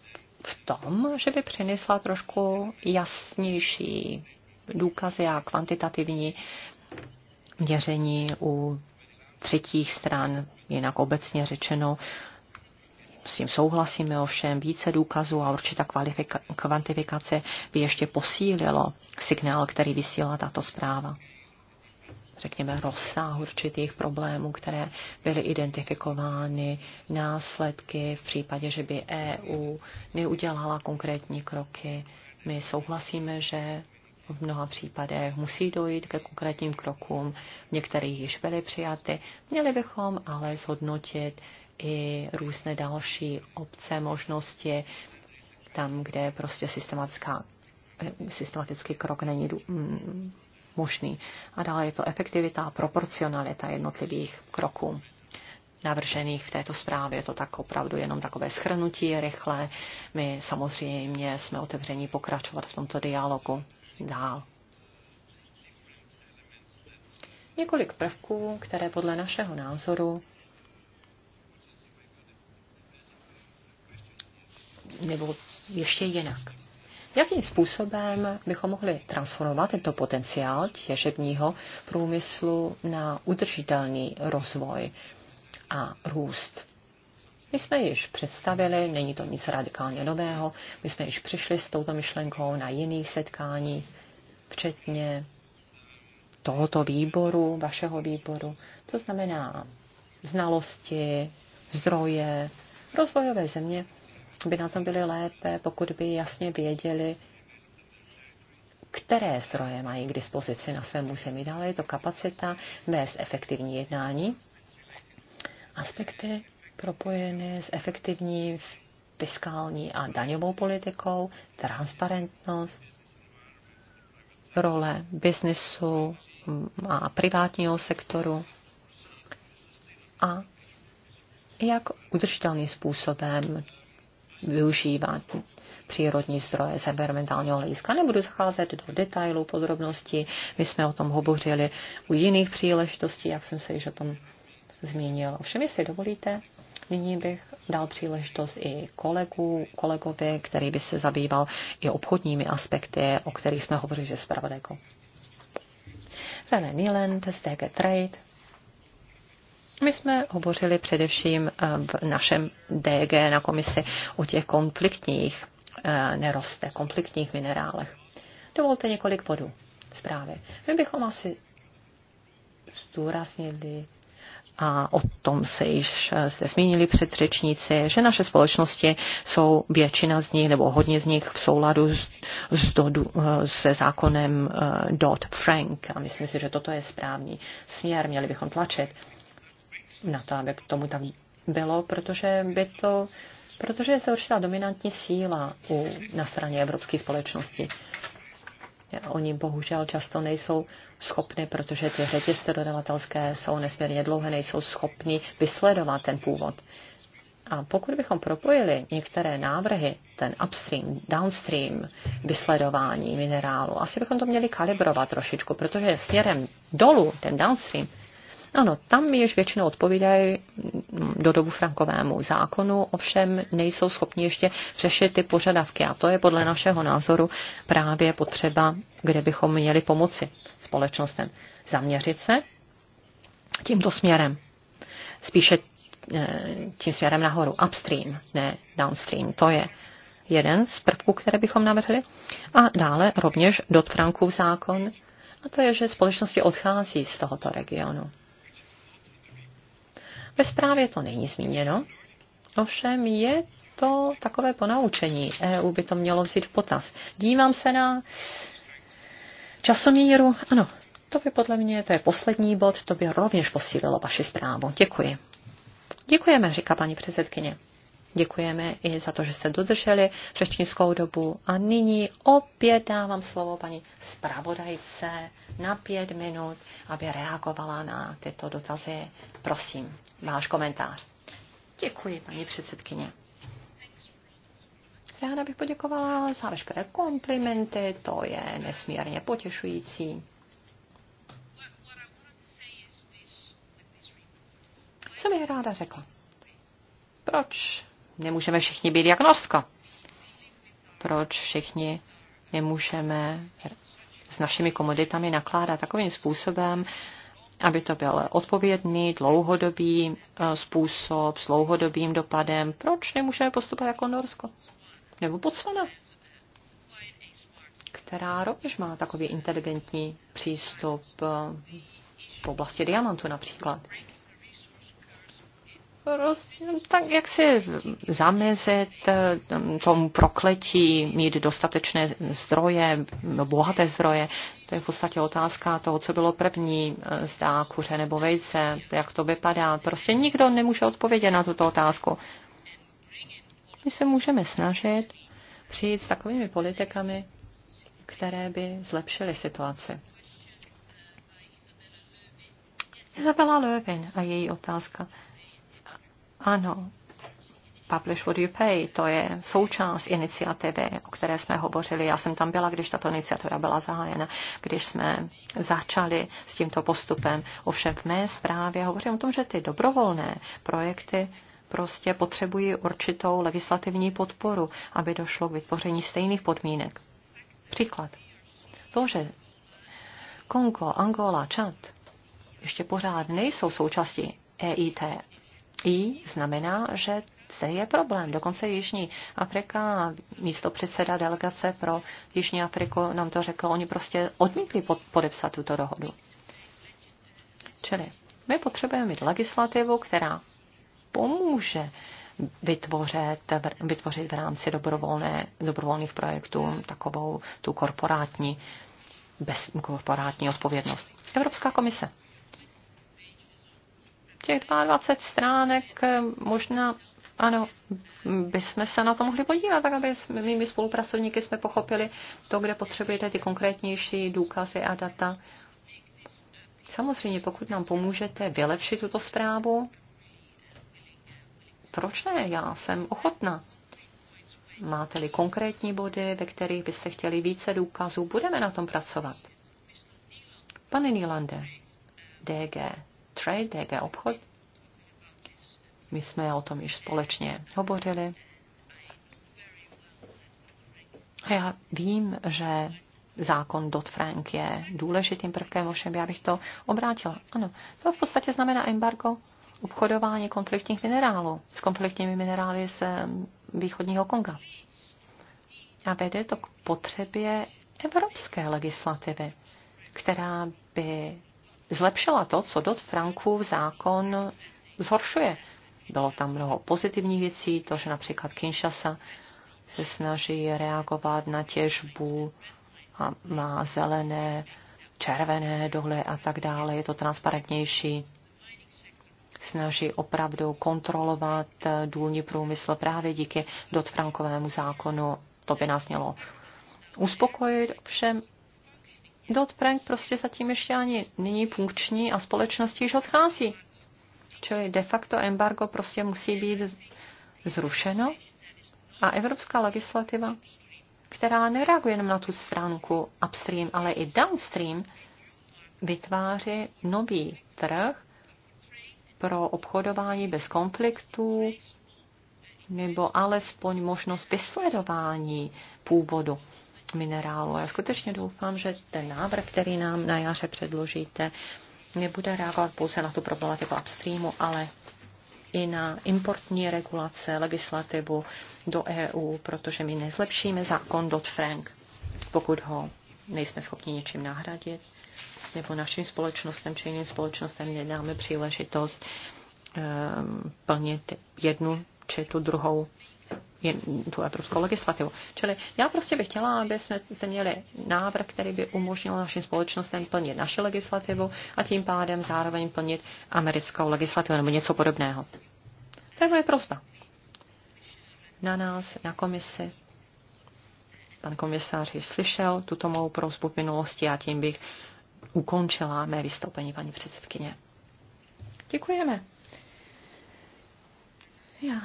v tom, že by přinesla trošku jasnější důkazy a kvantitativní měření u třetích stran, jinak obecně řečeno, s tím souhlasíme ovšem, více důkazů a určitá kvantifikace by ještě posílilo signál, který vysílá tato zpráva řekněme, rozsah určitých problémů, které byly identifikovány, následky v případě, že by EU neudělala konkrétní kroky. My souhlasíme, že v mnoha případech musí dojít ke konkrétním krokům, Některé některých již byly přijaty. Měli bychom ale zhodnotit i různé další obce, možnosti, tam, kde prostě systematická, eh, systematický krok není mm, možný. A dále je to efektivita a proporcionalita jednotlivých kroků navržených v této zprávě. Je to tak opravdu jenom takové schrnutí rychle. My samozřejmě jsme otevření pokračovat v tomto dialogu dál. Několik prvků, které podle našeho názoru nebo ještě jinak Jakým způsobem bychom mohli transformovat tento potenciál těžebního průmyslu na udržitelný rozvoj a růst? My jsme již představili, není to nic radikálně nového, my jsme již přišli s touto myšlenkou na jiných setkáních, včetně tohoto výboru, vašeho výboru. To znamená znalosti, zdroje, rozvojové země by na tom byli lépe, pokud by jasně věděli, které zdroje mají k dispozici na svém území. Dále je to kapacita vést efektivní jednání, aspekty propojené s efektivní fiskální a daňovou politikou, transparentnost, role biznesu a privátního sektoru a jak udržitelným způsobem využívat přírodní zdroje z environmentálního hlediska. Nebudu zacházet do detailů, podrobností. My jsme o tom hovořili u jiných příležitostí, jak jsem se již o tom zmínil. Ovšem, jestli dovolíte, nyní bych dal příležitost i kolegu, kolegovi, který by se zabýval i obchodními aspekty, o kterých jsme hovořili že zpravodajko. René Nieland z DG Trade my jsme hovořili především eh, v našem DG na komisi o těch konfliktních eh, nerostech, konfliktních minerálech. Dovolte několik bodů zprávy. My bychom asi zdůraznili a o tom se již jste eh, zmínili předřečníci, že naše společnosti jsou většina z nich nebo hodně z nich v souladu s, s dodu, se zákonem Dodd-Frank a myslím si, že toto je správný směr, měli bychom tlačit na to, aby k tomu tak bylo, protože by to, protože je se určitá dominantní síla u, na straně evropské společnosti. Oni bohužel často nejsou schopni, protože ty řetězce dodavatelské jsou nesmírně dlouhé, nejsou schopni vysledovat ten původ. A pokud bychom propojili některé návrhy, ten upstream, downstream vysledování minerálu, asi bychom to měli kalibrovat trošičku, protože směrem dolů, ten downstream, ano, tam již většinou odpovídají mm, do dobu frankovému zákonu, ovšem nejsou schopni ještě řešit ty požadavky a to je podle našeho názoru právě potřeba, kde bychom měli pomoci společnostem zaměřit se tímto směrem. Spíše eh, tím směrem nahoru, upstream, ne downstream. To je jeden z prvků, které bychom navrhli. A dále rovněž dot frankův zákon, a to je, že společnosti odchází z tohoto regionu. Ve zprávě to není zmíněno, ovšem je to takové ponaučení. EU by to mělo vzít v potaz. Dívám se na časomíru. Ano, to by podle mě, to je poslední bod, to by rovněž posílilo vaši zprávu. Děkuji. Děkujeme, říká paní předsedkyně. Děkujeme i za to, že jste dodrželi řečnickou dobu. A nyní opět dávám slovo paní zpravodajce na pět minut, aby reagovala na tyto dotazy. Prosím, váš komentář. Děkuji, paní předsedkyně. Ráda bych poděkovala za veškeré komplimenty, to je nesmírně potěšující. Co mi ráda řekla? Proč nemůžeme všichni být jak Norsko. Proč všichni nemůžeme s našimi komoditami nakládat takovým způsobem, aby to byl odpovědný, dlouhodobý eh, způsob s dlouhodobým dopadem. Proč nemůžeme postupovat jako Norsko? Nebo Botswana, která rovněž má takový inteligentní přístup eh, v oblasti diamantu například roz, no, tak jak si zamezit eh, tomu prokletí, mít dostatečné zdroje, no, bohaté zdroje, to je v podstatě otázka toho, co bylo první, eh, zdá kuře nebo vejce, jak to vypadá. Prostě nikdo nemůže odpovědět na tuto otázku. My se můžeme snažit přijít s takovými politikami, které by zlepšily situaci. Isabela Löwin a její otázka. Ano, Publish What You Pay, to je součást iniciativy, o které jsme hovořili. Já jsem tam byla, když tato iniciativa byla zahájena, když jsme začali s tímto postupem. Ovšem v mé zprávě hovořím o tom, že ty dobrovolné projekty prostě potřebují určitou legislativní podporu, aby došlo k vytvoření stejných podmínek. Příklad. To, že Kongo, Angola, Čad ještě pořád nejsou součástí EIT, i znamená, že to je problém. Dokonce Jižní Afrika, místo předseda delegace pro Jižní Afriku nám to řekl, oni prostě odmítli podepsat tuto dohodu. Čili my potřebujeme mít legislativu, která pomůže vytvořit, vytvořit v rámci dobrovolné, dobrovolných projektů takovou tu korporátní, bez, korporátní odpovědnost. Evropská komise těch 22 stránek eh, možná ano, bychom se na to mohli podívat, tak aby s mými spolupracovníky jsme pochopili to, kde potřebujete ty konkrétnější důkazy a data. Samozřejmě, pokud nám pomůžete vylepšit tuto zprávu, proč ne? Já jsem ochotná. Máte-li konkrétní body, ve kterých byste chtěli více důkazů, budeme na tom pracovat. Pane Nýlande, DG Trade, je Obchod. My jsme o tom již společně hovořili. A já vím, že zákon Dodd-Frank je důležitým prvkem, ovšem já bych to obrátila. Ano, to v podstatě znamená embargo obchodování konfliktních minerálů s konfliktními minerály z východního Konga. A vede to k potřebě evropské legislativy, která by zlepšila to, co dot Frankův zákon zhoršuje. Bylo tam mnoho pozitivních věcí, to, že například Kinshasa se snaží reagovat na těžbu a má zelené, červené dohle a tak dále, je to transparentnější. Snaží opravdu kontrolovat důlní průmysl právě díky dotfrankovému zákonu. To by nás mělo uspokojit, ovšem Dot Prank prostě zatím ještě ani není funkční a společnost již odchází. Čili de facto embargo prostě musí být zrušeno a evropská legislativa, která nereaguje jenom na tu stránku upstream, ale i downstream, vytváří nový trh pro obchodování bez konfliktů nebo alespoň možnost vysledování původu minerálu. Já skutečně doufám, že ten návrh, který nám na jaře předložíte, nebude reagovat pouze na tu problematiku upstreamu, ale i na importní regulace, legislativu do EU, protože my nezlepšíme zákon Dodd-Frank, pokud ho nejsme schopni něčím nahradit, nebo našim společnostem či jiným společnostem nedáme příležitost um, plnit jednu či tu druhou tu evropskou legislativu. Čili já prostě bych chtěla, aby jsme měli návrh, který by umožnil našim společnostem plnit naši legislativu a tím pádem zároveň plnit americkou legislativu nebo něco podobného. To je moje prozba. Na nás, na komisi. Pan komisář již slyšel tuto mou prozbu v minulosti a tím bych ukončila mé vystoupení, paní předsedkyně. Děkujeme. Já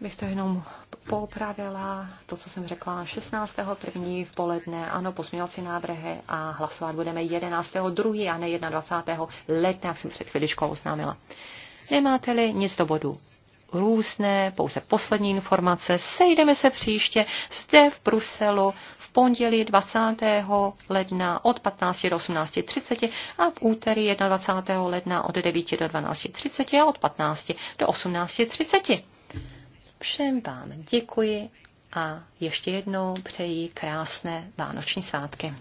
bych to jenom popravila, to, co jsem řekla 16. první v poledne, ano, posměvací návrhy a hlasovat budeme 11. 2. a ne 21. ledna, jak jsem před chviličkou oznámila. Nemáte-li nic do bodu různé, pouze poslední informace, sejdeme se příště zde v Bruselu v pondělí 20. ledna od 15 do 18.30 a v úterý 21. ledna od 9 do 12.30 a od 15 do 18.30. Všem vám děkuji a ještě jednou přeji krásné vánoční svátky.